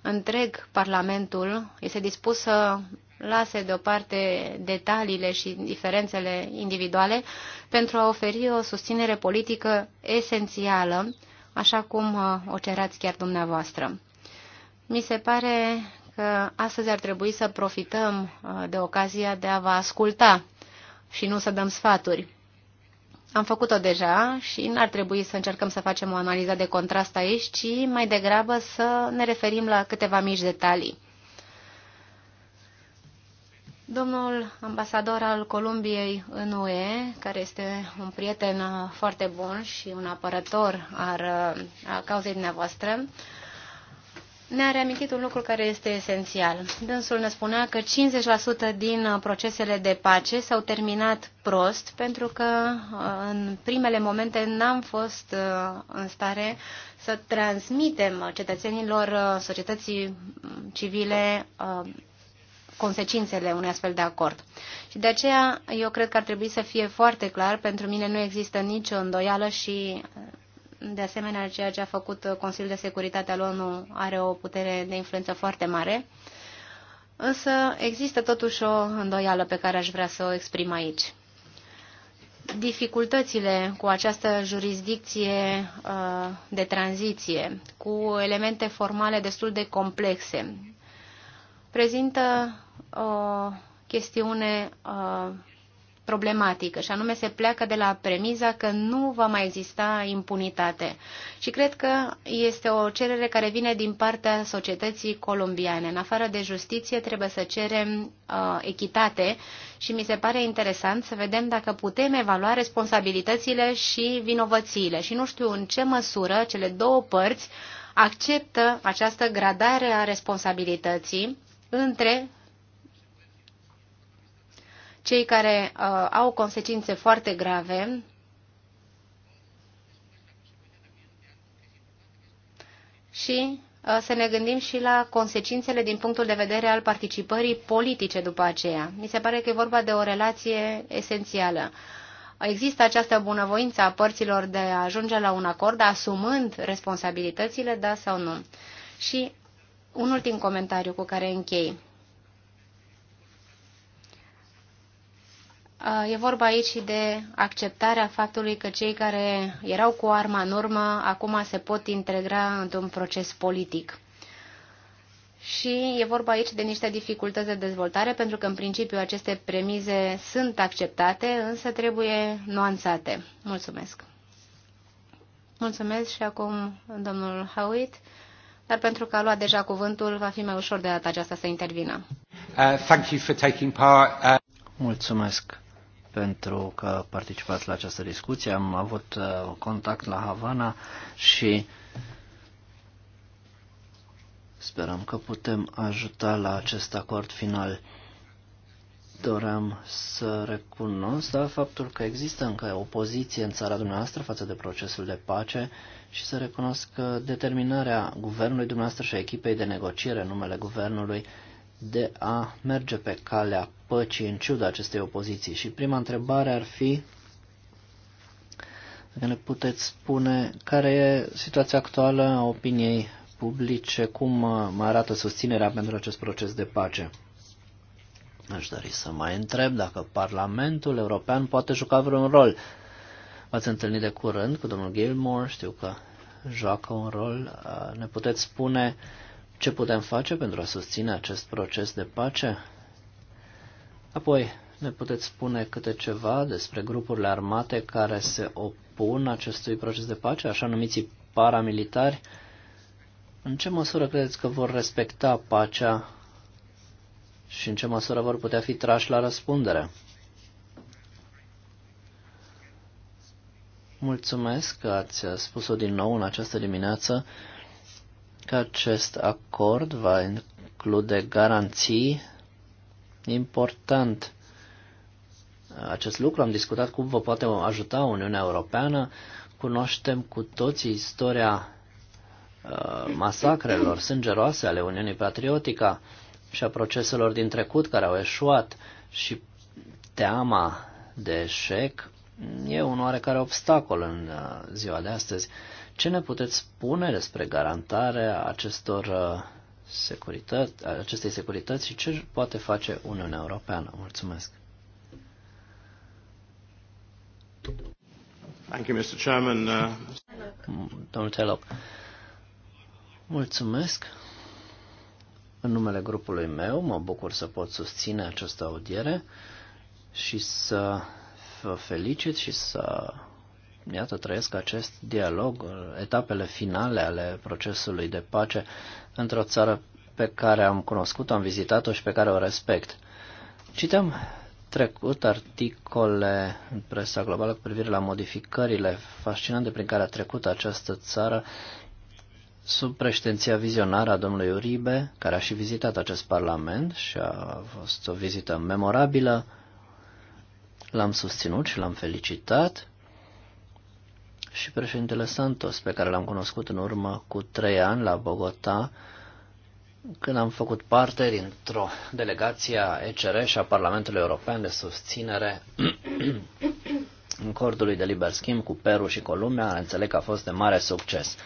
întreg Parlamentul este dispus să lase deoparte detaliile și diferențele individuale pentru a oferi o susținere politică esențială, așa cum uh, o cerați chiar dumneavoastră. Mi se pare că astăzi ar trebui să profităm uh, de ocazia de a vă asculta și nu să dăm sfaturi. Am făcut-o deja și n-ar trebui să încercăm să facem o analiză de contrast aici, ci mai degrabă să ne referim la câteva mici detalii. Domnul ambasador al Columbiei în UE, care este un prieten foarte bun și un apărător al, uh, cauzei dumneavoastră, ne-a reamintit un lucru care este esențial. Dânsul ne spunea că 50% din uh, procesele de pace s-au terminat prost pentru că uh, în primele momente n-am fost uh, în stare să transmitem cetățenilor societății mm, civile consecințele unui astfel de acord. Și de aceea eu cred că ar trebui să fie foarte clar, pentru mine nu există nicio îndoială și de asemenea, ceea ce a făcut uh, Consiliul de Securitate al ONU are o putere de influență foarte mare. Însă există totuși o îndoială pe care aș vrea să o exprim aici. Dificultățile cu această jurisdicție uh, de tranziție, cu elemente formale destul de complexe, prezintă o chestiune uh, problematică și anume se pleacă de la premiza că nu va mai exista impunitate. Și cred că este o cerere care vine din partea societății colombiane. În afară de justiție trebuie să cerem uh, echitate și mi se pare interesant să vedem dacă putem evalua responsabilitățile și vinovățiile și nu știu în ce măsură cele două părți acceptă această gradare a responsabilității între cei care uh, au consecințe foarte grave și uh, să ne gândim și la consecințele din punctul de vedere al participării politice după aceea. Mi se pare că e vorba de o relație esențială. Există această bunăvoință a părților de a ajunge la un acord, asumând responsabilitățile, da sau nu. Și un ultim comentariu cu care închei. Uh, e vorba aici și de acceptarea faptului că cei care erau cu arma în urmă acum se pot integra într-un proces politic. Și e vorba aici de niște dificultăți de dezvoltare, pentru că în principiu aceste premize sunt acceptate, însă trebuie nuanțate. Mulțumesc! Mulțumesc și acum domnul Hawit, dar pentru că a luat deja cuvântul, va fi mai ușor de data aceasta să intervină. Uh, thank you for taking part. Uh... Mulțumesc pentru că participați la această discuție. Am avut uh, contact la Havana și sperăm că putem ajuta la acest acord final. Doream să recunosc da, faptul că există încă opoziție în țara dumneavoastră față de procesul de pace și să recunosc că determinarea guvernului dumneavoastră și a echipei de negociere în numele guvernului de a merge pe calea păcii în ciuda acestei opoziții. Și prima întrebare ar fi dacă ne puteți spune care e situația actuală a opiniei publice, cum mă arată susținerea pentru acest proces de pace. Aș dori să mai întreb dacă Parlamentul European poate juca vreun rol. V-ați întâlnit de curând cu domnul Gilmore, știu că joacă un rol. Ne puteți spune ce putem face pentru a susține acest proces de pace? Apoi, ne puteți spune câte ceva despre grupurile armate care se opun acestui proces de pace, așa numiții paramilitari? În ce măsură credeți că vor respecta pacea și în ce măsură vor putea fi trași la răspundere? Mulțumesc că ați spus-o din nou în această dimineață că acest acord va include garanții important acest lucru. Am discutat cum vă poate ajuta Uniunea Europeană. Cunoaștem cu toții istoria uh, masacrelor sângeroase ale Uniunii Patriotica și a proceselor din trecut care au eșuat și teama de eșec e un oarecare obstacol în uh, ziua de astăzi. Ce ne puteți spune despre garantarea acestor uh, securități, acestei securități și ce poate face Uniunea Europeană. Mulțumesc. Thank you, Mr. Chairman. Uh, Domnul Teloc, mulțumesc. În numele grupului meu mă bucur să pot susține această audiere și să vă felicit și să, iată, trăiesc acest dialog, etapele finale ale procesului de pace într-o țară pe care am cunoscut-o, am vizitat-o și pe care o respect. Citeam trecut articole în presa globală cu privire la modificările fascinante prin care a trecut această țară sub președinția vizionară a domnului Uribe, care a și vizitat acest parlament și a fost o vizită memorabilă. L-am susținut și l-am felicitat și președintele Santos, pe care l-am cunoscut în urmă cu trei ani la Bogota, când am făcut parte dintr-o delegație a ECR și a Parlamentului European de susținere în cordului de liber schimb cu Peru și Columbia, înțeleg că a fost de mare succes.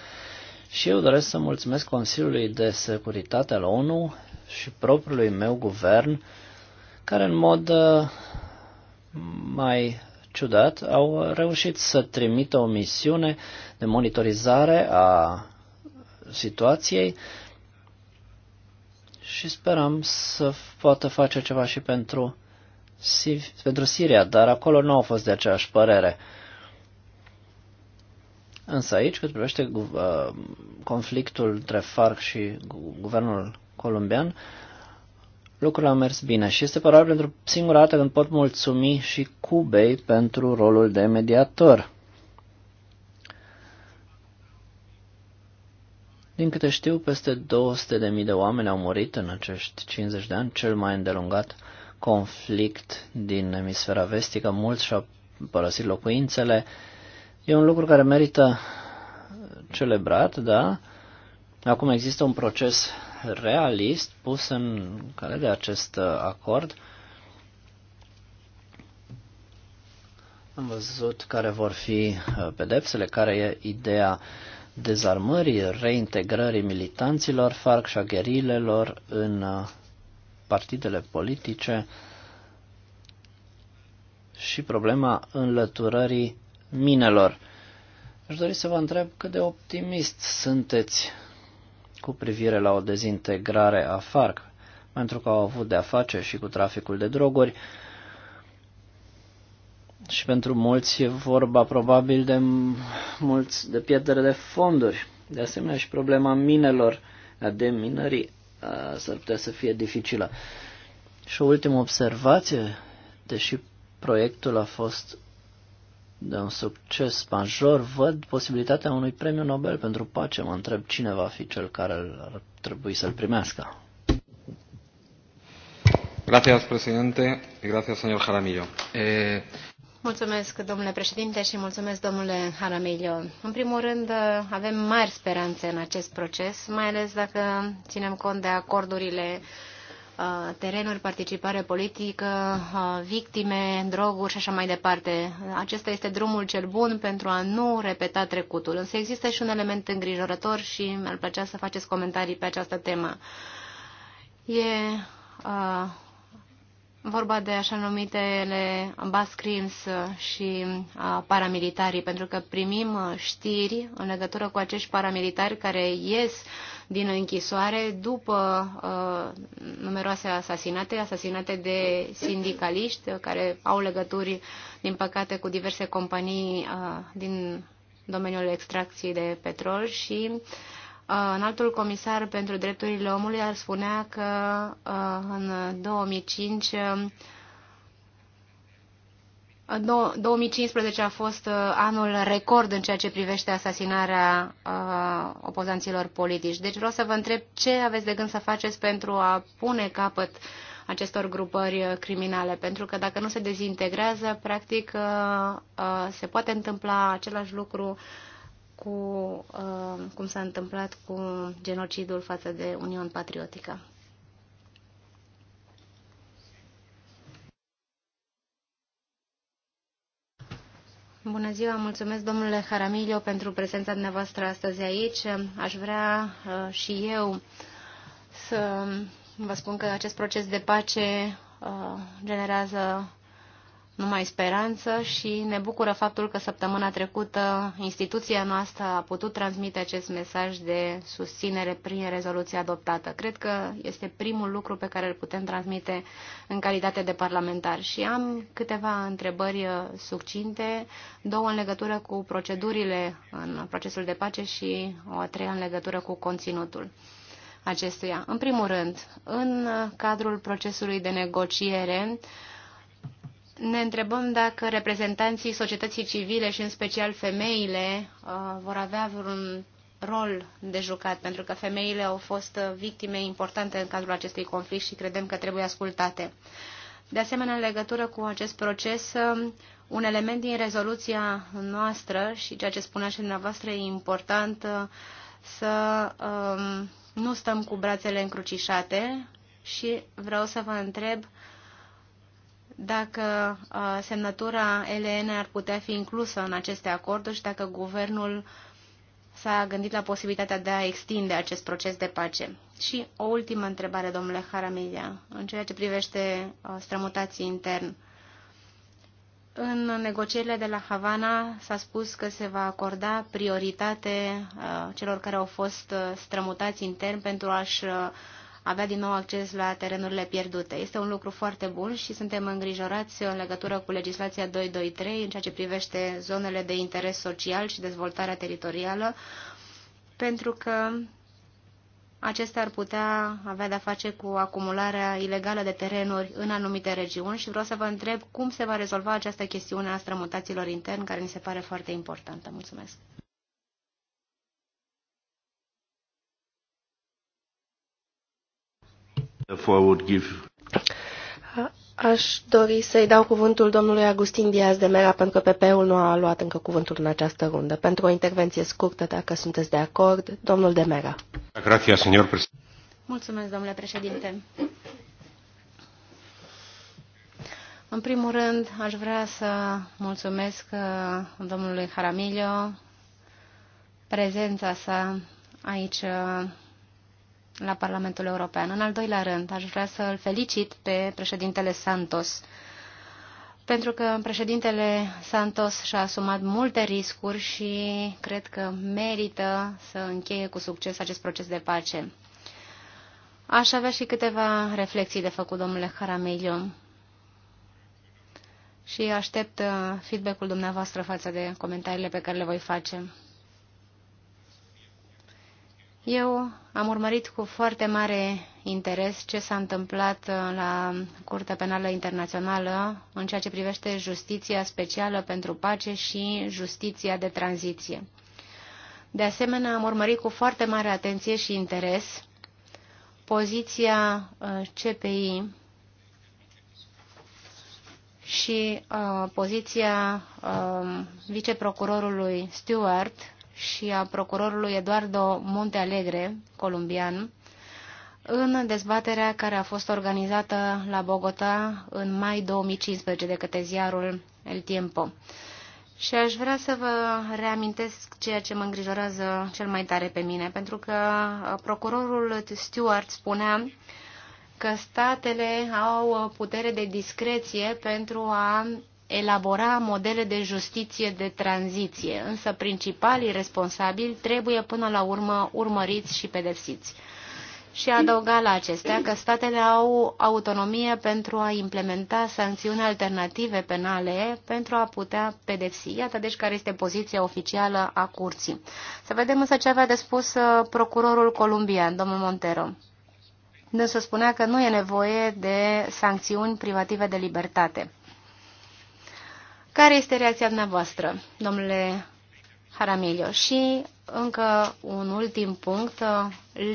Și eu doresc să mulțumesc Consiliului de Securitate al ONU și propriului meu guvern, care în mod uh, mai ciudat, au reușit să trimită o misiune de monitorizare a situației și sperăm să poată face ceva și pentru, pentru Siria, dar acolo nu au fost de aceeași părere. Însă aici, cât privește uh, conflictul între FARC și guvernul colombian, lucrurile au mers bine și este probabil pentru singura dată când pot mulțumi și Cubei pentru rolul de mediator. Din câte știu, peste 200.000 de oameni au murit în acești 50 de ani, cel mai îndelungat conflict din emisfera vestică. Mulți și-au părăsit locuințele. E un lucru care merită celebrat, da? Acum există un proces realist pus în cale de acest uh, acord. Am văzut care vor fi uh, pedepsele, care e ideea dezarmării, reintegrării militanților FARC și a în uh, partidele politice și problema înlăturării minelor. Aș dori să vă întreb cât de optimist sunteți cu privire la o dezintegrare a FARC, pentru că au avut de-a face și cu traficul de droguri și pentru mulți e vorba probabil de, mulți, de pierdere de fonduri. De asemenea și problema minelor, de minării, s-ar putea să fie dificilă. Și o ultimă observație, deși proiectul a fost de un succes major, văd posibilitatea unui premiu Nobel pentru pace. Mă întreb cine va fi cel care ar trebui să-l primească. Gracias, presidente. Gracias, señor Jaramillo. Eh... Mulțumesc, domnule președinte, și mulțumesc, domnule Jaramillo. În primul rând, avem mari speranțe în acest proces, mai ales dacă ținem cont de acordurile uh, Uh, terenuri, participare politică, uh, victime, droguri și așa mai departe. Acesta este drumul cel bun pentru a nu repeta trecutul. Însă există și un element îngrijorător și mi-ar plăcea să faceți comentarii pe această temă. E uh, vorba de așa numitele crimes și uh, paramilitarii, pentru că primim știri în legătură cu acești paramilitari care ies uh, din închisoare după uh, numeroase asasinate, asasinate de sindicaliști uh, care au legături, din păcate, cu diverse companii uh, din domeniul extracției de petrol și uh, altul comisar pentru drepturile omului ar spunea că uh, în 2005 2015 a fost uh, anul record în ceea ce privește asasinarea uh, opozanților politici. Deci vreau să vă întreb ce aveți de gând să faceți pentru a pune capăt acestor grupări uh, criminale, pentru că dacă nu se dezintegrează, practic se poate întâmpla același lucru cu cum s-a întâmplat cu genocidul față de Uniunea Patriotică. Bună ziua, mulțumesc domnule Haramilio pentru prezența dumneavoastră astăzi aici. Aș vrea uh, și eu să vă spun că acest proces de pace uh, generează numai speranță și ne bucură faptul că săptămâna trecută instituția noastră a putut transmite acest mesaj de susținere prin rezoluția adoptată. Cred că este primul lucru pe care îl putem transmite în calitate de parlamentar. Și am câteva întrebări succinte, două în legătură cu procedurile în procesul de pace și o a treia în legătură cu conținutul acestuia. În primul rând, în cadrul procesului de negociere, uh, ne întrebăm dacă reprezentanții societății civile și în special femeile uh, vor avea vreun rol de jucat, pentru că femeile au fost uh, victime importante în cadrul acestui conflict și credem că trebuie ascultate. De asemenea, în legătură cu acest proces, um, un element din rezoluția noastră și ceea ce spunea și dumneavoastră e important uh, să um, nu stăm cu brațele încrucișate și vreau să vă întreb uh, dacă uh, semnătura ELN ar putea fi inclusă în aceste acorduri și dacă guvernul s-a gândit la posibilitatea de a extinde acest proces de pace. Și o ultimă întrebare, domnule Haramidia, în ceea ce privește uh, strămutații intern. În negocierile de la Havana s-a spus că se va acorda prioritate uh, celor care au fost strămutați intern pentru a-și avea din nou acces la terenurile pierdute. Este un lucru foarte bun și suntem îngrijorați în legătură cu legislația 223 în ceea ce privește zonele de interes social și dezvoltarea teritorială, pentru că acestea ar putea avea de-a face cu acumularea ilegală de terenuri în anumite regiuni și vreau să vă întreb cum se va rezolva această chestiune a strămutaților intern, care mi se pare foarte importantă. Mulțumesc! Aș dori să-i dau cuvântul domnului Agustin Diaz de Mera, pentru că PP-ul nu a luat încă cuvântul în această rundă. Pentru o intervenție scurtă, dacă sunteți de acord, domnul de Mera. Mulțumesc, domnule președinte. În primul rând, aș vrea să mulțumesc uh, domnului Haramilio prezența sa aici uh, la Parlamentul European. În al doilea rând, aș vrea să îl felicit pe președintele Santos, pentru că președintele Santos și-a asumat multe riscuri și cred că merită să încheie cu succes acest proces de pace. Aș avea și câteva reflexii de făcut, domnule Haramelio, și aștept uh, feedback-ul dumneavoastră față de comentariile pe care le voi face. Eu am urmărit cu foarte mare interes ce s-a întâmplat uh, la Curtea Penală Internațională în ceea ce privește justiția specială pentru pace și justiția de tranziție. De asemenea, am urmărit cu foarte mare atenție și interes poziția uh, CPI și uh, poziția uh, viceprocurorului Stewart și a procurorului Eduardo Montealegre, colombian, în dezbaterea care a fost organizată la Bogota în mai 2015 de către ziarul El Tiempo. Și aș vrea să vă reamintesc ceea ce mă îngrijorează cel mai tare pe mine, pentru că procurorul Stewart spunea că statele au putere de discreție pentru a elabora modele de justiție de tranziție, însă principalii responsabili trebuie până la urmă urmăriți și pedepsiți. Și adăuga la acestea că statele au autonomie pentru a implementa sancțiuni alternative penale pentru a putea pedepsi. Iată deci care este poziția oficială a curții. Să vedem însă ce avea de spus uh, procurorul columbian, domnul Montero. Dânsul spunea că nu e nevoie de sancțiuni privative de libertate. Care este reacția dumneavoastră, domnule Haramilio? Și încă un ultim punct,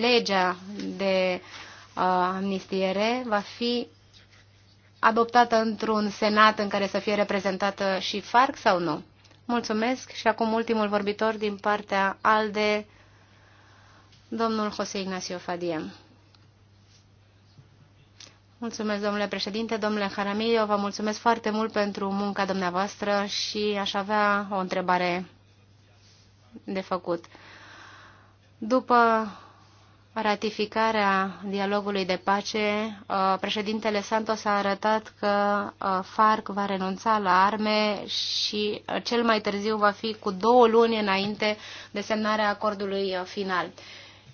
legea de uh, amnistiere va fi adoptată într-un senat în care să fie reprezentată și FARC sau nu? Mulțumesc și acum ultimul vorbitor din partea ALDE, domnul José Ignacio Fadiem. Mulțumesc, domnule președinte. Domnule Haramilio, vă mulțumesc foarte mult pentru munca dumneavoastră și aș avea o întrebare de făcut. După ratificarea dialogului de pace, uh, președintele Santos a arătat că uh, FARC va renunța la arme și uh, cel mai târziu va fi cu două luni înainte de semnarea acordului final.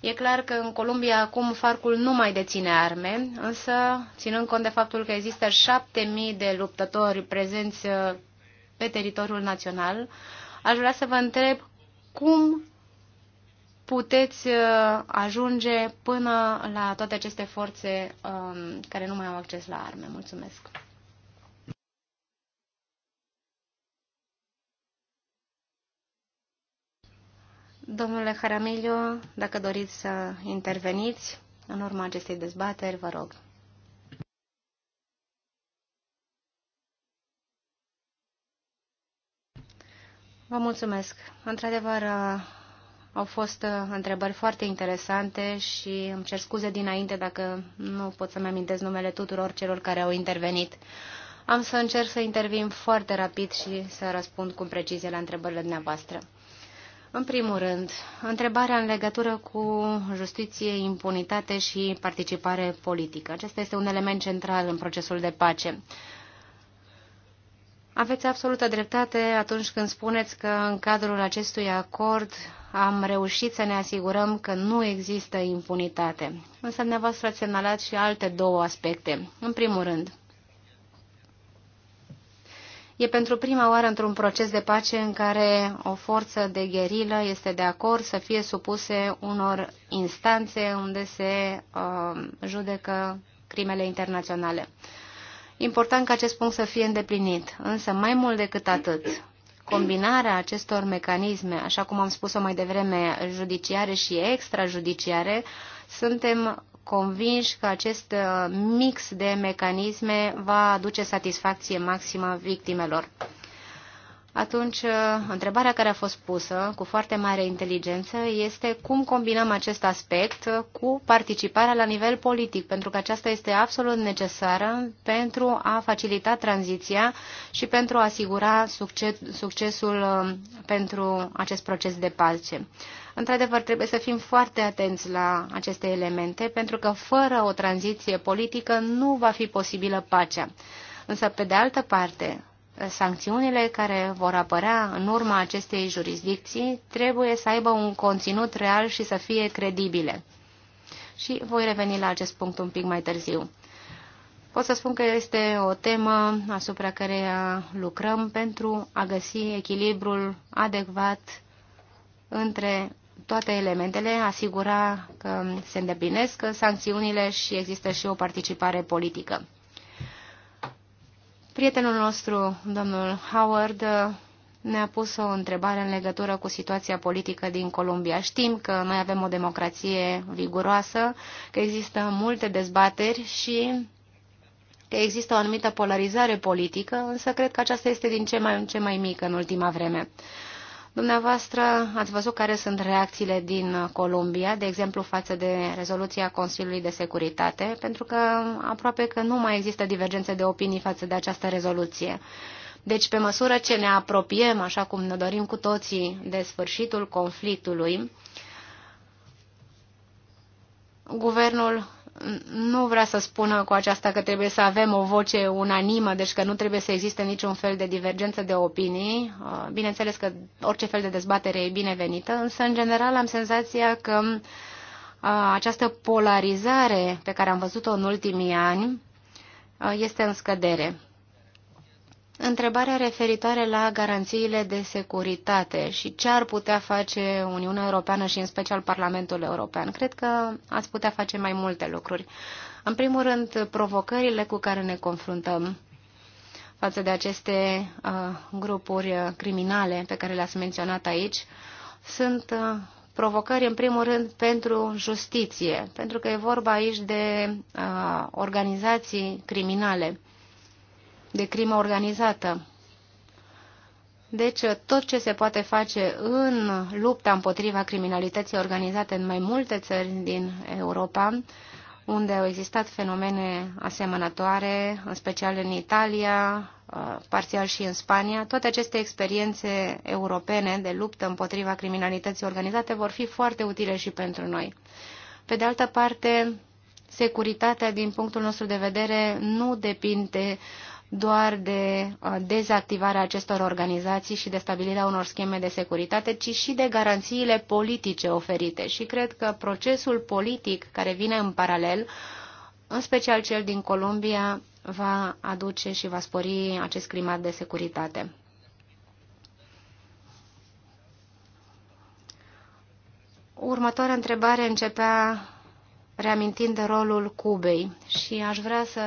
E clar că în Columbia acum Farcul nu mai deține arme, însă, ținând cont de faptul că există 7.000 de luptători prezenți uh, pe teritoriul național, aș vrea să vă întreb cum puteți uh, ajunge până la toate aceste forțe um, care nu mai au acces la arme. Mulțumesc! Domnule Haramiliu, dacă doriți să interveniți în urma acestei dezbateri, vă rog. Vă mulțumesc. Într-adevăr, au fost întrebări foarte interesante și îmi cer scuze dinainte dacă nu pot să-mi amintesc numele tuturor celor care au intervenit. Am să încerc să intervin foarte rapid și să răspund cu precizie la întrebările dumneavoastră. În primul rând, întrebarea în legătură cu justiție, impunitate și participare politică. Acesta este un element central în procesul de pace. Aveți absolută dreptate atunci când spuneți că în cadrul acestui acord am reușit să ne asigurăm că nu există impunitate. Însă dumneavoastră ați semnalat și alte două aspecte. În primul rând, E pentru prima oară într-un proces de pace în care o forță de gherilă este de acord să fie supuse unor instanțe unde se uh, judecă crimele internaționale. Important ca acest punct să fie îndeplinit, însă mai mult decât atât, combinarea acestor mecanisme, așa cum am spus-o mai devreme, judiciare și extrajudiciare, suntem convinși că acest uh, mix de mecanisme va aduce satisfacție maximă victimelor atunci uh, întrebarea care a fost pusă cu foarte mare inteligență este cum combinăm acest aspect uh, cu participarea la nivel politic, pentru că aceasta este absolut necesară pentru a facilita tranziția și pentru a asigura succes, succesul uh, pentru acest proces de pace. Într-adevăr, trebuie să fim foarte atenți la aceste elemente, pentru că fără o tranziție politică nu va fi posibilă pacea. Însă, pe de altă parte, sancțiunile care vor apărea în urma acestei jurisdicții trebuie să aibă un conținut real și să fie credibile. Și voi reveni la acest punct un pic mai târziu. Pot să spun că este o temă asupra care lucrăm pentru a găsi echilibrul adecvat între toate elementele, asigura că se îndeplinesc sancțiunile și există și o participare politică. Prietenul nostru, domnul Howard, ne-a pus o întrebare în legătură cu situația politică din Columbia. Știm că noi avem o democrație viguroasă, că există multe dezbateri și că există o anumită polarizare politică, însă cred că aceasta este din ce mai în ce mai mică în ultima vreme. Dumneavoastră ați văzut care sunt reacțiile din Columbia, de exemplu față de rezoluția Consiliului de Securitate, pentru că aproape că nu mai există divergențe de opinii față de această rezoluție. Deci, pe măsură ce ne apropiem, așa cum ne dorim cu toții, de sfârșitul conflictului, guvernul nu vrea să spună cu aceasta că trebuie să avem o voce unanimă, deci că nu trebuie să existe niciun fel de divergență de opinii. Uh, bineînțeles că orice fel de dezbatere e binevenită, însă în general am senzația că uh, această polarizare pe care am văzut-o în ultimii ani uh, este în scădere. Întrebarea referitoare la garanțiile de securitate și ce ar putea face Uniunea Europeană și în special Parlamentul European. Cred că ați putea face mai multe lucruri. În primul rând, provocările cu care ne confruntăm față de aceste uh, grupuri criminale pe care le-ați menționat aici sunt uh, provocări, în primul rând, pentru justiție, pentru că e vorba aici de uh, organizații criminale de crimă organizată. Deci tot ce se poate face în lupta împotriva criminalității organizate în mai multe țări din Europa, unde au existat fenomene asemănătoare, în special în Italia, uh, parțial și în Spania, toate aceste experiențe europene de luptă împotriva criminalității organizate vor fi foarte utile și pentru noi. Pe de altă parte, securitatea, din punctul nostru de vedere, nu depinde doar de uh, dezactivarea acestor organizații și de stabilirea unor scheme de securitate, ci și de garanțiile politice oferite. Și cred că procesul politic care vine în paralel, în special cel din Columbia, va aduce și va spori acest climat de securitate. Următoarea întrebare începea reamintind rolul Cubei și aș vrea să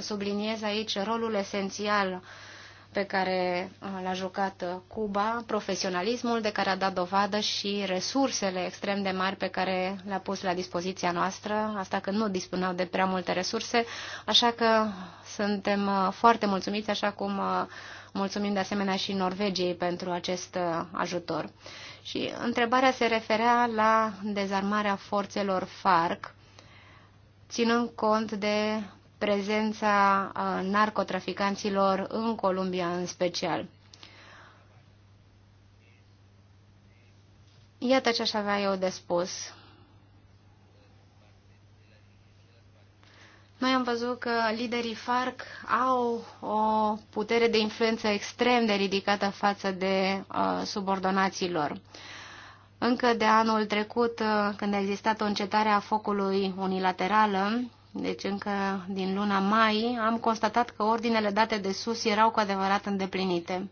subliniez aici rolul esențial pe care uh, l-a jucat uh, Cuba, profesionalismul de care a dat dovadă și resursele extrem de mari pe care le-a pus la dispoziția noastră, asta că nu dispuneau de prea multe resurse, așa că suntem uh, foarte mulțumiți, așa cum mulțumim de asemenea și Norvegiei pentru acest ajutor. Și întrebarea se referea la dezarmarea forțelor FARC, ținând cont de prezența narcotraficanților în Columbia în special. Iată ce aș avea eu de spus. Noi am văzut că liderii FARC au o putere de influență extrem de ridicată față de uh, subordonaților. Încă de anul trecut, când a existat o încetare a focului unilaterală, deci încă din luna mai, am constatat că ordinele date de sus erau cu adevărat îndeplinite.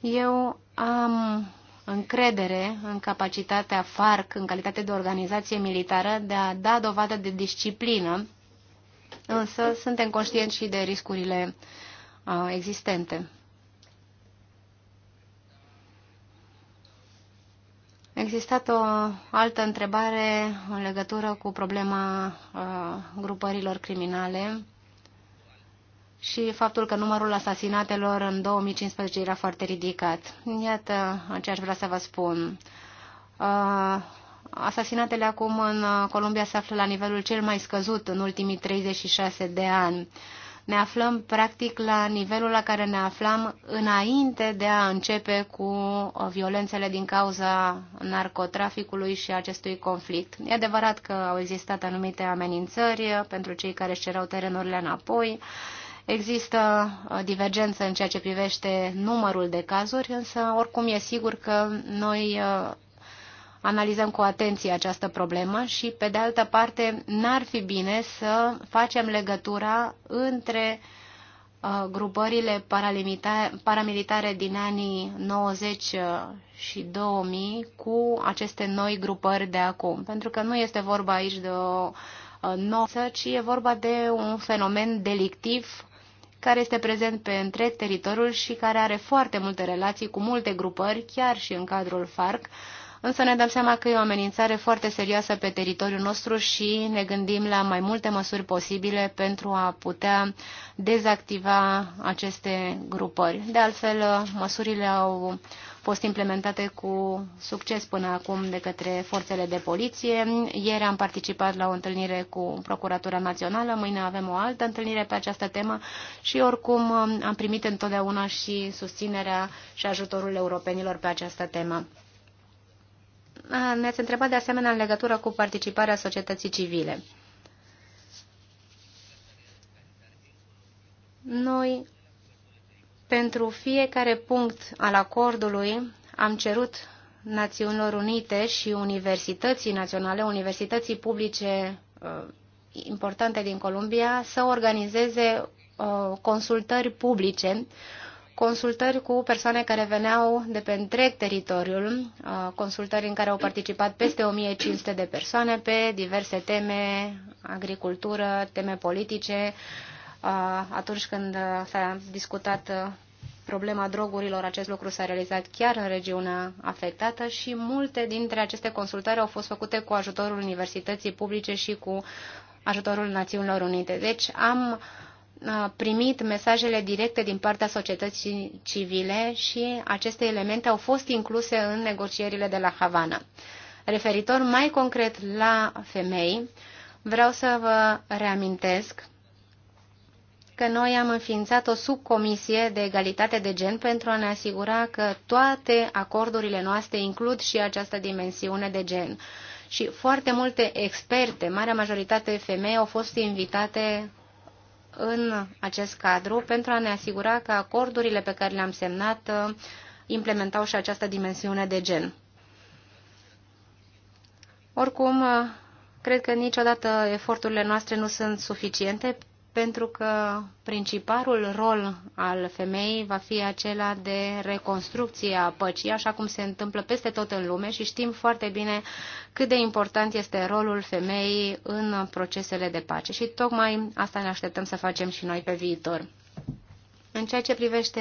Eu am încredere în capacitatea FARC, în calitate de organizație militară, de a da dovadă de disciplină, însă suntem conștienți și de riscurile uh, existente. existat o altă întrebare în legătură cu problema uh, grupărilor criminale și faptul că numărul asasinatelor în 2015 era foarte ridicat. Iată ce vreau să vă spun. Uh, asasinatele acum în Columbia se află la nivelul cel mai scăzut în ultimii 36 de ani. Ne aflăm practic la nivelul la care ne aflam înainte de a începe cu uh, violențele din cauza narcotraficului și acestui conflict. E adevărat că au existat anumite amenințări uh, pentru cei care își cerau terenurile înapoi, Există uh, divergență în ceea ce privește numărul de cazuri, însă oricum e sigur că noi analizăm cu atenție această problemă și, pe de altă parte, n-ar fi bine să facem legătura între uh, grupările paramilitare din anii 90 uh, și 2000 cu aceste noi grupări de acum. Pentru că nu este vorba aici de o uh, nouă, ci e vorba de un fenomen delictiv care este prezent pe întreg teritoriul și care are foarte multe relații cu multe grupări, chiar și în cadrul FARC, însă ne dăm seama că e o amenințare foarte serioasă pe teritoriul nostru și ne gândim la mai multe măsuri posibile pentru a putea dezactiva aceste grupări. De altfel, măsurile au fost implementate cu succes până acum de către forțele de poliție. Ieri am participat la o întâlnire cu Procuratura Națională, mâine avem o altă întâlnire pe această temă și oricum am primit întotdeauna și susținerea și ajutorul europenilor pe această temă ne-ați întrebat de asemenea în legătură cu participarea societății civile. Noi, pentru fiecare punct al acordului, am cerut Națiunilor Unite și Universității Naționale, Universității Publice uh, importante din Columbia, să organizeze uh, consultări publice consultări cu persoane care veneau de pe întreg teritoriul, uh, consultări în care au participat peste 1500 de persoane pe diverse teme, agricultură, teme politice, uh, atunci când uh, s-a discutat problema drogurilor, acest lucru s-a realizat chiar în regiunea afectată și multe dintre aceste consultări au fost făcute cu ajutorul Universității Publice și cu ajutorul Națiunilor Unite. Deci am uh, primit mesajele directe din partea societății civile și aceste elemente au fost incluse în negocierile de la Havana. Referitor mai concret la femei, vreau să vă reamintesc că noi am înființat o subcomisie de egalitate de gen pentru a ne asigura că toate acordurile noastre includ și această dimensiune de gen. Și foarte multe experte, marea majoritate femei, au fost invitate în acest cadru pentru a ne asigura că acordurile pe care le-am semnat uh, implementau și această dimensiune de gen. Oricum, uh, cred că niciodată eforturile noastre nu sunt suficiente pentru că principalul rol al femeii va fi acela de reconstrucție a păcii, așa cum se întâmplă peste tot în lume și știm foarte bine cât de important este rolul femeii în procesele de pace și tocmai asta ne așteptăm să facem și noi pe viitor. În ceea ce privește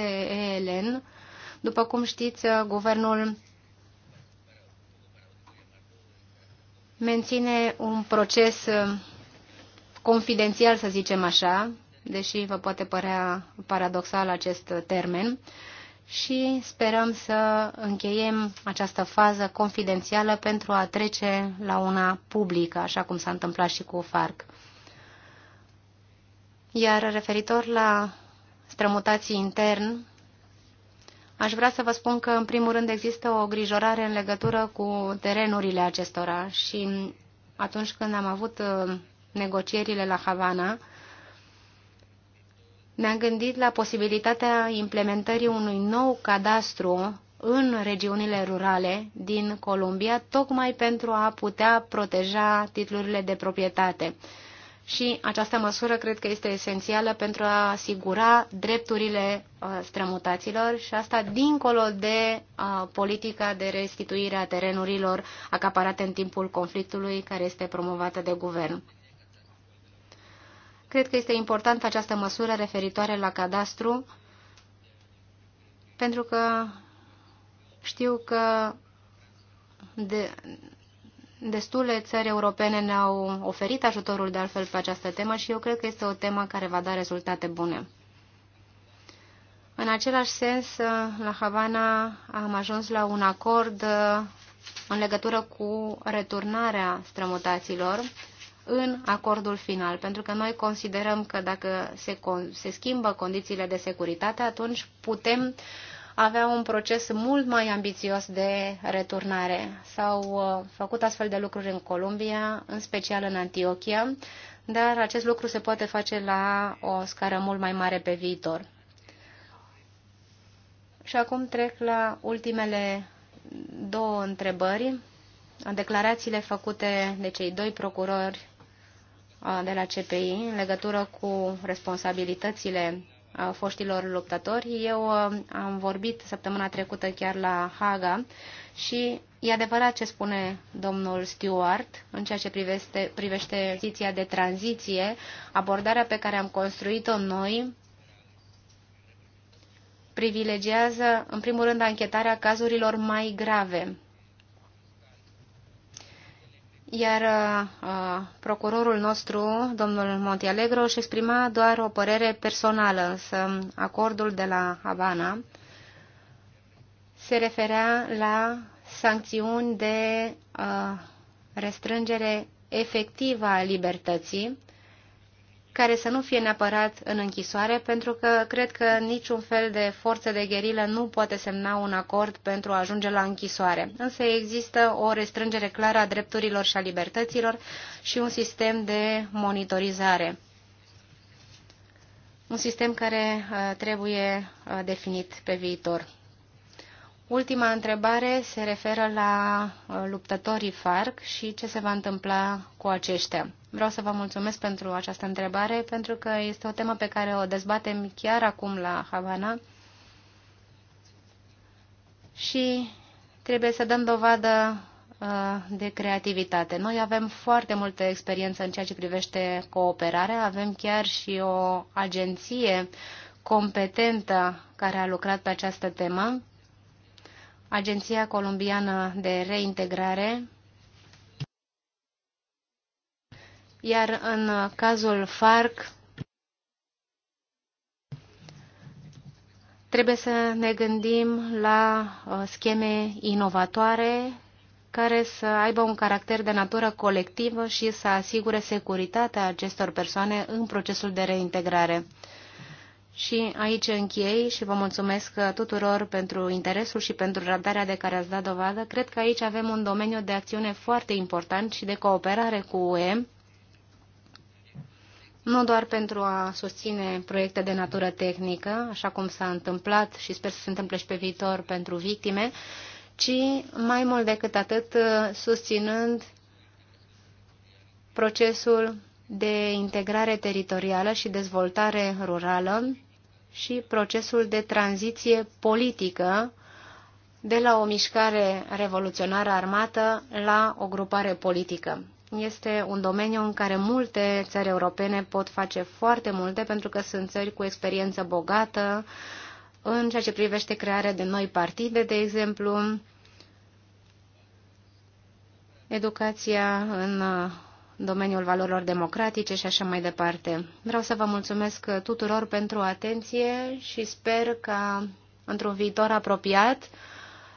ELN, după cum știți, guvernul menține un proces confidențial, să zicem așa, deși vă poate părea paradoxal acest termen, și sperăm să încheiem această fază confidențială pentru a trece la una publică, așa cum s-a întâmplat și cu FARC. Iar referitor la strămutații intern, aș vrea să vă spun că, în primul rând, există o grijorare în legătură cu terenurile acestora și atunci când am avut uh, negocierile la Havana, ne-am gândit la posibilitatea implementării unui nou cadastru în regiunile rurale din Columbia, tocmai pentru a putea proteja titlurile de proprietate. Și această măsură cred că este esențială pentru a asigura drepturile uh, strămutaților și asta dincolo de uh, politica de restituire a terenurilor acaparate în timpul conflictului care este promovată de guvern. Cred că este importantă această măsură referitoare la cadastru, pentru că știu că de, destule țări europene ne-au oferit ajutorul de altfel pe această temă și eu cred că este o temă care va da rezultate bune. În același sens, la Havana am ajuns la un acord în legătură cu returnarea strămutaților în acordul final, pentru că noi considerăm că dacă se, se schimbă condițiile de securitate, atunci putem avea un proces mult mai ambițios de returnare. S-au uh, făcut astfel de lucruri în Columbia, în special în Antiochia, dar acest lucru se poate face la o scară mult mai mare pe viitor. Și acum trec la ultimele două întrebări declarațiile făcute de cei doi procurori de la CPI în legătură cu responsabilitățile foștilor luptători. Eu am vorbit săptămâna trecută chiar la Haga și e adevărat ce spune domnul Stewart în ceea ce privește, privește poziția de tranziție, abordarea pe care am construit-o noi privilegiază, în primul rând, anchetarea cazurilor mai grave iar uh, procurorul nostru, domnul Montialegro, își exprima doar o părere personală, însă acordul de la Havana se referea la sancțiuni de uh, restrângere efectivă a libertății care să nu fie neapărat în închisoare, pentru că cred că niciun fel de forță de gherilă nu poate semna un acord pentru a ajunge la închisoare. Însă există o restrângere clară a drepturilor și a libertăților și un sistem de monitorizare. Un sistem care uh, trebuie uh, definit pe viitor. Ultima întrebare se referă la uh, luptătorii FARC și ce se va întâmpla cu aceștia. Vreau să vă mulțumesc pentru această întrebare, pentru că este o temă pe care o dezbatem chiar acum la Havana și trebuie să dăm dovadă uh, de creativitate. Noi avem foarte multă experiență în ceea ce privește cooperarea, avem chiar și o agenție competentă care a lucrat pe această temă Agenția Colombiană de Reintegrare, iar în cazul FARC trebuie să ne gândim la uh, scheme inovatoare care să aibă un caracter de natură colectivă și să asigure securitatea acestor persoane în procesul de reintegrare. Și aici închei și vă mulțumesc tuturor pentru interesul și pentru răbdarea de care ați dat dovadă. Cred că aici avem un domeniu de acțiune foarte important și de cooperare cu UE, nu doar pentru a susține proiecte de natură tehnică, așa cum s-a întâmplat și sper să se întâmple și pe viitor pentru victime, ci mai mult decât atât susținând procesul de integrare teritorială și dezvoltare rurală și procesul de tranziție politică de la o mișcare revoluționară armată la o grupare politică. Este un domeniu în care multe țări europene pot face foarte multe pentru că sunt țări cu experiență bogată în ceea ce privește crearea de noi partide, de exemplu, educația în domeniul valorilor democratice și așa mai departe. Vreau să vă mulțumesc tuturor pentru atenție și sper ca într-un viitor apropiat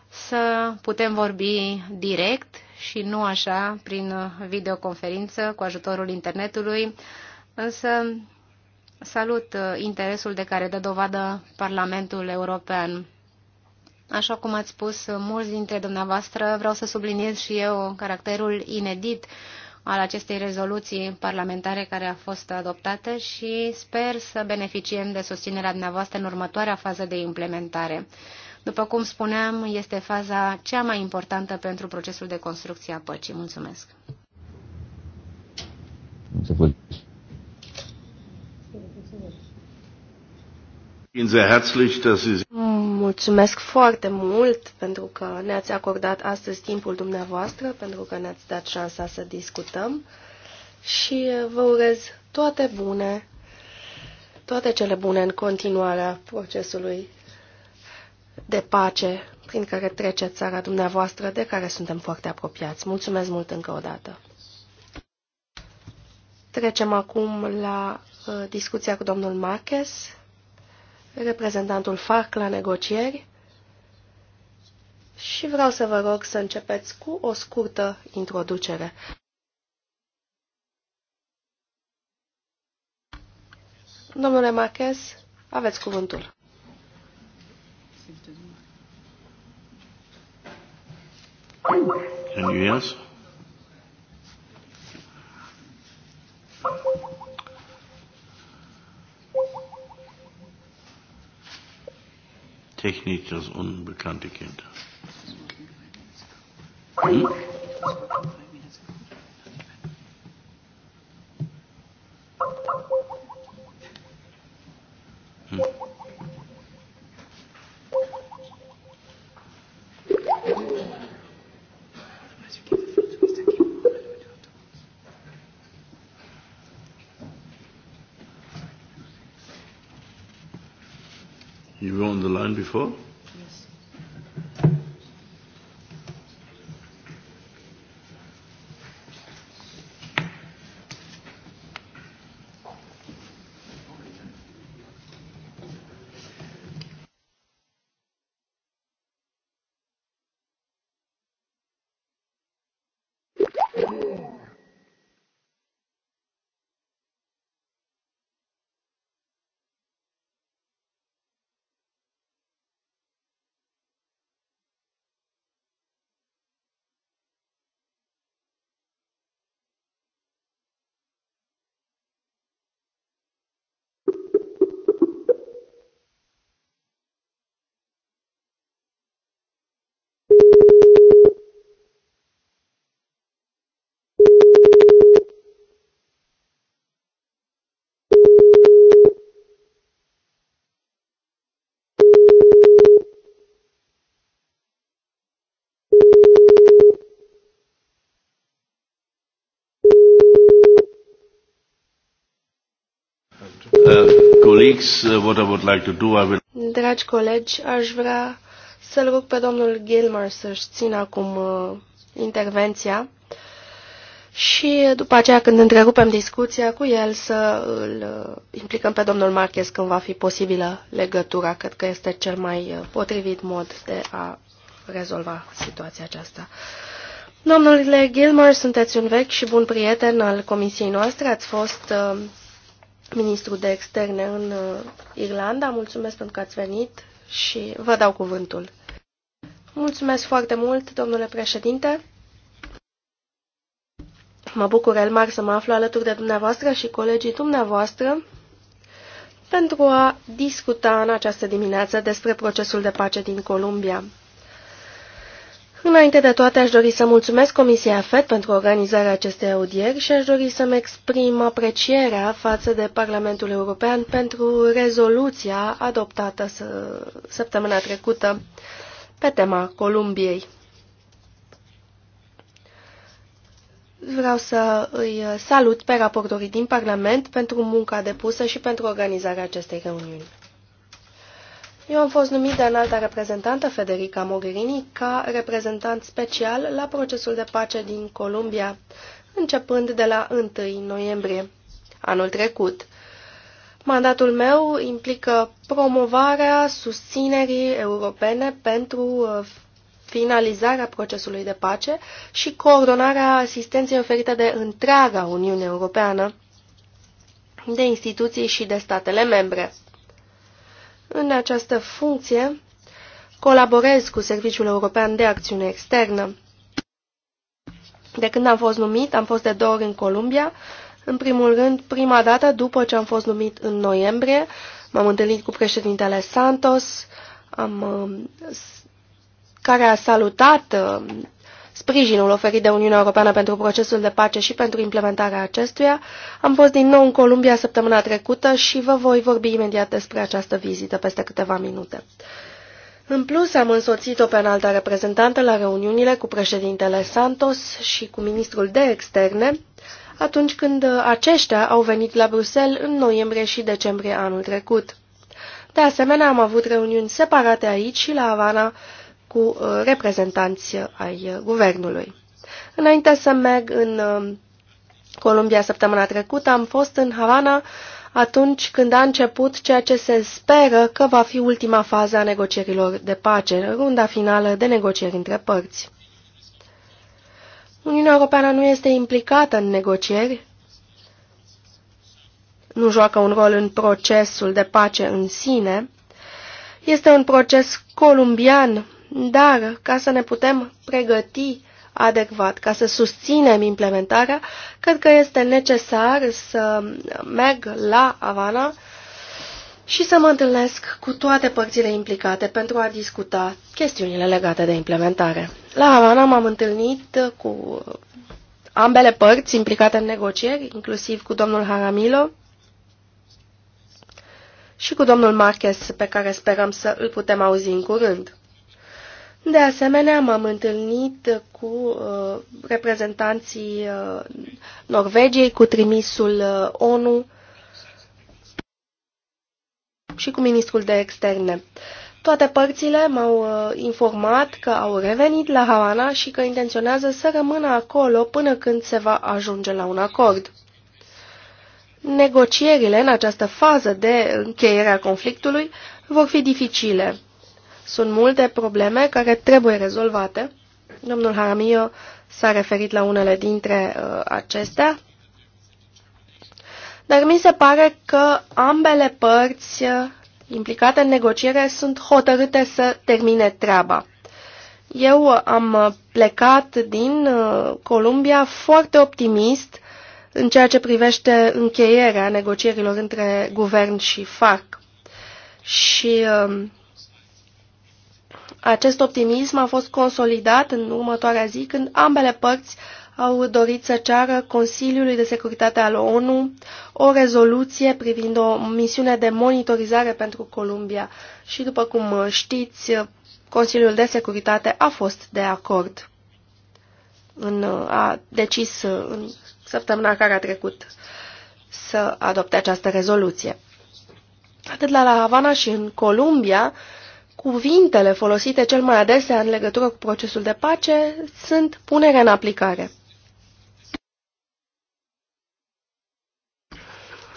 să putem vorbi direct și nu așa prin videoconferință cu ajutorul internetului, însă salut interesul de care dă dovadă Parlamentul European. Așa cum ați spus mulți dintre dumneavoastră, vreau să subliniez și eu caracterul inedit al acestei rezoluții parlamentare care a fost adoptată și sper să beneficiem de susținerea dumneavoastră în următoarea fază de implementare. După cum spuneam, este faza cea mai importantă pentru procesul de construcție a păcii. Mulțumesc! Mulțumesc mulțumesc foarte mult pentru că ne-ați acordat astăzi timpul dumneavoastră, pentru că ne-ați dat șansa să discutăm și uh, vă urez toate bune, toate cele bune în continuarea procesului de pace prin care trece țara dumneavoastră, de care suntem foarte apropiați. Mulțumesc mult încă o dată. Trecem acum la uh, discuția cu domnul Marques reprezentantul FARC la negocieri și vreau să vă rog să începeți cu o scurtă introducere. Domnule Marquez, aveți cuvântul. Can you hear us? Technik das unbekannte Kind. Hm? Hm. you were on the line before? colleagues, uh, what I would like to do, I will... Dragi colegi, aș vrea să-l rog pe domnul Gilmer să-și țină acum uh, intervenția și după aceea când întrerupem discuția cu el să îl uh, implicăm pe domnul Marquez când va fi posibilă legătura. Cred că este cel mai uh, potrivit mod de a rezolva situația aceasta. Domnule Gilmer, sunteți un vechi și bun prieten al comisiei noastre, ați fost ministru de externe în uh, Irlanda. Mulțumesc pentru că ați venit și vă dau cuvântul. Mulțumesc foarte mult, domnule președinte. Mă bucur, Elmar, să mă aflu alături de dumneavoastră și colegii dumneavoastră pentru a discuta în această dimineață despre procesul de pace din Columbia. Înainte de toate, aș dori să mulțumesc Comisiei FED pentru organizarea acestei audieri și aș dori să-mi exprim aprecierea față de Parlamentul European pentru rezoluția adoptată săptămâna trecută pe tema Columbiei. Vreau să îi salut pe raportorii din Parlament pentru munca depusă și pentru organizarea acestei reuniuni. Eu am fost numit de înalta reprezentantă Federica Mogherini ca reprezentant special la procesul de pace din Columbia, începând de la 1 noiembrie anul trecut. Mandatul meu implică promovarea susținerii europene pentru uh, finalizarea procesului de pace și coordonarea asistenței oferite de întreaga Uniune Europeană, de instituții și de statele membre. În această funcție colaborez cu Serviciul European de Acțiune Externă. De când am fost numit, am fost de două ori în Columbia. În primul rând, prima dată, după ce am fost numit în noiembrie, m-am întâlnit cu președintele Santos, am, care a salutat sprijinul oferit de Uniunea Europeană pentru procesul de pace și pentru implementarea acestuia. Am fost din nou în Columbia săptămâna trecută și vă voi vorbi imediat despre această vizită peste câteva minute. În plus, am însoțit-o pe înalta reprezentantă la reuniunile cu președintele Santos și cu ministrul de externe, atunci când aceștia au venit la Bruxelles în noiembrie și decembrie anul trecut. De asemenea, am avut reuniuni separate aici și la Havana cu uh, reprezentanți ai uh, guvernului. Înainte să merg în um, Columbia săptămâna trecută, am fost în Havana atunci când a început ceea ce se speră că va fi ultima fază a negocierilor de pace, runda finală de negocieri între părți. Uniunea Europeană nu este implicată în negocieri, nu joacă un rol în procesul de pace în sine, este un proces columbian dar ca să ne putem pregăti adecvat, ca să susținem implementarea, cred că este necesar să merg la Havana și să mă întâlnesc cu toate părțile implicate pentru a discuta chestiunile legate de implementare. La Havana m-am întâlnit cu ambele părți implicate în negocieri, inclusiv cu domnul Haramilo și cu domnul Marquez, pe care sperăm să îl putem auzi în curând. De asemenea, m-am întâlnit cu uh, reprezentanții uh, Norvegiei, cu trimisul uh, ONU și cu ministrul de externe. Toate părțile m-au uh, informat că au revenit la Havana și că intenționează să rămână acolo până când se va ajunge la un acord. Negocierile în această fază de încheiere a conflictului vor fi dificile sunt multe probleme care trebuie rezolvate. Domnul Haramio s-a referit la unele dintre uh, acestea, dar mi se pare că ambele părți uh, implicate în negociere sunt hotărâte să termine treaba. Eu am uh, plecat din uh, Columbia foarte optimist în ceea ce privește încheierea negocierilor între guvern și FARC. Și um, acest optimism a fost consolidat în următoarea zi când ambele părți au dorit să ceară Consiliului de Securitate al ONU o rezoluție privind o misiune de monitorizare pentru Columbia și, după cum știți, Consiliul de Securitate a fost de acord. În, a decis în săptămâna care a trecut să adopte această rezoluție. Atât la La Havana și în Columbia, cuvintele folosite cel mai adesea în legătură cu procesul de pace sunt punere în aplicare.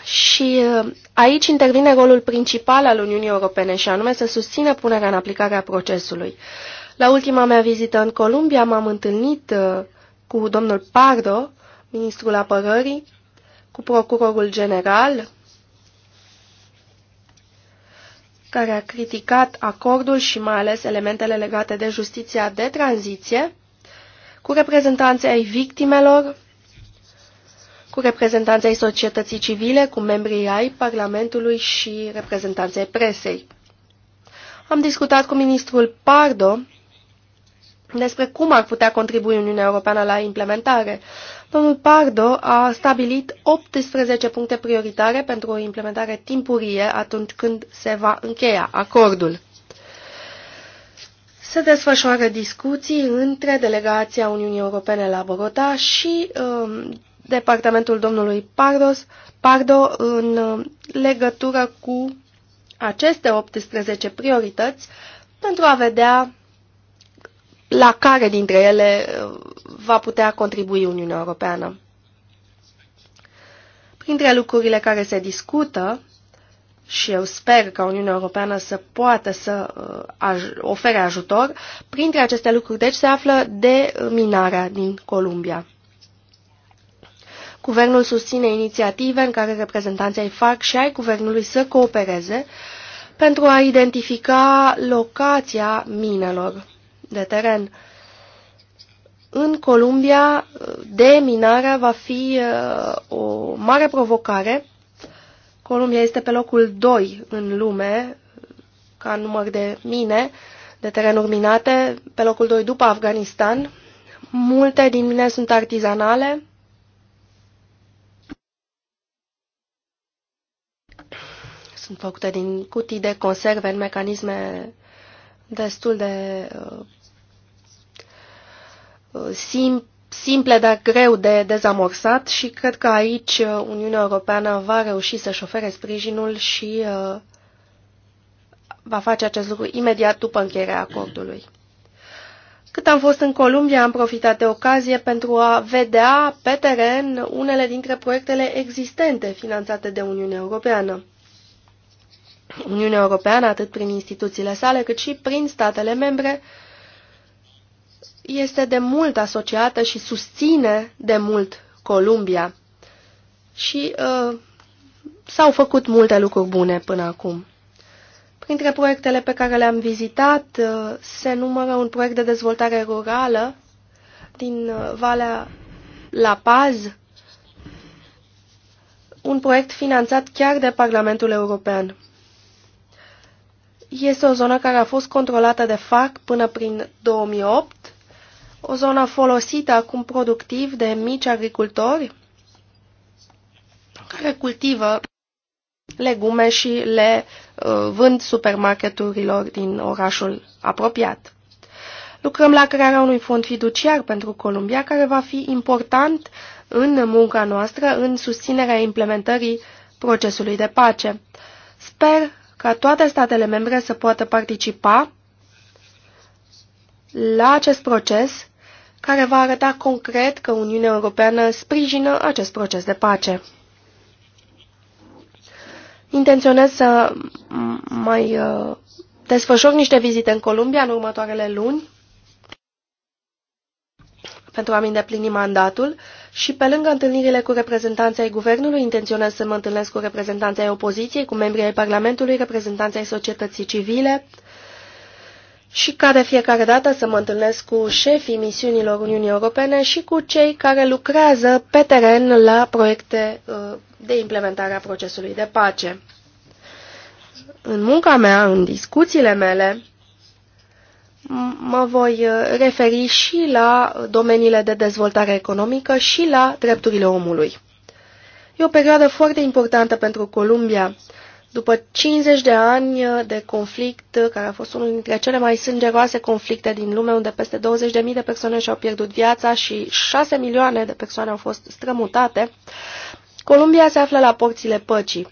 Și uh, aici intervine rolul principal al Uniunii Europene și anume să susțină punerea în aplicare a procesului. La ultima mea vizită în Columbia m-am întâlnit uh, cu domnul Pardo, ministrul apărării, cu procurorul general care a criticat acordul și mai ales elementele legate de justiția de tranziție, cu reprezentanții ai victimelor, cu reprezentanții ai societății civile, cu membrii ai Parlamentului și reprezentanții presei. Am discutat cu ministrul Pardo despre cum ar putea contribui Uniunea Europeană la implementare. Domnul Pardo a stabilit 18 puncte prioritare pentru o implementare timpurie atunci când se va încheia acordul. Se desfășoară discuții între delegația Uniunii Europene la Bogota și um, departamentul domnului Pardos, Pardo în um, legătură cu aceste 18 priorități pentru a vedea la care dintre ele uh, va putea contribui Uniunea Europeană. Printre lucrurile care se discută, și eu sper ca Uniunea Europeană să poată să uh, ofere ajutor, printre aceste lucruri deci se află de minarea din Columbia. Guvernul susține inițiative în care reprezentanții ai FARC și ai guvernului să coopereze pentru a identifica locația minelor de teren. În Columbia, deminarea va fi uh, o mare provocare. Columbia este pe locul 2 în lume ca număr de mine, de terenuri minate, pe locul 2 după Afganistan. Multe din mine sunt artizanale. Sunt făcute din cutii de conserve în mecanisme destul de uh, Uh, sim simple, dar greu de dezamorsat și cred că aici uh, Uniunea Europeană va reuși să-și ofere sprijinul și uh, va face acest lucru imediat după încheierea acordului. Cât am fost în Columbia, am profitat de ocazie pentru a vedea pe teren unele dintre proiectele existente finanțate de Uniunea Europeană. Uniunea Europeană, atât prin instituțiile sale, cât și prin statele membre, uh, este de mult asociată și susține de mult Columbia. Și uh, s-au făcut multe lucruri bune până acum. Printre proiectele pe care le-am vizitat uh, se numără un proiect de dezvoltare rurală din uh, Valea La Paz, un proiect finanțat chiar de Parlamentul European. Este o zonă care a fost controlată de FAC până prin 2008 o zonă folosită acum productiv de mici agricultori care cultivă legume și le uh, vând supermarketurilor din orașul apropiat. Lucrăm la crearea unui fond fiduciar pentru Columbia, care va fi important în munca noastră, în susținerea implementării procesului de pace. Sper ca toate statele membre să poată participa la acest proces care va arăta concret că Uniunea Europeană sprijină acest proces de pace. Intenționez să mai uh, desfășor niște vizite în Columbia în următoarele luni pentru a-mi îndeplini mandatul și pe lângă întâlnirile cu reprezentanții ai guvernului, intenționez să mă întâlnesc cu reprezentanții ai opoziției, cu membrii ai Parlamentului, reprezentanții ai societății civile, și ca de fiecare dată să mă întâlnesc cu șefii misiunilor Uniunii Europene și cu cei care lucrează pe teren la proiecte uh, de implementare a procesului de pace. În munca mea, în discuțiile mele, mă voi uh, referi și la domeniile de dezvoltare economică și la drepturile omului. E o perioadă foarte importantă pentru Columbia după 50 de ani de conflict, care a fost unul dintre cele mai sângeroase conflicte din lume, unde peste 20.000 de persoane și-au pierdut viața și 6 milioane de persoane au fost strămutate, Columbia se află la porțile păcii.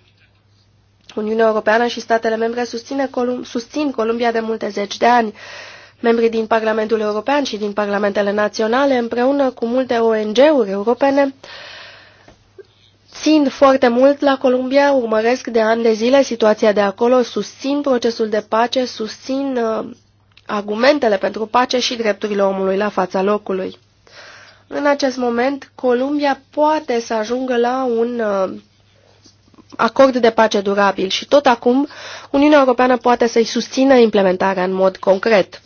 Uniunea Europeană și statele membre susține Colum susțin Columbia de multe zeci de ani. Membrii din Parlamentul European și din Parlamentele Naționale, împreună cu multe ONG-uri europene, Țin foarte mult la Columbia, urmăresc de ani de zile situația de acolo, susțin procesul de pace, susțin uh, argumentele pentru pace și drepturile omului la fața locului. În acest moment, Columbia poate să ajungă la un uh, acord de pace durabil și tot acum Uniunea Europeană poate să-i susțină implementarea în mod concret.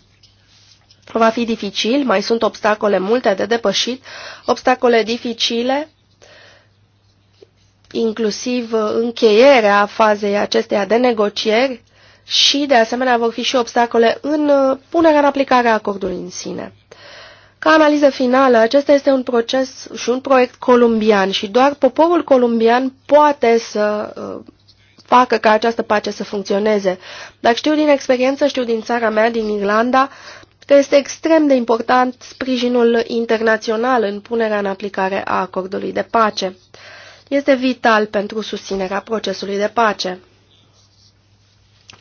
Va fi dificil, mai sunt obstacole multe de depășit, obstacole dificile, inclusiv uh, încheierea fazei acesteia de negocieri și, de asemenea, vor fi și obstacole în uh, punerea în aplicare a acordului în sine. Ca analiză finală, acesta este un proces și un proiect columbian și doar poporul columbian poate să uh, facă ca această pace să funcționeze. Dar știu din experiență, știu din țara mea, din Irlanda, că este extrem de important sprijinul internațional în punerea în aplicare a acordului de pace este vital pentru susținerea procesului de pace.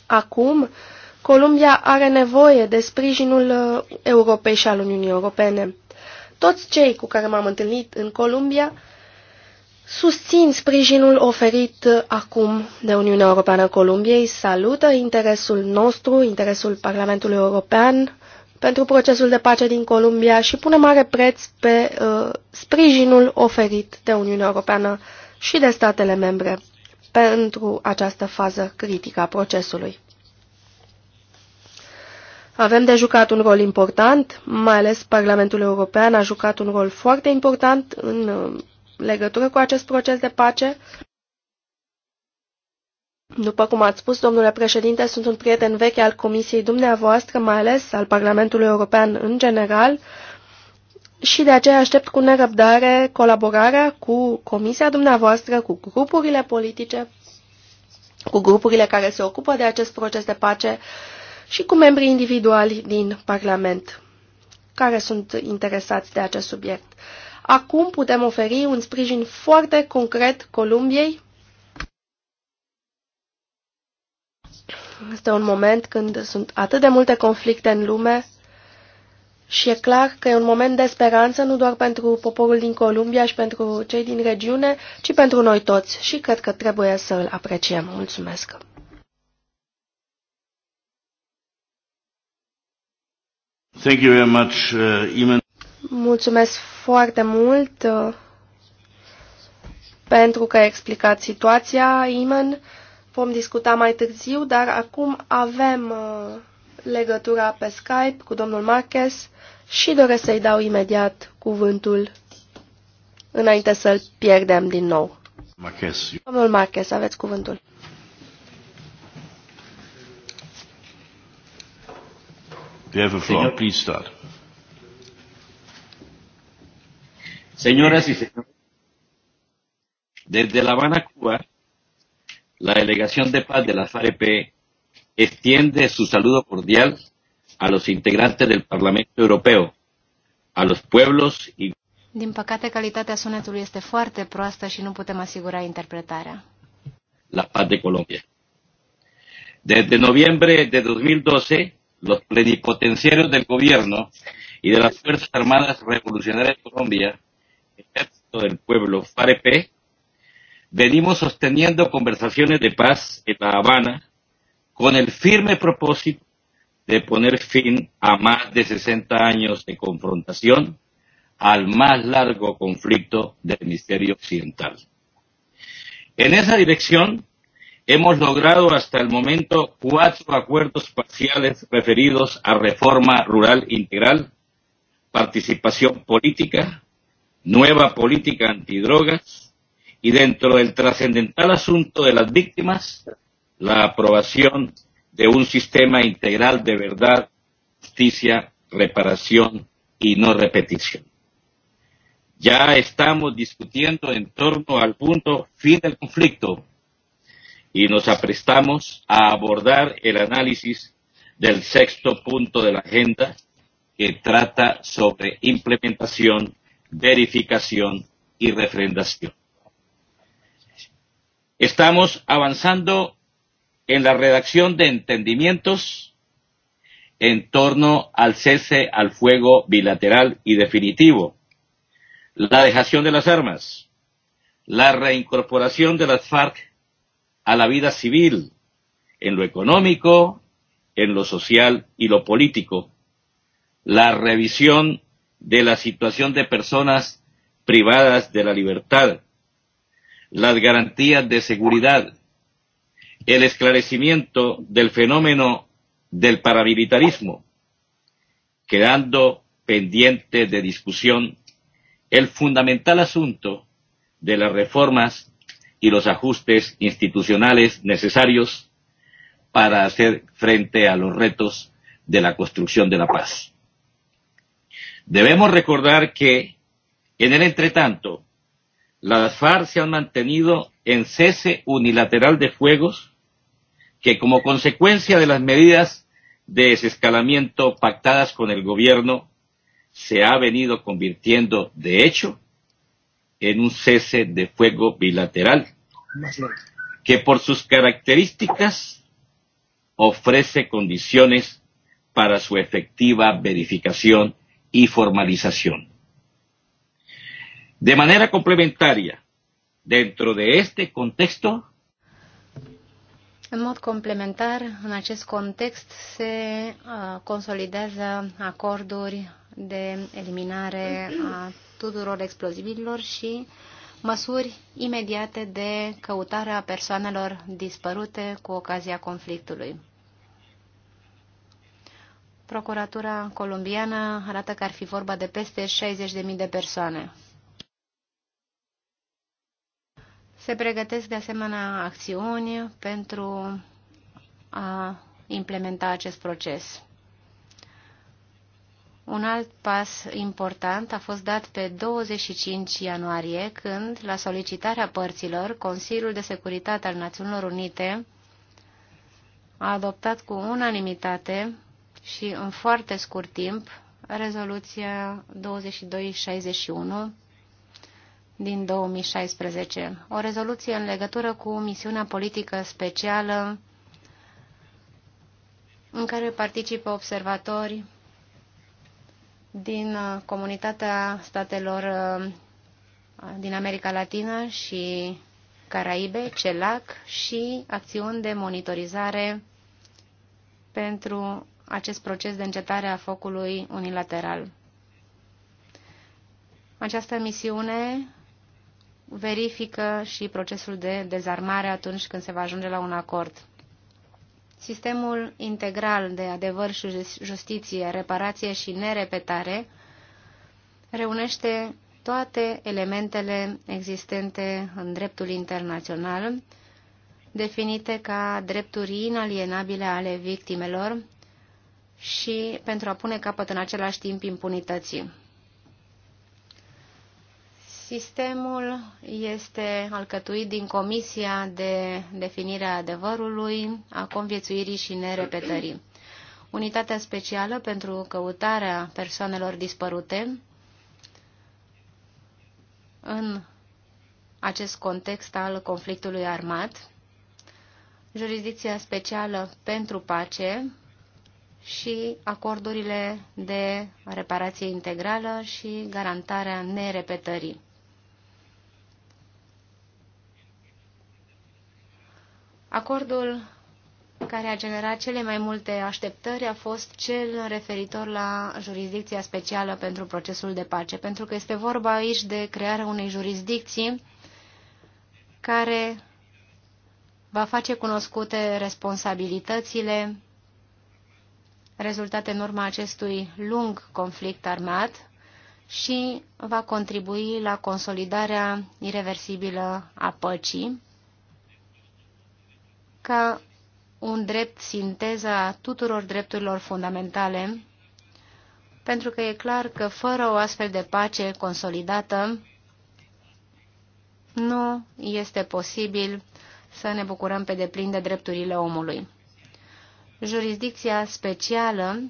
Acum, Columbia are nevoie de sprijinul uh, Europei și al Uniunii Europene. Toți cei cu care m-am întâlnit în Columbia susțin sprijinul oferit uh, acum de Uniunea Europeană Columbiei, salută interesul nostru, interesul Parlamentului European pentru procesul de pace din Columbia și pune mare preț pe uh, sprijinul oferit de Uniunea Europeană și de statele membre pentru această fază critică a procesului. Avem de jucat un rol important, mai ales Parlamentul European a jucat un rol foarte important în uh, legătură cu acest proces de pace. După cum ați spus, domnule președinte, sunt un prieten vechi al Comisiei dumneavoastră, mai ales al Parlamentului European în general, și de aceea aștept cu nerăbdare colaborarea cu comisia dumneavoastră, cu grupurile politice, cu grupurile care se ocupă de acest proces de pace și cu membrii individuali din Parlament care sunt interesați de acest subiect. Acum putem oferi un sprijin foarte concret Columbiei. Este un moment când sunt atât de multe conflicte în lume și e clar că e un moment de speranță nu doar pentru poporul din Columbia și pentru cei din regiune, ci pentru noi toți și cred că trebuie să îl apreciem. Mulțumesc! Thank you very much, uh, Iman. Mulțumesc foarte mult uh, pentru că ai explicat situația, Iman. Vom discuta mai târziu, dar acum avem... Uh, legătura pe Skype cu domnul Marquez și doresc să-i dau imediat cuvântul înainte să-l pierdem din nou. Marquez. Domnul Marquez, aveți cuvântul. You have a floor. Please start. Señoras y señores, desde La Habana, Cuba, la delegación de paz de la FAREP extiende su saludo cordial a los integrantes del Parlamento Europeo, a los pueblos y... Din păcate, calitatea sunetului este foarte proastă și nu putem asigura interpretarea. La paz de Colombia. Desde noviembre de 2012, los plenipotenciarios del gobierno y de las Fuerzas Armadas Revolucionarias de Colombia, Ejército del Pueblo, FAREP, venimos sosteniendo conversaciones de paz en La Habana con el firme propósito de poner fin a más de 60 años de confrontación al más largo conflicto del hemisferio occidental. En esa dirección, hemos logrado hasta el momento cuatro acuerdos parciales referidos a reforma rural integral, participación política, nueva política antidrogas y dentro del trascendental asunto de las víctimas, la aprobación de un sistema integral de verdad, justicia, reparación y no repetición. Ya estamos discutiendo en torno al punto fin del conflicto y nos aprestamos a abordar el análisis del sexto punto de la agenda que trata sobre implementación, verificación y refrendación. Estamos avanzando en la redacción de entendimientos en torno al cese al fuego bilateral y definitivo, la dejación de las armas, la reincorporación de las FARC a la vida civil, en lo económico, en lo social y lo político, la revisión de la situación de personas privadas de la libertad, las garantías de seguridad, el esclarecimiento del fenómeno del paramilitarismo, quedando pendiente de discusión el fundamental asunto de las reformas y los ajustes institucionales necesarios para hacer frente a los retos de la construcción de la paz. Debemos recordar que, en el entretanto, las FARC se han mantenido en cese unilateral de fuegos que como consecuencia de las medidas de desescalamiento pactadas con el gobierno se ha venido convirtiendo, de hecho, en un cese de fuego bilateral, que por sus características ofrece condiciones para su efectiva verificación y formalización. De manera complementaria, dentro de este contexto, în mod complementar, în acest context se uh, consolidează acorduri de eliminare a tuturor explozibililor și măsuri imediate de căutare a persoanelor dispărute cu ocazia conflictului. Procuratura colombiană arată că ar fi vorba de peste 60.000 de persoane. Se pregătesc de asemenea acțiuni pentru a implementa acest proces. Un alt pas important a fost dat pe 25 ianuarie, când, la solicitarea părților, Consiliul de Securitate al Națiunilor Unite a adoptat cu unanimitate și în foarte scurt timp rezoluția 2261 din 2016, o rezoluție în legătură cu misiunea politică specială în care participă observatori din uh, comunitatea statelor uh, din America Latină și Caraibe, CELAC și acțiuni de monitorizare pentru acest proces de încetare a focului unilateral. Această misiune verifică și procesul de dezarmare atunci când se va ajunge la un acord. Sistemul integral de adevăr și justiție, reparație și nerepetare reunește toate elementele existente în dreptul internațional, definite ca drepturi inalienabile ale victimelor și pentru a pune capăt în același timp impunității. Sistemul este alcătuit din Comisia de Definire a Adevărului, a Conviețuirii și Nerepetării. Unitatea specială pentru căutarea persoanelor dispărute în acest context al conflictului armat, jurisdicția specială pentru pace și acordurile de reparație integrală și garantarea nerepetării. Acordul care a generat cele mai multe așteptări a fost cel referitor la jurisdicția specială pentru procesul de pace, pentru că este vorba aici de crearea unei jurisdicții care va face cunoscute responsabilitățile rezultate în urma acestui lung conflict armat și va contribui la consolidarea irreversibilă a păcii ca un drept sinteza tuturor drepturilor fundamentale, pentru că e clar că fără o astfel de pace consolidată, nu este posibil să ne bucurăm pe deplin de drepturile omului. Jurisdicția specială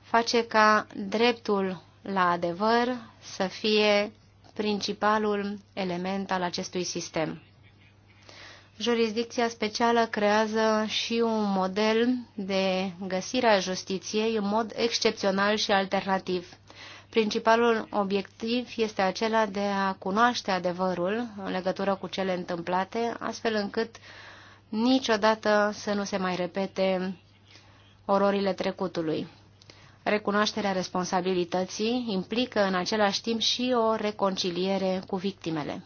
face ca dreptul la adevăr să fie principalul element al acestui sistem. Jurisdicția specială creează și un model de găsire a justiției în mod excepțional și alternativ. Principalul obiectiv este acela de a cunoaște adevărul în legătură cu cele întâmplate, astfel încât niciodată să nu se mai repete ororile trecutului. Recunoașterea responsabilității implică în același timp și o reconciliere cu victimele.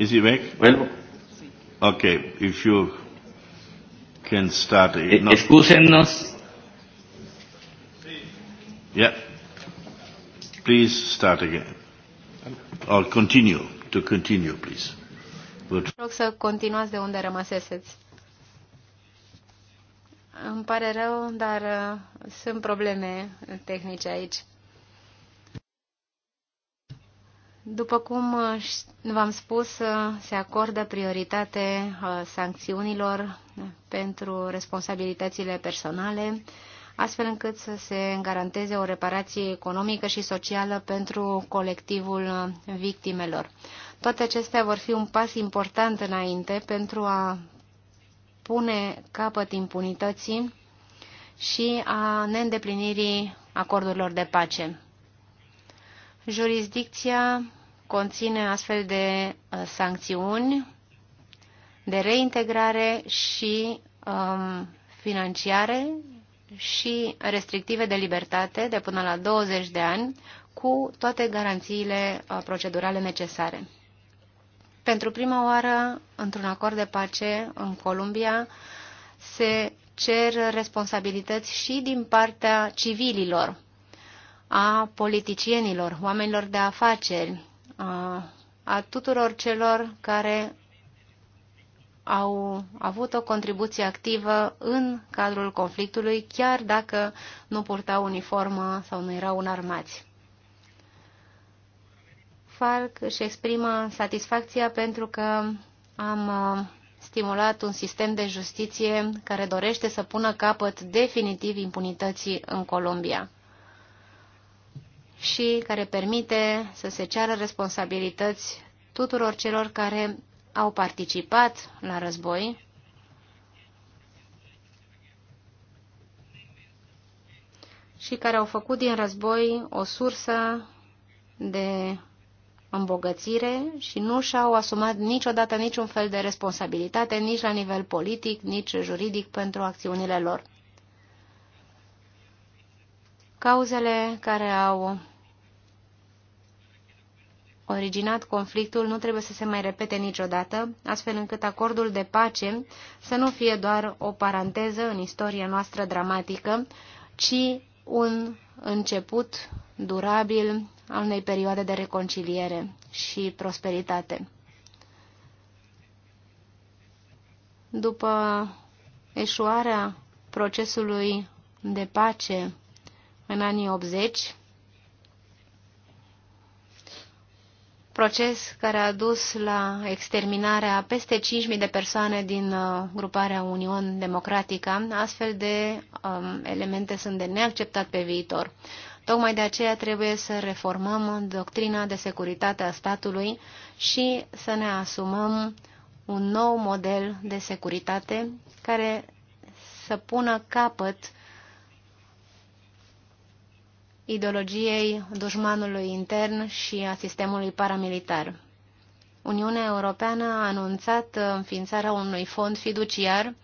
Is he back? Well, okay, if you can start. No. Excúsennos. Yeah. Please start again. Or continue, to continue, please. Good. Rog să continuați de unde rămăseseți. Îmi pare rău, dar uh, sunt probleme tehnice aici. După cum uh, v-am spus, uh, se acordă prioritate uh, sancțiunilor pentru responsabilitățile personale, astfel încât să se garanteze o reparație economică și socială pentru colectivul victimelor. Toate acestea vor fi un pas important înainte pentru a pune capăt impunității și a neîndeplinirii acordurilor de pace. Jurisdicția conține astfel de uh, sancțiuni de reintegrare și um, financiare și restrictive de libertate de până la 20 de ani cu toate garanțiile uh, procedurale necesare. Pentru prima oară, într-un acord de pace în Columbia, se cer responsabilități și din partea civililor a politicienilor, oamenilor de afaceri, a tuturor celor care au avut o contribuție activă în cadrul conflictului, chiar dacă nu purtau uniformă sau nu erau înarmați. FARC își exprimă satisfacția pentru că am stimulat un sistem de justiție care dorește să pună capăt definitiv impunității în Columbia și care permite să se ceară responsabilități tuturor celor care au participat la război și care au făcut din război o sursă de îmbogățire și nu și-au asumat niciodată niciun fel de responsabilitate, nici la nivel politic, nici juridic, pentru acțiunile lor. Cauzele care au originat conflictul nu trebuie să se mai repete niciodată, astfel încât acordul de pace să nu fie doar o paranteză în istoria noastră dramatică, ci un început durabil al unei perioade de reconciliere și prosperitate. După eșuarea procesului de pace în anii 80, proces care a dus la exterminarea peste 5.000 de persoane din uh, gruparea Union Democratică. Astfel de um, elemente sunt de neacceptat pe viitor. Tocmai de aceea trebuie să reformăm doctrina de securitate a statului și să ne asumăm un nou model de securitate care să pună capăt ideologiei dușmanului intern și a sistemului paramilitar. Uniunea Europeană a anunțat înființarea unui fond fiduciar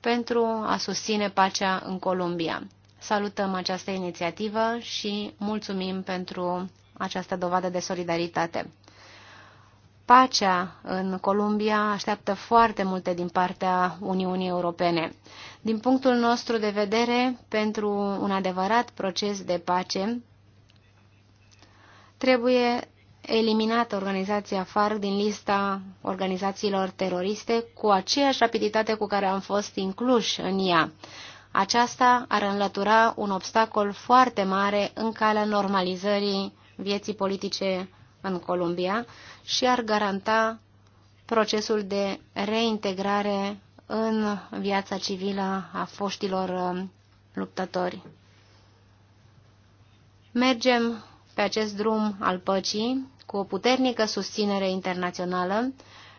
pentru a susține pacea în Columbia. Salutăm această inițiativă și mulțumim pentru această dovadă de solidaritate. Pacea în Columbia așteaptă foarte multe din partea Uniunii Europene. Din punctul nostru de vedere, pentru un adevărat proces de pace, trebuie eliminată organizația FARC din lista organizațiilor teroriste cu aceeași rapiditate cu care am fost incluși în ea. Aceasta ar înlătura un obstacol foarte mare în calea normalizării vieții politice în Columbia și ar garanta procesul de reintegrare în viața civilă a foștilor um, luptători. Mergem pe acest drum al păcii cu o puternică susținere internațională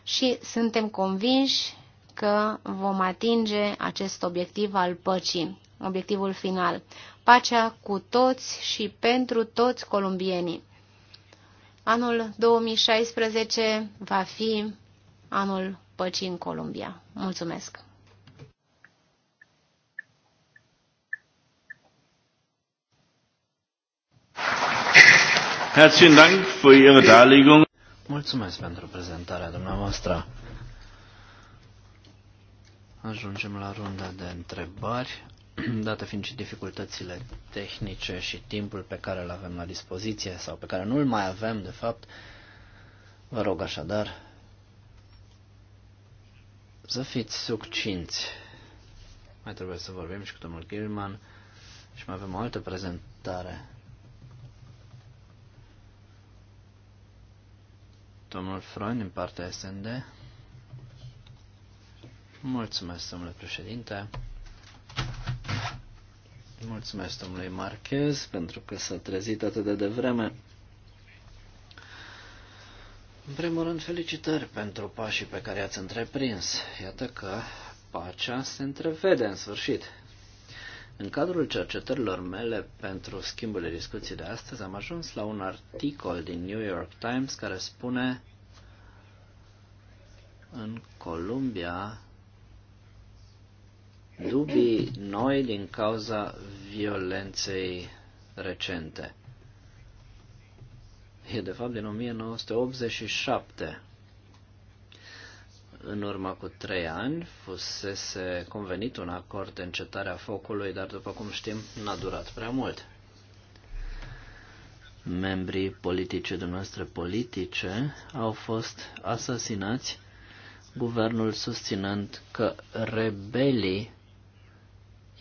și suntem convinși că vom atinge acest obiectiv al păcii, obiectivul final, pacea cu toți și pentru toți columbienii. Anul 2016 va fi anul păcii în Columbia. Mulțumesc! Herzlichen Dank für Ihre Darlegung. Mulțumesc pentru prezentarea dumneavoastră. Ajungem la runda de întrebări. dată fiind și dificultățile tehnice și timpul pe care îl avem la dispoziție sau pe care nu-l mai avem, de fapt, vă rog așadar să fiți succinți. Mai trebuie să vorbim și cu domnul Gilman și mai avem o altă prezentare. Domnul Freund din partea SND. Mulțumesc, domnule președinte. Mulțumesc domnului Marchez pentru că s-a trezit atât de devreme. În primul rând, felicitări pentru pașii pe care i-ați întreprins. Iată că pacea se întrevede în sfârșit. În cadrul cercetărilor mele pentru schimbul de discuții de astăzi, am ajuns la un articol din New York Times care spune în Columbia dubii noi din cauza violenței recente. E de fapt din 1987. În urmă cu trei ani fusese convenit un acord de încetare a focului, dar după cum știm n-a durat prea mult. Membrii politice dumneavoastră politice au fost asasinați, guvernul susținând că rebelii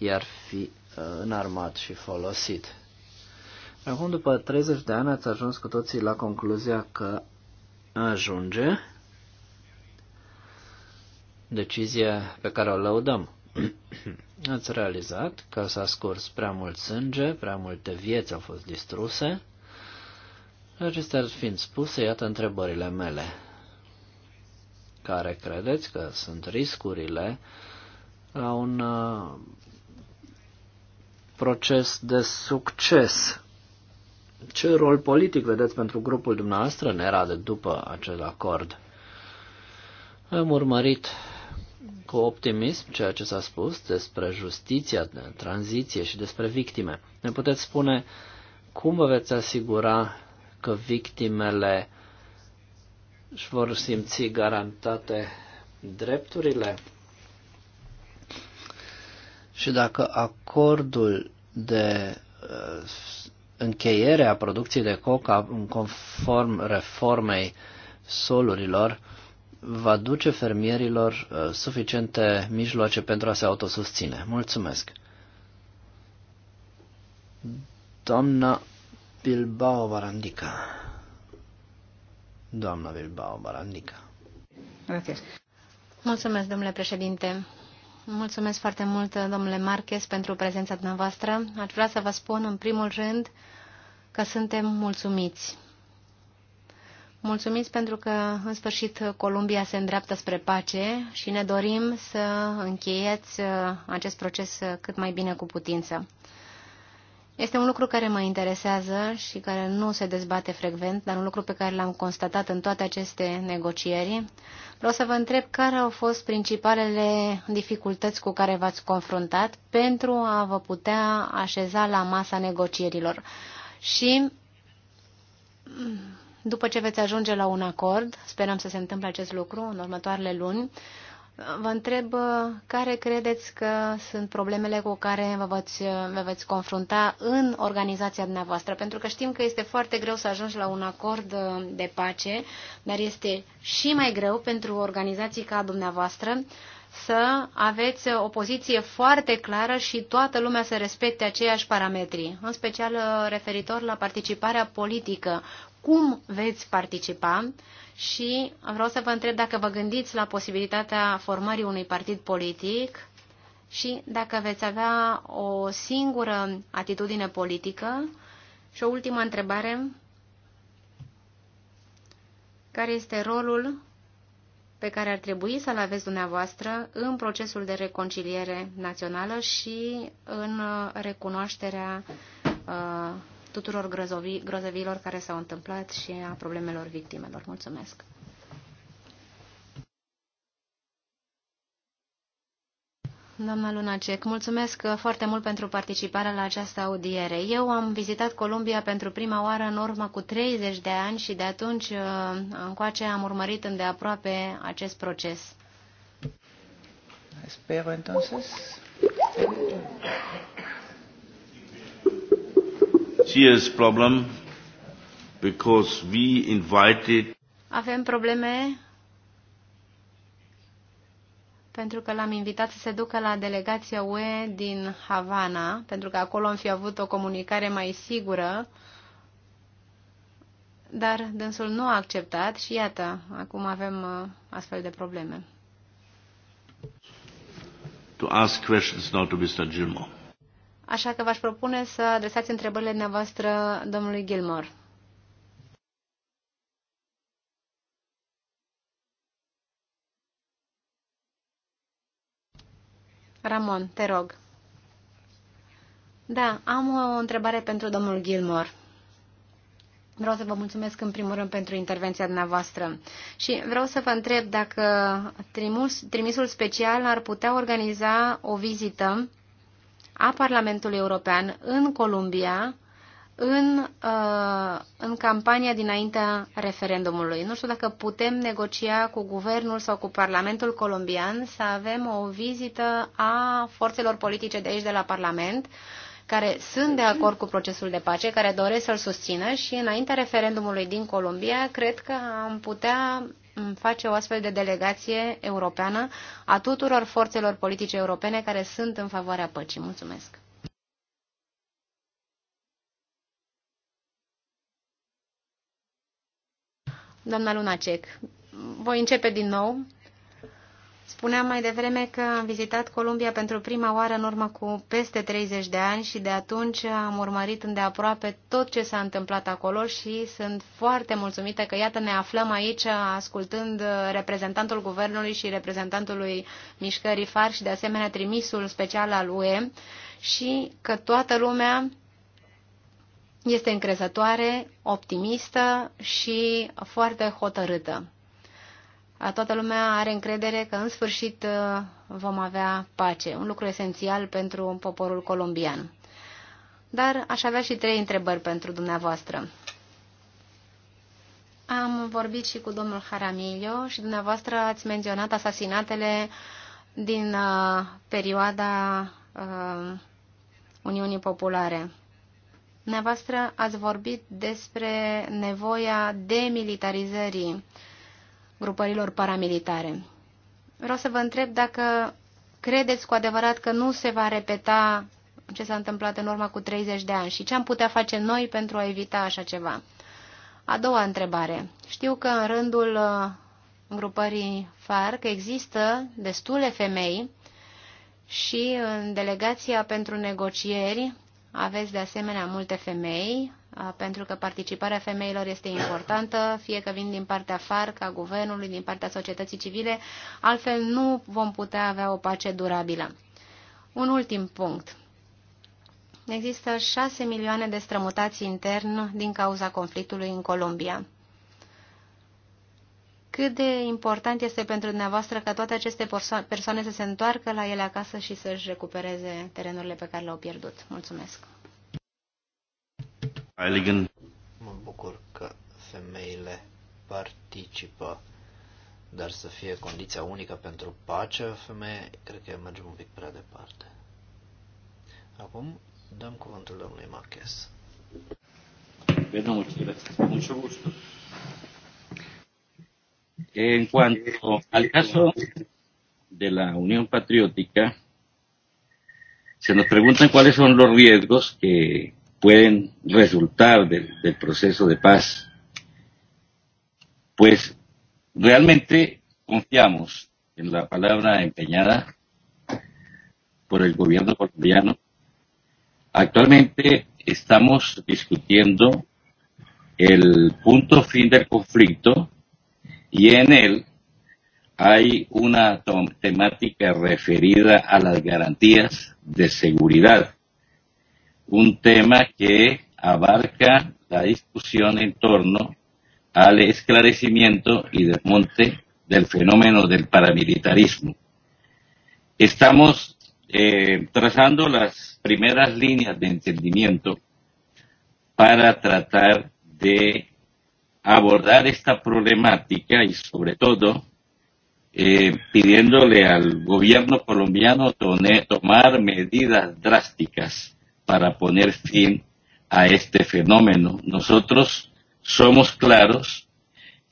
i-ar fi uh, înarmat și folosit. Acum, după 30 de ani, ați ajuns cu toții la concluzia că ajunge decizia pe care o lăudăm. ați realizat că s-a scurs prea mult sânge, prea multe vieți au fost distruse. Acestea fiind spuse, iată întrebările mele. Care credeți că sunt riscurile la un uh, proces de succes. Ce rol politic vedeți pentru grupul dumneavoastră în era de după acel acord? Am urmărit cu optimism ceea ce s-a spus despre justiția, de tranziție și despre victime. Ne puteți spune cum vă veți asigura că victimele își vor simți garantate drepturile? și dacă acordul de uh, încheiere a producției de coca conform reformei solurilor va duce fermierilor uh, suficiente mijloace pentru a se autosusține. Mulțumesc! Doamna Bilbao Barandica. Doamna Bilbao Barandica. Mulțumesc, domnule președinte. Mulțumesc foarte mult, domnule Marques pentru prezența dumneavoastră. Aș vrea să vă spun, în primul rând, că suntem mulțumiți. Mulțumiți pentru că, în sfârșit, Columbia se îndreaptă spre pace și ne dorim să încheieți uh, acest proces uh, cât mai bine cu putință. Este un lucru care mă interesează și care nu se dezbate frecvent, dar un lucru pe care l-am constatat în toate aceste negocieri. Vreau să vă întreb care au fost principalele dificultăți cu care v-ați confruntat pentru a vă putea așeza la masa negocierilor. Și după ce veți ajunge la un acord, sperăm să se întâmple acest lucru în următoarele luni, Vă întreb uh, care credeți că sunt problemele cu care vă veți, uh, vă veți confrunta în organizația dumneavoastră, pentru că știm că este foarte greu să ajungi la un acord uh, de pace, dar este și mai greu pentru organizații ca dumneavoastră să aveți o poziție foarte clară și toată lumea să respecte aceiași parametri, în special referitor la participarea politică cum veți participa și vreau să vă întreb dacă vă gândiți la posibilitatea formării unui partid politic și dacă veți avea o singură atitudine politică. Și o ultimă întrebare, care este rolul pe care ar trebui să-l aveți dumneavoastră în procesul de reconciliere națională și în recunoașterea uh, tuturor grozăviilor care s-au întâmplat și a problemelor victimelor. Mulțumesc! Doamna Lunacek, mulțumesc uh, foarte mult pentru participarea la această audiere. Eu am vizitat Columbia pentru prima oară în urmă cu 30 de ani și de atunci uh, încoace am urmărit îndeaproape acest proces. Sper, entonces serious problem because we invited Avem probleme pentru că l-am invitat să se ducă la delegația UE din Havana, pentru că acolo am fi avut o comunicare mai sigură, dar dânsul nu a acceptat și iată, acum avem uh, astfel de probleme. To ask questions now to Mr. Gilmore așa că v-aș propune să adresați întrebările dumneavoastră domnului Gilmore. Ramon, te rog. Da, am o întrebare pentru domnul Gilmore. Vreau să vă mulțumesc în primul rând pentru intervenția dumneavoastră și vreau să vă întreb dacă trimisul special ar putea organiza o vizită a Parlamentului European în Columbia în, uh, în campania dinaintea referendumului. Nu știu dacă putem negocia cu guvernul sau cu Parlamentul colombian să avem o vizită a forțelor politice de aici, de la Parlament, care sunt de acord cu procesul de pace, care doresc să-l susțină și înaintea referendumului din Columbia, cred că am putea face o astfel de delegație europeană a tuturor forțelor politice europene care sunt în favoarea păcii. Mulțumesc! Doamna Cec, voi începe din nou. Spuneam mai devreme că am vizitat Columbia pentru prima oară în urmă cu peste 30 de ani și de atunci am urmărit îndeaproape tot ce s-a întâmplat acolo și sunt foarte mulțumită că iată ne aflăm aici ascultând reprezentantul guvernului și reprezentantului mișcării FAR și de asemenea trimisul special al UE și că toată lumea este încrezătoare, optimistă și foarte hotărâtă toată lumea are încredere că în sfârșit uh, vom avea pace, un lucru esențial pentru poporul colombian. Dar aș avea și trei întrebări pentru dumneavoastră. Am vorbit și cu domnul Jaramillo și dumneavoastră ați menționat asasinatele din uh, perioada uh, Uniunii Populare. Dumneavoastră ați vorbit despre nevoia demilitarizării uh, grupărilor paramilitare. Vreau să vă întreb dacă credeți cu adevărat că nu se va repeta ce s-a întâmplat în urma cu 30 de ani și ce am putea face noi pentru a evita așa ceva. A doua întrebare. Știu că în rândul uh, grupării FARC există destule femei și în delegația pentru negocieri aveți de asemenea multe femei, pentru că participarea femeilor este importantă, fie că vin din partea FARC, a guvernului, din partea societății civile, altfel nu vom putea avea o pace durabilă. Un ultim punct. Există șase milioane de strămutați intern din cauza conflictului în Columbia. Cât de important este pentru dumneavoastră ca toate aceste persoane să se întoarcă la ele acasă și să-și recupereze terenurile pe care le-au pierdut? Mulțumesc! Heiligen. Mă bucur că femeile participă, dar să fie condiția unică pentru pace, femeie, cred că mergem un pic prea departe. Acum dăm cuvântul domnului Marques. mucho gusto. En cuanto al caso de la Unión Patriótica, se nos preguntan cuáles son los riesgos que pueden resultar del, del proceso de paz. Pues realmente confiamos en la palabra empeñada por el gobierno colombiano. Actualmente estamos discutiendo el punto fin del conflicto y en él hay una temática referida a las garantías de seguridad un tema que abarca la discusión en torno al esclarecimiento y desmonte del fenómeno del paramilitarismo. Estamos eh, trazando las primeras líneas de entendimiento para tratar de abordar esta problemática y sobre todo eh, pidiéndole al gobierno colombiano tome, tomar medidas drásticas para poner fin a este fenómeno. Nosotros somos claros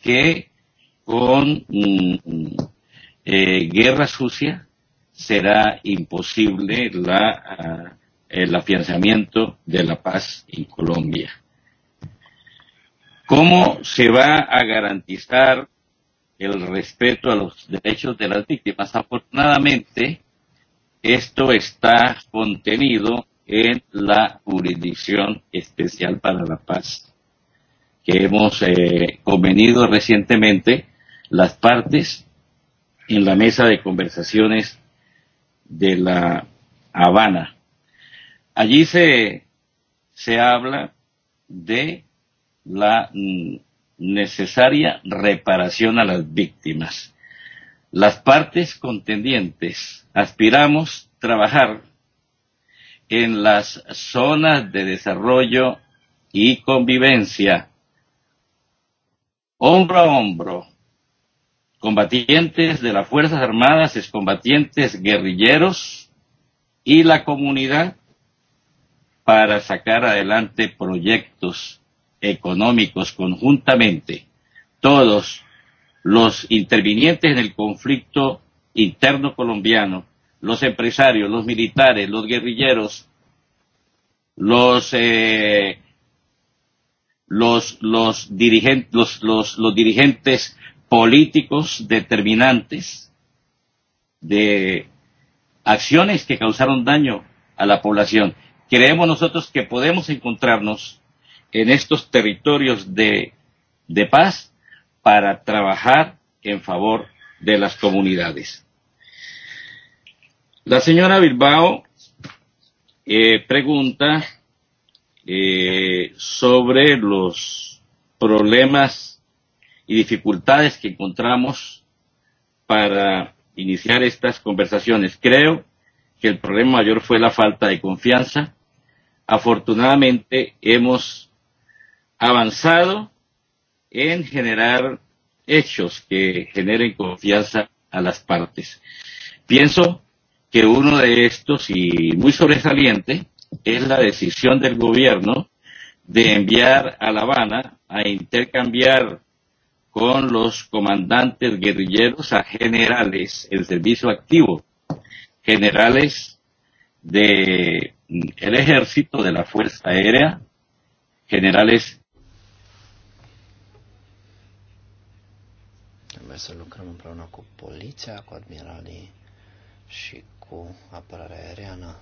que con mm, eh, guerra sucia será imposible la, uh, el afianzamiento de la paz en Colombia. ¿Cómo se va a garantizar el respeto a los derechos de las víctimas? Afortunadamente, esto está contenido en la Jurisdicción Especial para la Paz, que hemos eh, convenido recientemente las partes en la mesa de conversaciones de la Habana. Allí se, se habla de la mm, necesaria reparación a las víctimas. Las partes contendientes aspiramos trabajar en las zonas de desarrollo y convivencia. Hombro a hombro, combatientes de las Fuerzas Armadas, excombatientes guerrilleros y la comunidad para sacar adelante proyectos económicos conjuntamente. Todos los intervinientes en el conflicto interno colombiano los empresarios, los militares, los guerrilleros, los eh, los los dirigentes los, los, los dirigentes políticos determinantes de acciones que causaron daño a la población. Creemos nosotros que podemos encontrarnos en estos territorios de, de paz para trabajar en favor de las comunidades. La señora Bilbao eh, pregunta eh, sobre los problemas y dificultades que encontramos para iniciar estas conversaciones. Creo que el problema mayor fue la falta de confianza. Afortunadamente hemos avanzado en generar hechos que generen confianza a las partes. Pienso que uno de estos, y muy sobresaliente, es la decisión del gobierno de enviar a La Habana a intercambiar con los comandantes guerrilleros a generales el servicio activo, generales de mm, el ejército de la Fuerza Aérea, generales să lucrăm împreună cu poliția, cu admiralii și cu apărarea aeriană.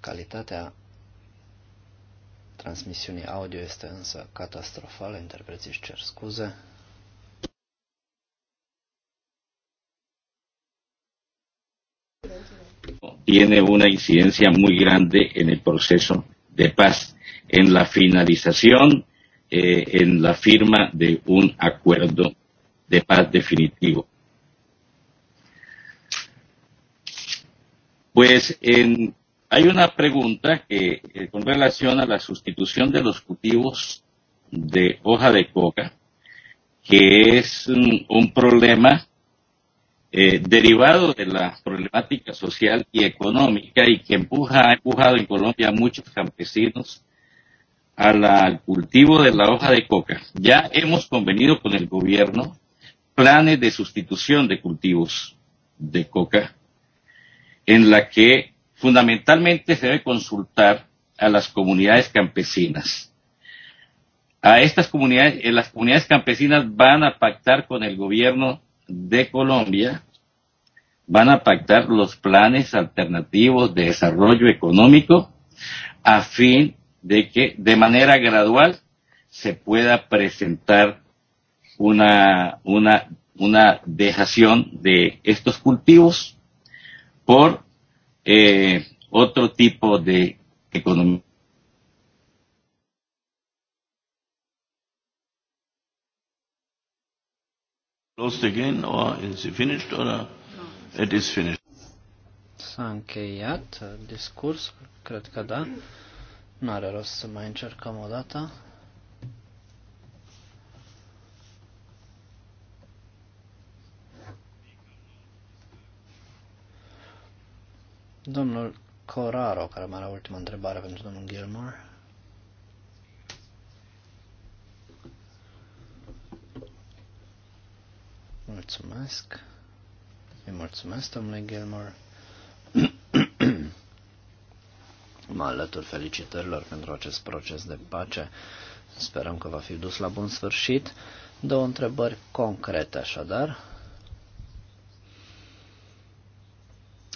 Calitatea transmisiunii audio este însă catastrofală, interpreții își cer scuze. Tiene una incidencia muy grande en el proceso de paz, en la finalización, eh, en la firma de un acuerdo de paz definitivo. Pues en, hay una pregunta que eh, con relación a la sustitución de los cultivos de hoja de coca, que es un, mm, un problema eh, derivado de la problemática social y económica y que empuja, ha empujado en Colombia a muchos campesinos a la, al cultivo de la hoja de coca. Ya hemos convenido con el gobierno planes de sustitución de cultivos de coca, en la que fundamentalmente se debe consultar a las comunidades campesinas. A estas comunidades, en eh, las comunidades campesinas van a pactar con el gobierno de Colombia, van a pactar los planes alternativos de desarrollo económico a fin de que de manera gradual se pueda presentar una, una, una dejación de estos cultivos por eh, otro tipo de economía. Closed again or is it finished or no. it is finished? S-a încheiat uh, discursul, cred că da. Nu are rost să mai încercăm o dată. Domnul Coraro, care mai are ultima întrebare pentru domnul Gilmore. Mulțumesc. Îi mulțumesc, domnule Gilmore. mă alătur felicitărilor pentru acest proces de pace. Sperăm că va fi dus la bun sfârșit. Două întrebări concrete, așadar.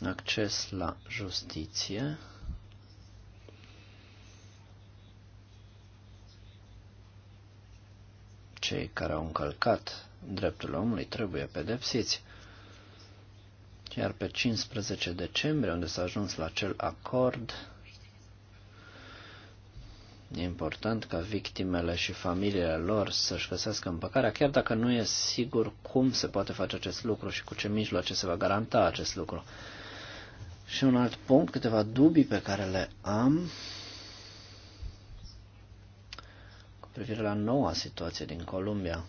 acces la justiție. Cei care au încălcat dreptul omului trebuie pedepsiți. Iar pe 15 decembrie, unde s-a ajuns la acel acord, E important ca victimele și familiile lor să-și găsească împăcarea, chiar dacă nu e sigur cum se poate face acest lucru și cu ce mijloace se va garanta acest lucru. Și un alt punct, câteva dubii pe care le am cu privire la noua situație din Columbia.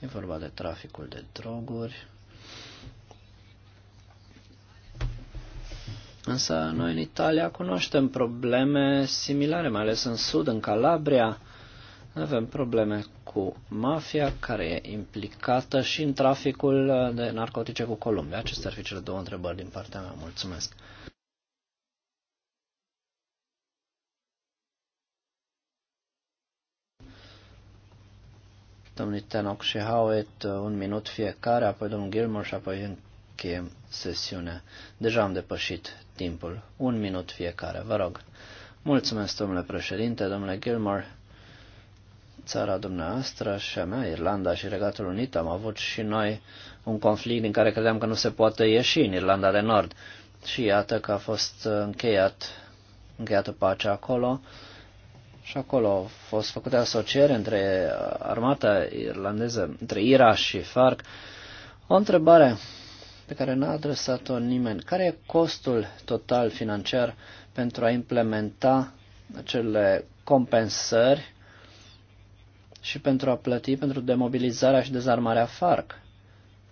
E vorba de traficul de droguri. Însă noi în Italia cunoaștem probleme similare, mai ales în sud, în Calabria, avem probleme cu mafia care e implicată și în traficul de narcotice cu Columbia. Acestea ar fi cele două întrebări din partea mea. Mulțumesc! Domnul Tenoch și Howitt, un minut fiecare, apoi domnul Gilmore și apoi încheiem sesiunea. Deja am depășit timpul. Un minut fiecare, vă rog. Mulțumesc, domnule președinte, domnule Gilmore țara dumneavoastră și a mea, Irlanda și Regatul Unit, am avut și noi un conflict din care credeam că nu se poate ieși în Irlanda de Nord. Și iată că a fost încheiat, încheiată pacea acolo. Și acolo au fost făcute asocieri între armata irlandeză, între IRA și FARC. O întrebare pe care n-a adresat-o nimeni. Care e costul total financiar pentru a implementa acele compensări și pentru a plăti pentru demobilizarea și dezarmarea FARC.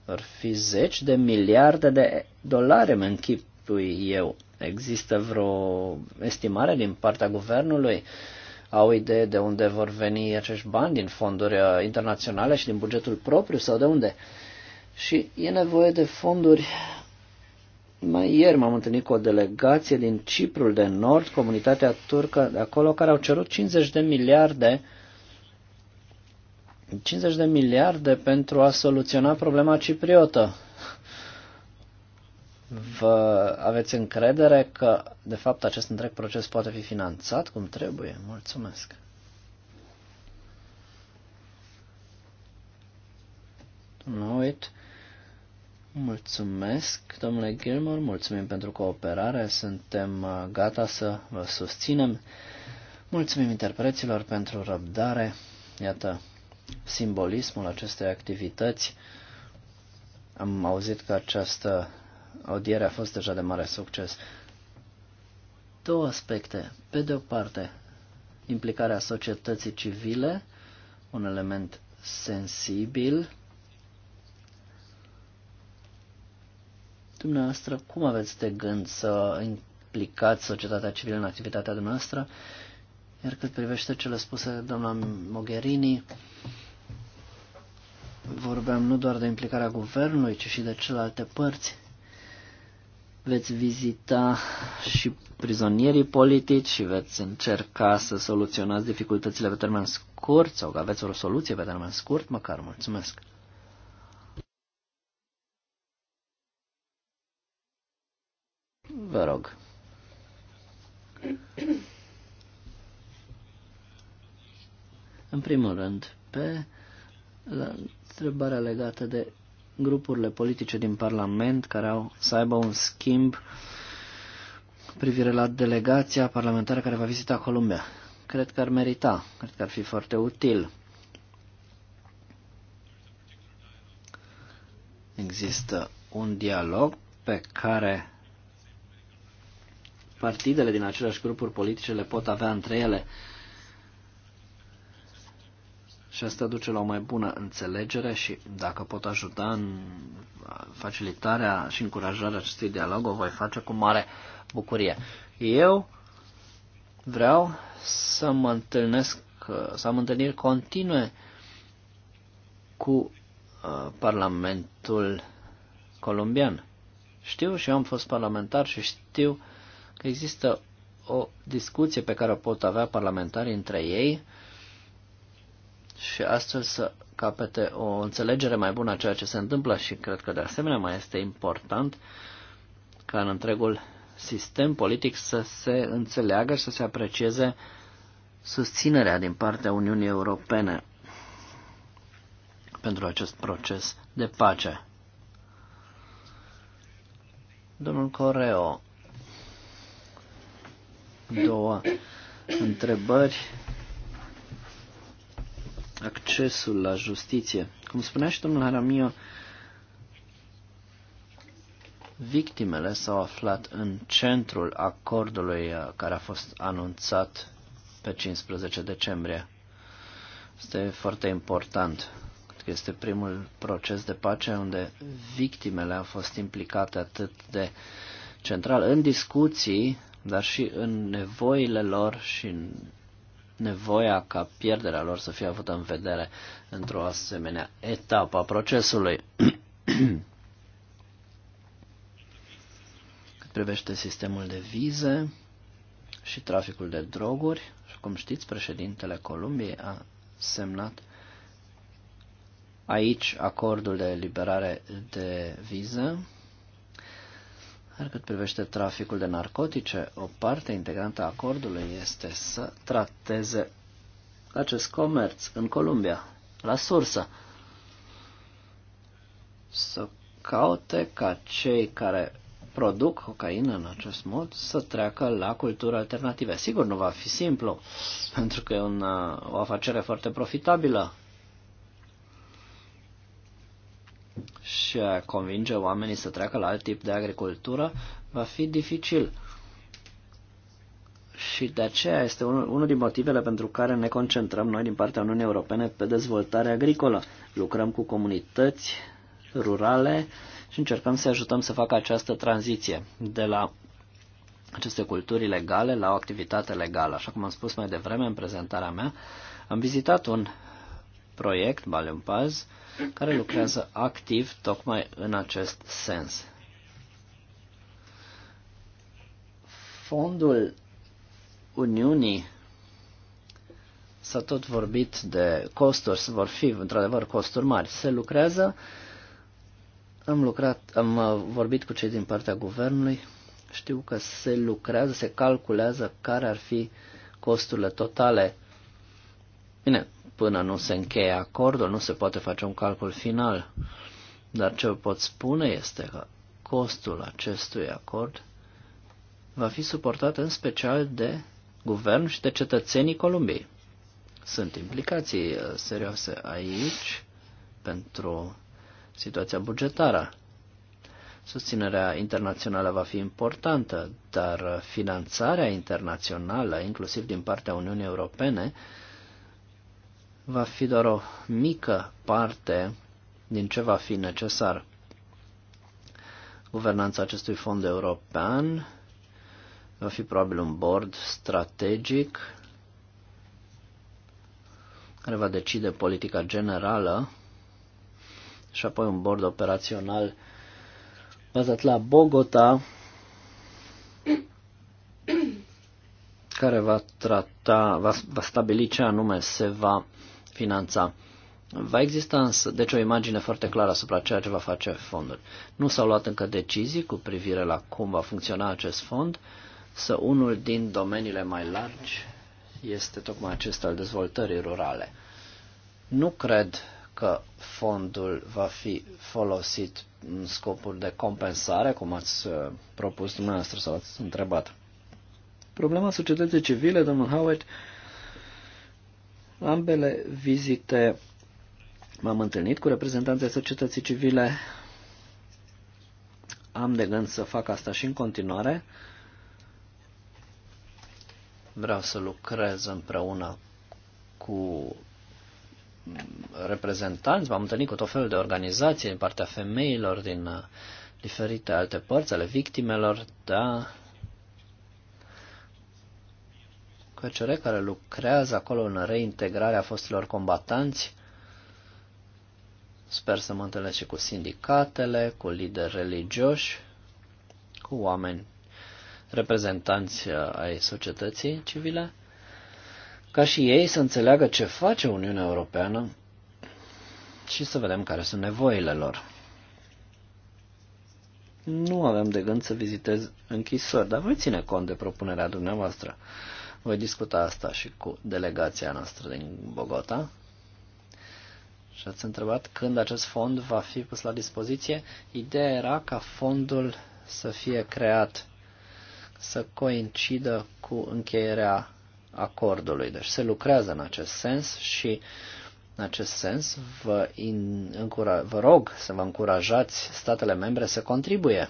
Vor fi zeci de miliarde de dolari, mă închipui eu. Există vreo estimare din partea guvernului? Au idee de unde vor veni acești bani din fonduri uh, internaționale și din bugetul propriu sau de unde? Și e nevoie de fonduri mai ieri m-am întâlnit cu o delegație din Ciprul de Nord, comunitatea turcă de acolo, care au cerut 50 de miliarde 50 de miliarde pentru a soluționa problema cipriotă. Vă aveți încredere că, de fapt, acest întreg proces poate fi finanțat cum trebuie? Mulțumesc! Nu uit. Mulțumesc, domnule Gilmore, mulțumim pentru cooperare, suntem uh, gata să vă susținem. Mulțumim interpreților pentru răbdare. Iată, simbolismul acestei activități. Am auzit că această audiere a fost deja de mare succes. Două aspecte. Pe de o parte, implicarea societății civile, un element sensibil. Dumneavoastră, cum aveți de gând să implicați societatea civilă în activitatea dumneavoastră iar cât privește cele spuse de doamna Mogherini, vorbeam nu doar de implicarea guvernului, ci și de celelalte părți. Veți vizita și prizonierii politici și veți încerca să soluționați dificultățile pe termen scurt sau că aveți o soluție pe termen scurt, măcar mulțumesc. Vă rog. În primul rând, pe la întrebarea legată de grupurile politice din Parlament care au să aibă un schimb privire la delegația parlamentară care va vizita Columbia. Cred că ar merita, cred că ar fi foarte util. Există un dialog pe care partidele din aceleași grupuri politice le pot avea între ele. Uh, și asta duce la o mai bună înțelegere și dacă pot ajuta în facilitarea și încurajarea acestui dialog, o voi face cu mare bucurie. Eu vreau să mă întâlnesc, să am întâlniri continue cu uh, Parlamentul colombian. Știu și eu am fost parlamentar și știu că există o discuție pe care o pot avea parlamentarii între ei și astfel să capete o înțelegere mai bună a ceea ce se întâmplă și cred că de asemenea mai este important ca în întregul sistem politic să se înțeleagă și să se aprecieze susținerea din partea Uniunii Europene pentru acest proces de pace. Domnul Coreo, două întrebări accesul la justiție. Cum spunea și domnul Haramio, victimele s-au aflat în centrul acordului uh, care a fost anunțat pe 15 decembrie. Este foarte important. că este primul proces de pace unde victimele au fost implicate atât de central în discuții, dar și în nevoile lor și în nevoia ca pierderea lor să fie avută în vedere într-o asemenea etapă a procesului. Cât privește sistemul de vize și traficul de droguri, și cum știți, președintele Columbiei a semnat aici acordul de liberare de viză dar cât privește traficul de narcotice, o parte integrantă a acordului este să trateze acest comerț în Columbia, la sursă. Să caute ca cei care produc cocaină în acest mod să treacă la culturi alternative. Sigur, nu va fi simplu, pentru că e una, o afacere foarte profitabilă. și a convinge oamenii să treacă la alt tip de agricultură va fi dificil. Și de aceea este unul, unul din motivele pentru care ne concentrăm noi din partea Uniunii Europene pe dezvoltare agricolă. Lucrăm cu comunități rurale și încercăm să ajutăm să facă această tranziție de la aceste culturi legale la o activitate legală. Așa cum am spus mai devreme în prezentarea mea, am vizitat un proiect, Baleumpaz, care lucrează activ tocmai în acest sens. Fondul Uniunii s-a tot vorbit de costuri, vor fi într-adevăr costuri mari. Se lucrează, am, lucrat, am uh, vorbit cu cei din partea guvernului, știu că se lucrează, se calculează care ar fi costurile totale. Bine, până nu se încheie acordul, nu se poate face un calcul final. Dar ce pot spune este că costul acestui acord va fi suportat în special de guvern și de cetățenii Columbiei. Sunt implicații uh, serioase aici pentru situația bugetară. Susținerea internațională va fi importantă, dar uh, finanțarea internațională, inclusiv din partea Uniunii Europene, va fi doar o mică parte din ce va fi necesar. Guvernanța acestui fond european va fi probabil un board strategic care va decide politica generală și apoi un board operațional bazat la Bogota care va trata, va, va stabili ce anume se va finanța. Va exista însă, deci, o imagine foarte clară asupra ceea ce va face fondul. Nu s-au luat încă decizii cu privire la cum va funcționa acest fond, să unul din domeniile mai largi este tocmai acesta al dezvoltării rurale. Nu cred că fondul va fi folosit în scopuri de compensare, cum ați uh, propus dumneavoastră sau ați întrebat. Problema societății civile, domnul Howard, ambele vizite m-am întâlnit cu reprezentanții societății civile. Am de gând să fac asta și în continuare. Vreau să lucrez împreună cu reprezentanți, m-am întâlnit cu tot felul de organizații din partea femeilor, din diferite alte părți ale victimelor, da, CCR care lucrează acolo în reintegrarea fostilor combatanți. Sper să mă întâlnesc și cu sindicatele, cu lideri religioși, cu oameni reprezentanți uh, ai societății civile, ca și ei să înțeleagă ce face Uniunea Europeană și să vedem care sunt nevoile lor. Nu avem de gând să vizitez închisori, dar voi ține cont de propunerea dumneavoastră. Voi discuta asta și cu delegația noastră din Bogota. Și ați întrebat când acest fond va fi pus la dispoziție. Ideea era ca fondul să fie creat să coincidă cu încheierea acordului. Deci se lucrează în acest sens și în acest sens vă, in, încura, vă rog să vă încurajați statele membre să contribuie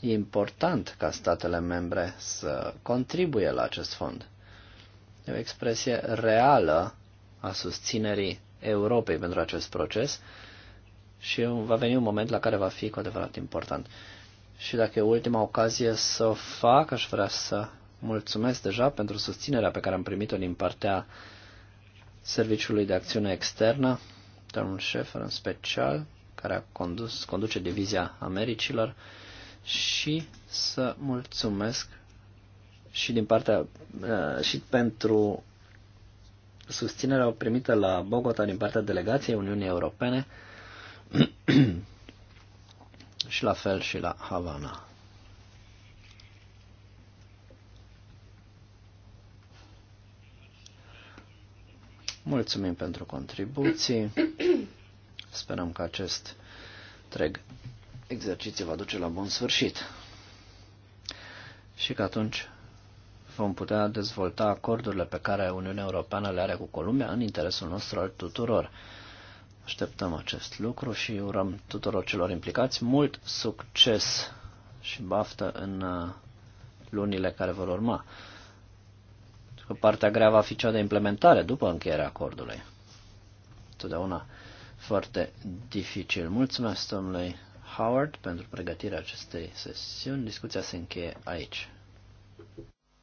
E important ca statele membre să contribuie la acest fond. E o expresie reală a susținerii Europei pentru acest proces și va veni un moment la care va fi cu adevărat important. Și dacă e ultima ocazie să o fac, aș vrea să mulțumesc deja pentru susținerea pe care am primit-o din partea Serviciului de Acțiune Externă, domnul șef în special, care a condus, conduce Divizia Americilor, și să mulțumesc și din partea uh, și pentru susținerea primită la Bogota din partea delegației Uniunii Europene și la fel și la Havana. Mulțumim pentru contribuții. Sperăm că acest întreg exerciție va duce la bun sfârșit și că atunci vom putea dezvolta acordurile pe care Uniunea Europeană le are cu Columbia în interesul nostru al tuturor. Așteptăm acest lucru și urăm tuturor celor implicați mult succes și baftă în uh, lunile care vor urma. Că partea grea va fi cea de implementare după încheierea acordului. Totdeauna foarte dificil. Mulțumesc, domnului Howard pentru pregătirea acestei sesiuni. Discuția se încheie aici.